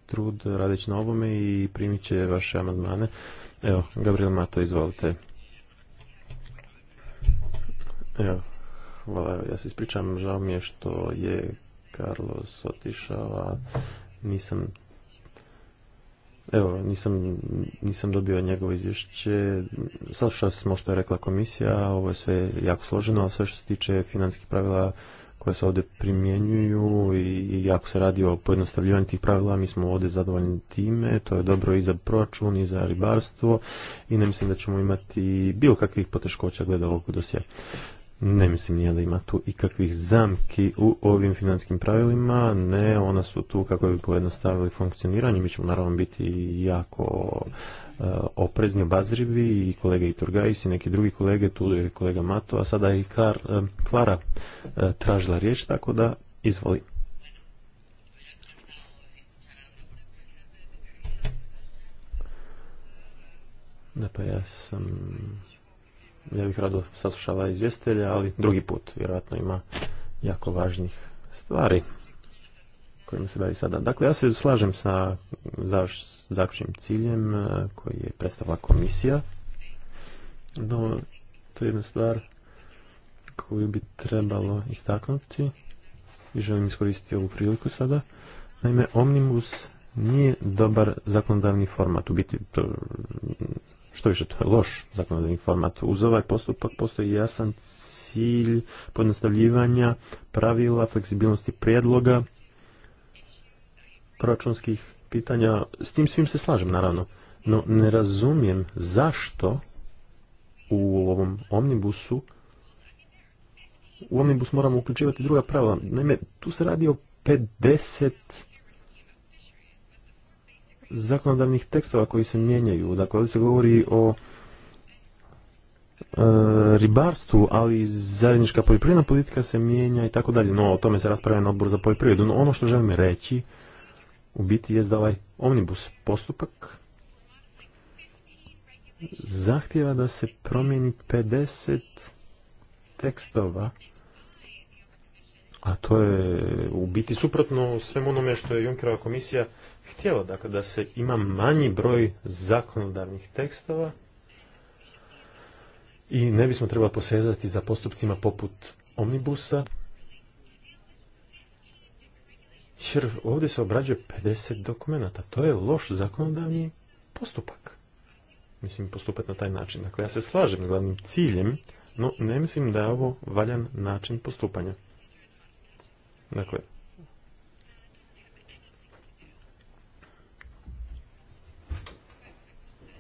trud radeći na ovome i primit će vaše amandmane. Evo, Gabriel Mato, izvolite. Evo, hvala, ja se ispričam, žao mi je što je Carlos otišao, a nisam Evo, nisam, nisam dobio njegovo izvješće. Saslušao smo što je rekla komisija, ovo je sve jako složeno, a sve što se tiče financijskih pravila koje se ovdje primjenjuju i ako se radi o pojednostavljivanju tih pravila, mi smo ovdje zadovoljni time, to je dobro i za proračun i za ribarstvo i ne mislim da ćemo imati bilo kakvih poteškoća gleda ovog dosje. Ne mislim nije da ima tu ikakvih zamki u ovim finanskim pravilima, ne, ona su tu kako bi pojednostavili funkcioniranje, mi ćemo naravno biti jako e, oprezni, obazrivi i kolega Iturgajs i neki drugi kolege, tu je kolega Mato, a sada je i uh, Klara e, tražila riječ, tako da izvoli. Da pa ja sam ja bih rado saslušala izvjestitelja, ali drugi put vjerojatno ima jako važnih stvari kojima se bavi sada. Dakle, ja se slažem sa zaključnim ciljem e, koji je predstavila komisija, no to je jedna stvar koju bi trebalo istaknuti i želim iskoristiti ovu priliku sada. Naime, Omnibus nije dobar zakonodavni format, u biti što više, to je loš zakonodavni format. Uz ovaj postupak postoji jasan cilj podnastavljivanja pravila, fleksibilnosti prijedloga, proračunskih pitanja. S tim svim se slažem, naravno. No, ne razumijem zašto u ovom omnibusu u omnibus moramo uključivati druga pravila. Naime, tu se radi o zakonodavnih tekstova koji se mijenjaju. Dakle, ovdje se govori o e, ribarstvu, ali zajednička poljoprivredna politika se mijenja i tako dalje. No, o tome se raspravlja na odboru za poljoprivredu. No, ono što želim reći u biti je da ovaj omnibus postupak zahtjeva da se promijeni 50 tekstova a to je u biti suprotno svemu onome što je Junkerova komisija htjela, dakle da se ima manji broj zakonodavnih tekstova i ne bismo trebali posezati za postupcima poput omnibusa, jer ovdje se obrađuje 50 dokumenata. To je loš zakonodavni postupak. Mislim, postupati na taj način. Dakle, ja se slažem s glavnim ciljem, no ne mislim da je ovo valjan način postupanja. Dakle,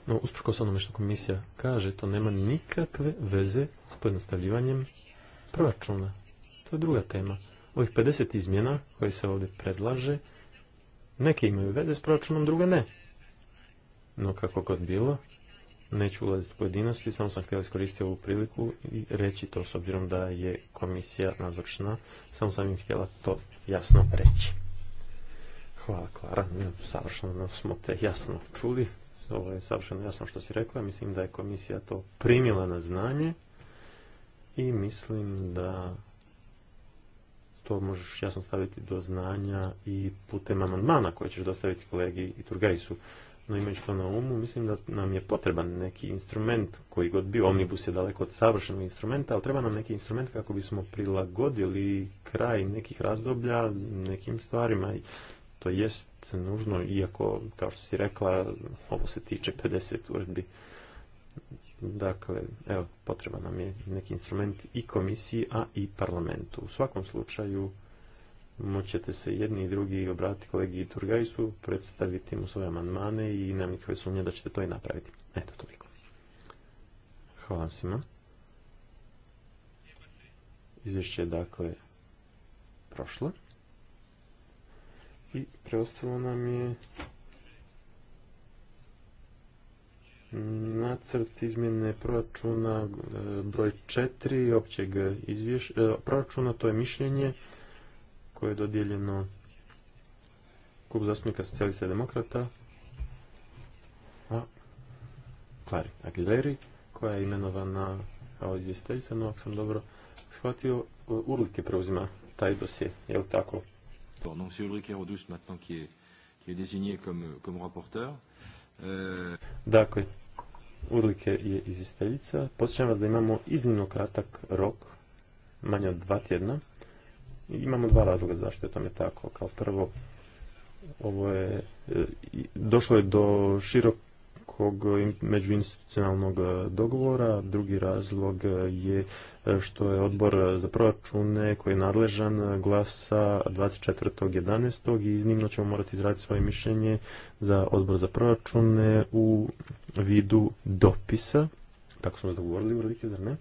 no, usprkos onome što komisija kaže, to nema nikakve veze s pojednostavljivanjem proračuna. To je druga tema. Ovih 50 izmjena koje se ovdje predlaže, neke imaju veze s proračunom, druge ne. No kako god bilo, Neću ulaziti u pojedinosti, samo sam htio iskoristiti ovu priliku i reći to s obzirom da je komisija nazočna. Samo sam im htjela to jasno reći. Hvala Klara, savršeno smo te jasno čuli. Ovo je savršeno jasno što si rekla. Mislim da je komisija to primila na znanje i mislim da to možeš jasno staviti do znanja i putem amandmana koje ćeš dostaviti kolegi i Turgajsu. No imajući to na umu, mislim da nam je potreban neki instrument koji god bio. Omnibus je daleko od savršenog instrumenta, ali treba nam neki instrument kako bismo prilagodili kraj nekih razdoblja nekim stvarima. I to jest nužno, iako, kao što si rekla, ovo se tiče 50 uredbi. Dakle, evo, potreban nam je neki instrument i komisiji, a i parlamentu. U svakom slučaju, moćete se jedni i drugi obratiti kolegi Turgajsu, predstaviti mu svoje amandmane i nam nikakve sumnje da ćete to i napraviti. Eto, toliko. Hvala vam svima. Izvješće je dakle prošlo. I preostalo nam je nacrt izmjene proračuna e, broj 4 općeg e, proračuna, to je mišljenje koje je dodijeljeno klub zastupnika socijalista demokrata, a Klari Aguileri, koja je imenovana kao izvjestiteljica, no ako sam dobro shvatio, Urlike preuzima taj dosje, je li tako? si c'est je maintenant qui est, qui est désigné euh, Dakle, Urlike je izvjestiteljica. Posjećam vas da imamo iznimno kratak rok, manje od dva tjedna imamo dva razloga zašto je tome tako. Kao prvo, ovo je, e, došlo je do širokog međuinstitucionalnog e, dogovora. Drugi razlog e, je što je odbor za proračune koji je nadležan glasa 24.11. i iznimno ćemo morati izraditi svoje mišljenje za odbor za proračune u vidu dopisa. Tako smo se dogovorili u zar ne?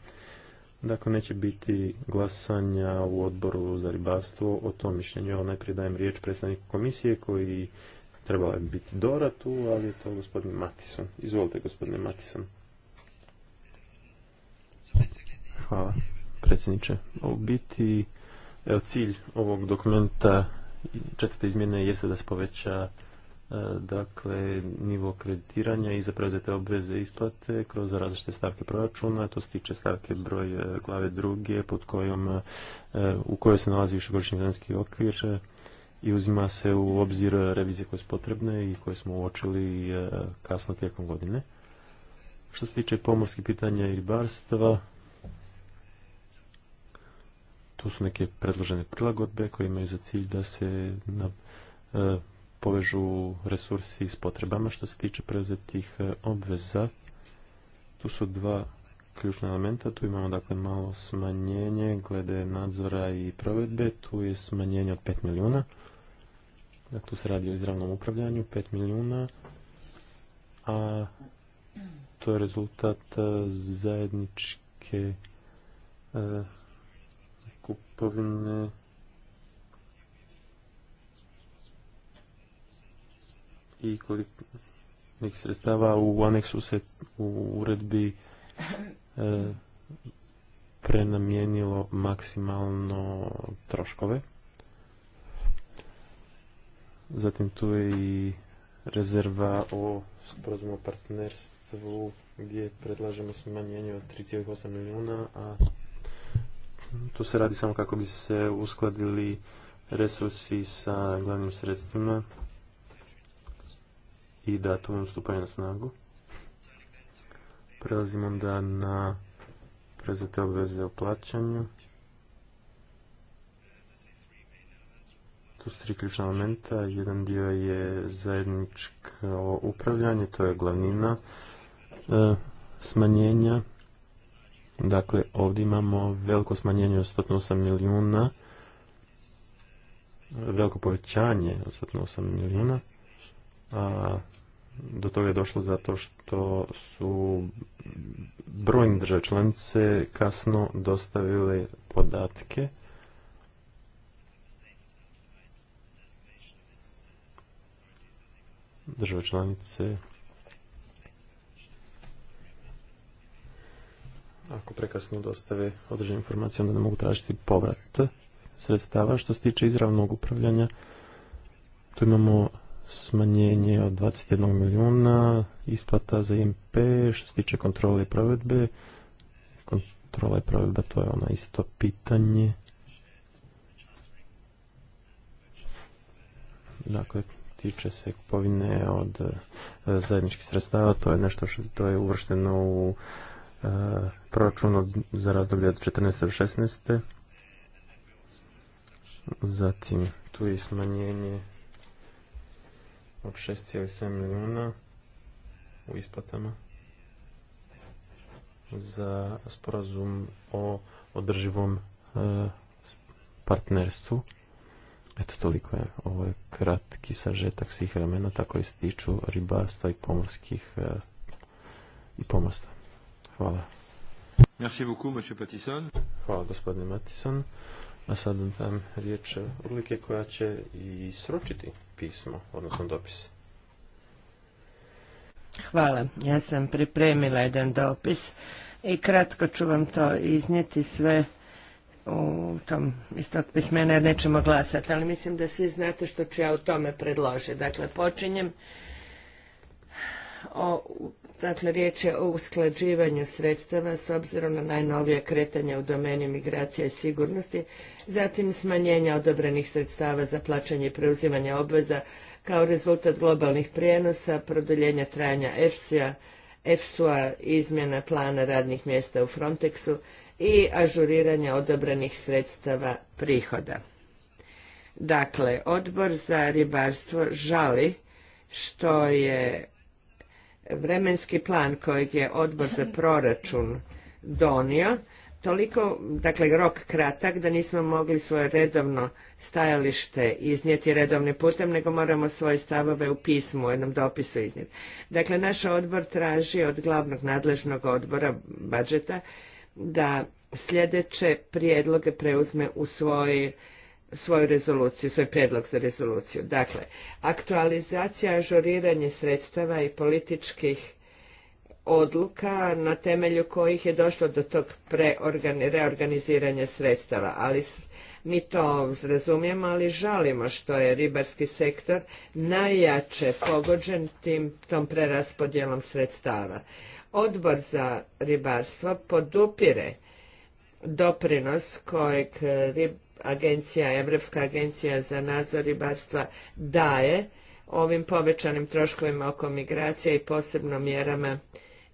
Dakle, neće biti glasanja u odboru za ribarstvo o tom mišljenju. najprije dajem riječ predstavniku komisije koji trebala bi biti Dora tu, ali je to gospodin Matison. Izvolite gospodine Matison. Hvala predsjedniče. U biti evo, cilj ovog dokumenta četvrte izmjene jeste da se poveća E, dakle, nivo kreditiranja i za preuzete obveze isplate kroz različite stavke proračuna, to se tiče stavke broj e, glave druge pod kojom, e, u kojoj se nalazi višegodišnji financijski okvir i uzima se u obzir revizije koje su potrebne i koje smo uočili kasno tijekom godine. Što se tiče pomorskih pitanja i ribarstva, tu su neke predložene prilagodbe koje imaju za cilj da se na, povežu resursi s potrebama. Što se tiče preuzetih e, obveza, tu su dva ključna elementa. Tu imamo dakle malo smanjenje glede nadzora i provedbe. Tu je smanjenje od 5 milijuna. Dakle, tu se radi o izravnom upravljanju, 5 milijuna. A to je rezultat e, zajedničke e, kupovine i koliko njih sredstava u aneksu se u uredbi e, prenamijenilo maksimalno troškove. Zatim tu je i rezerva o sporazumu partnerstvu gdje predlažemo smanjenje od 3,8 milijuna, a tu se radi samo kako bi se uskladili resursi sa glavnim sredstvima i datumom stupanja na snagu. Prelazimo onda na preuzete obveze o plaćanju. Tu su tri ključna elementa. Jedan dio je zajedničko upravljanje, to je glavnina e, smanjenja. Dakle, ovdje imamo veliko smanjenje od 108 milijuna, veliko povećanje od 108 milijuna, a do toga je došlo zato što su brojne države članice kasno dostavile podatke države članice ako prekasno dostave određene informacije onda ne mogu tražiti povrat sredstava što se tiče izravnog upravljanja tu imamo smanjenje od 21 milijuna, isplata za IMP, što se tiče kontrole i provedbe, Kontrole i provedba, to je ono isto pitanje. Dakle, tiče se kupovine od e, zajedničkih sredstava, to je nešto što je uvršteno u e, proračun za razdoblje od 14. do 16. Zatim, tu je smanjenje od 6,7 milijuna u isplatama za sporazum o održivom e, partnerstvu. Eto, toliko je. Ovo je kratki sažetak svih elemenata koji se tiču ribarstva i pomorskih e, i pomorstva. Hvala. Merci beaucoup, Hvala, gospodine Matison. A sad dam riječ e, odlike koja će i sročiti pismo, odnosno dopis. Hvala. Ja sam pripremila jedan dopis i kratko ću vam to iznijeti sve u tom iz tog pismena jer nećemo glasati, ali mislim da svi znate što ću ja u tome predložiti. Dakle, počinjem o, dakle riječ je o usklađivanju sredstava s obzirom na najnovije kretanje u domeni migracija i sigurnosti, zatim smanjenja odobrenih sredstava za plaćanje i preuzimanje obveza kao rezultat globalnih prijenosa, produljenja trajanja EFSI-a, EFSU-a, izmjena plana radnih mjesta u Frontexu i ažuriranja odobrenih sredstava prihoda. Dakle, odbor za ribarstvo žali što je vremenski plan kojeg je odbor za proračun donio, toliko, dakle, rok kratak da nismo mogli svoje redovno stajalište iznijeti redovnim putem, nego moramo svoje stavove u pismu, u jednom dopisu iznijeti. Dakle, naš odbor traži od glavnog nadležnog odbora budžeta da sljedeće prijedloge preuzme u svoj svoju rezoluciju, svoj predlog za rezoluciju. Dakle, aktualizacija, ažuriranje sredstava i političkih odluka na temelju kojih je došlo do tog reorganiziranja sredstava, ali mi to razumijemo, ali žalimo što je ribarski sektor najjače pogođen tim, tom preraspodjelom sredstava. Odbor za ribarstvo podupire doprinos kojeg agencija, Europska agencija za nadzor ribarstva daje ovim povećanim troškovima oko migracija i posebno mjerama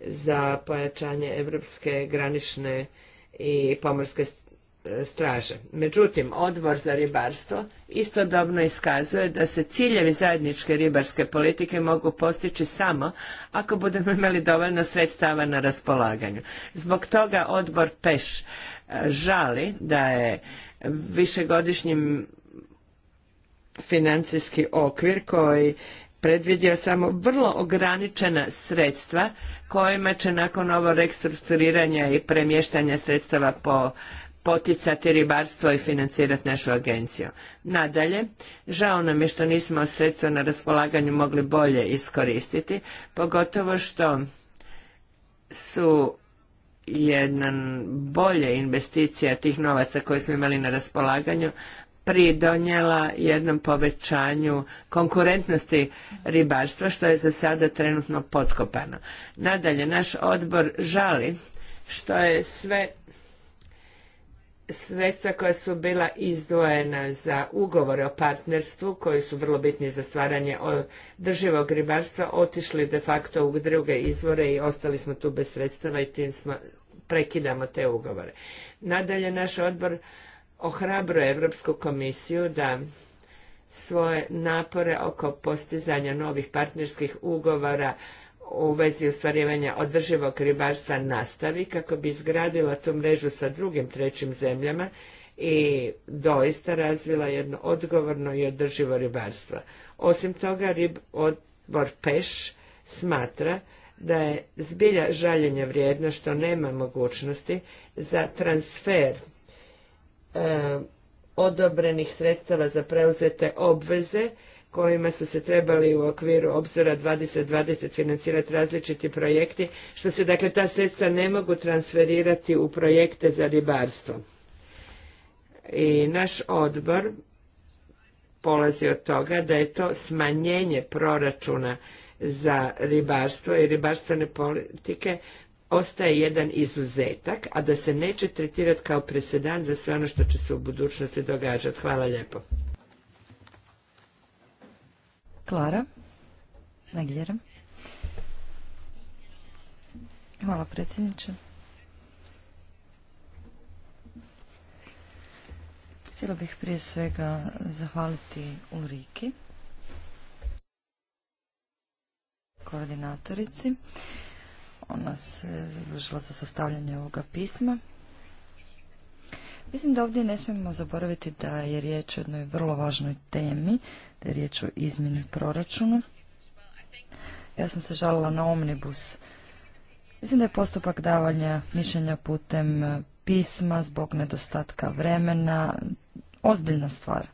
za pojačanje evropske granične i pomorske E, straže. Međutim, odbor za ribarstvo istodobno iskazuje da se ciljevi zajedničke ribarske politike mogu postići samo ako budemo imali dovoljno sredstava na raspolaganju. Zbog toga odbor PEŠ e, žali da je višegodišnjim financijski okvir koji predvidio samo vrlo ograničena sredstva kojima će nakon ovo rekstrukturiranja i premještanja sredstava po poticati ribarstvo i financirati našu agenciju. Nadalje, žao nam je što nismo sredstva na raspolaganju mogli bolje iskoristiti, pogotovo što su jedna bolje investicija tih novaca koje smo imali na raspolaganju pridonjela jednom povećanju konkurentnosti ribarstva što je za sada trenutno potkopano. Nadalje, naš odbor žali što je sve sredstva koja su bila izdvojena za ugovore o partnerstvu koji su vrlo bitni za stvaranje drživog ribarstva otišli de facto u druge izvore i ostali smo tu bez sredstava i tim smo, prekidamo te ugovore. Nadalje naš odbor ohrabruje Europsku komisiju da svoje napore oko postizanja novih partnerskih ugovora u vezi ostvarivanja održivog ribarstva nastavi kako bi izgradila tu mrežu sa drugim trećim zemljama i doista razvila jedno odgovorno i održivo ribarstvo. Osim toga, rib odbor Peš smatra da je zbilja žaljenja vrijedno što nema mogućnosti za transfer eh, odobrenih sredstava za preuzete obveze kojima su se trebali u okviru obzora 2020 financirati različiti projekti, što se dakle ta sredstva ne mogu transferirati u projekte za ribarstvo. I naš odbor polazi od toga da je to smanjenje proračuna za ribarstvo i ribarstvene politike ostaje jedan izuzetak, a da se neće tretirati kao presedan za sve ono što će se u budućnosti događati. Hvala lijepo. Klara Nagljera. Hvala predsjedniče. Htjela bih prije svega zahvaliti Ulriki, koordinatorici. Ona se zadužila za sastavljanje ovoga pisma. Mislim da ovdje ne smijemo zaboraviti da je riječ o jednoj vrlo važnoj temi riječ o izmjeni proračuna. Ja sam se žalila na omnibus. Mislim da je postupak davanja mišljenja putem e, pisma zbog nedostatka vremena ozbiljna stvar.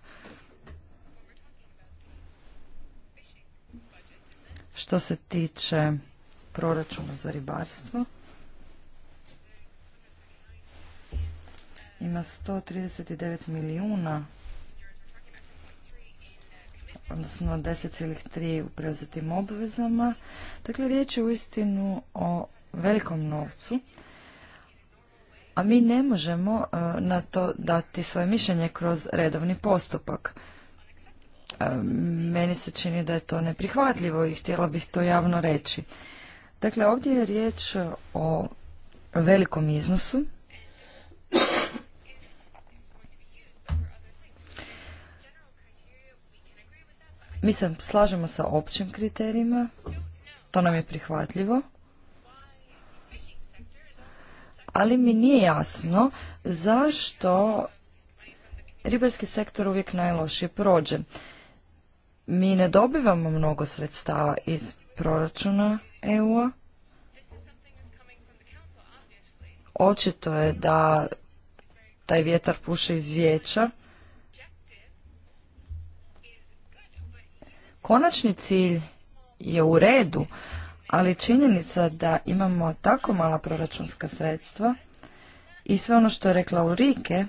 Što se tiče proračuna za ribarstvo, ima 139 milijuna odnosno 10,3 u preuzetim obvezama. Dakle, riječ je u istinu o velikom novcu, a mi ne možemo e, na to dati svoje mišljenje kroz redovni postupak. E, meni se čini da je to neprihvatljivo i htjela bih to javno reći. Dakle, ovdje je riječ o velikom iznosu Mi se slažemo sa općim kriterijima, to nam je prihvatljivo, ali mi nije jasno zašto ribarski sektor uvijek najlošije prođe. Mi ne dobivamo mnogo sredstava iz proračuna EU-a. Očito je da taj vjetar puše iz vijeća Konačni cilj je u redu, ali činjenica da imamo tako mala proračunska sredstva i sve ono što je rekla Ulrike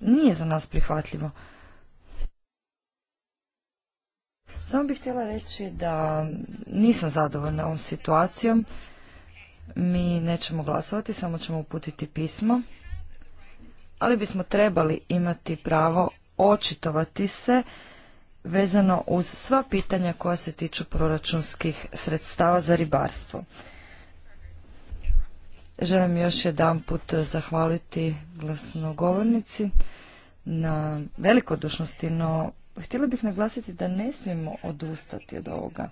nije za nas prihvatljivo. Samo bih htjela reći da nisam zadovoljna ovom situacijom. Mi nećemo glasovati, samo ćemo uputiti pismo. Ali bismo trebali imati pravo očitovati se vezano uz sva pitanja koja se tiču proračunskih sredstava za ribarstvo. Želim još put zahvaliti glasnogovornici na velikodušnosti, no htjela bih naglasiti da ne smijemo odustati od ovoga.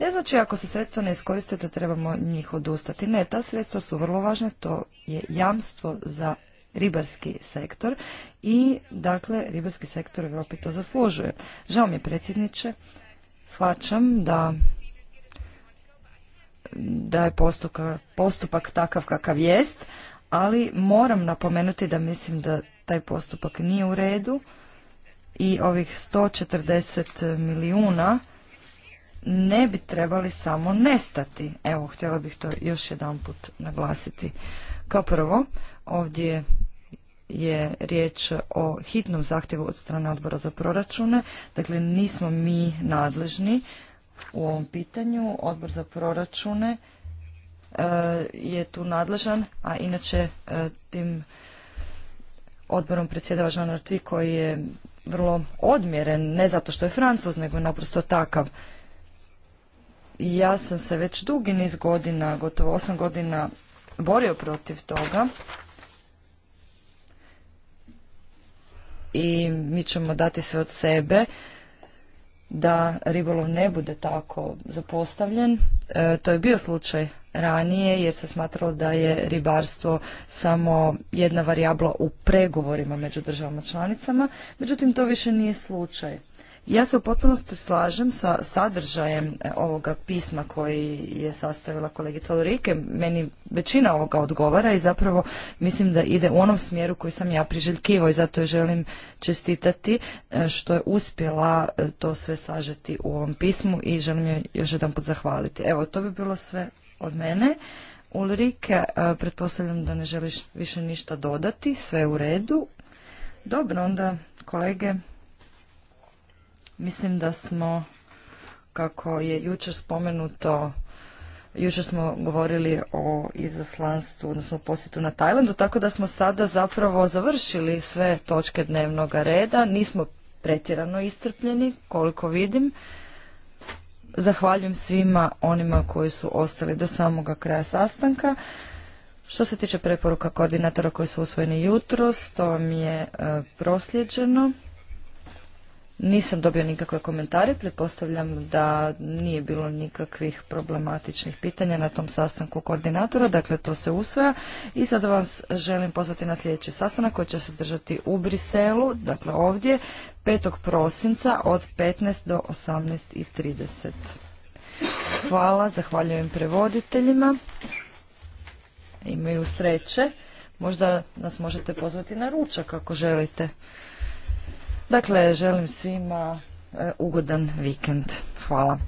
Ne znači ako se sredstva ne iskoriste da trebamo njih odustati. Ne, ta sredstva su vrlo važna, to je jamstvo za ribarski sektor i dakle ribarski sektor u Europi to zaslužuje. Žao mi je predsjedniče, shvaćam da da je postupak takav kakav jest, ali moram napomenuti da mislim da taj postupak nije u redu i ovih 140 milijuna ne bi trebali samo nestati. Evo, htjela bih to još jedan put naglasiti. Kao prvo, Ovdje je riječ o hitnom zahtjevu od strane odbora za proračune. Dakle, nismo mi nadležni u ovom pitanju. Odbor za proračune e, je tu nadležan, a inače e, tim odborom predsjedava Žan Artvi koji je vrlo odmjeren, ne zato što je francuz, nego je naprosto takav. Ja sam se već dugi niz godina, gotovo osam godina, borio protiv toga i mi ćemo dati sve od sebe da ribolov ne bude tako zapostavljen. E, to je bio slučaj ranije jer se smatralo da je ribarstvo samo jedna varijabla u pregovorima među državama članicama. Međutim, to više nije slučaj. Ja se u potpunosti slažem sa sadržajem e, ovoga pisma koji je sastavila kolegica Ulrike. Meni većina ovoga odgovara i zapravo mislim da ide u onom smjeru koji sam ja priželjkivao i zato želim čestitati e, što je uspjela e, to sve sažeti u ovom pismu i želim joj još jedan put zahvaliti. Evo, to bi bilo sve od mene. Ulrike, pretpostavljam da ne želiš više ništa dodati, sve je u redu. Dobro, onda kolege, Mislim da smo, kako je jučer spomenuto, jučer smo govorili o izaslanstvu, odnosno posjetu na Tajlandu, tako da smo sada zapravo završili sve točke dnevnog reda. Nismo pretjerano iscrpljeni, koliko vidim. Zahvaljujem svima onima koji su ostali do samoga kraja sastanka. Što se tiče preporuka koordinatora koji su usvojeni jutros, to mi je e, prosljeđeno. Nisam dobio nikakve komentare, pretpostavljam da nije bilo nikakvih problematičnih pitanja na tom sastanku koordinatora, dakle to se usvaja. I sada vas želim pozvati na sljedeći sastanak koji će se držati u Briselu, dakle ovdje, 5. prosinca od 15 do 18.30. Hvala, zahvaljujem prevoditeljima. Imaju sreće. Možda nas možete pozvati na ručak ako želite. Dakle, želim svima e, ugodan vikend. Hvala.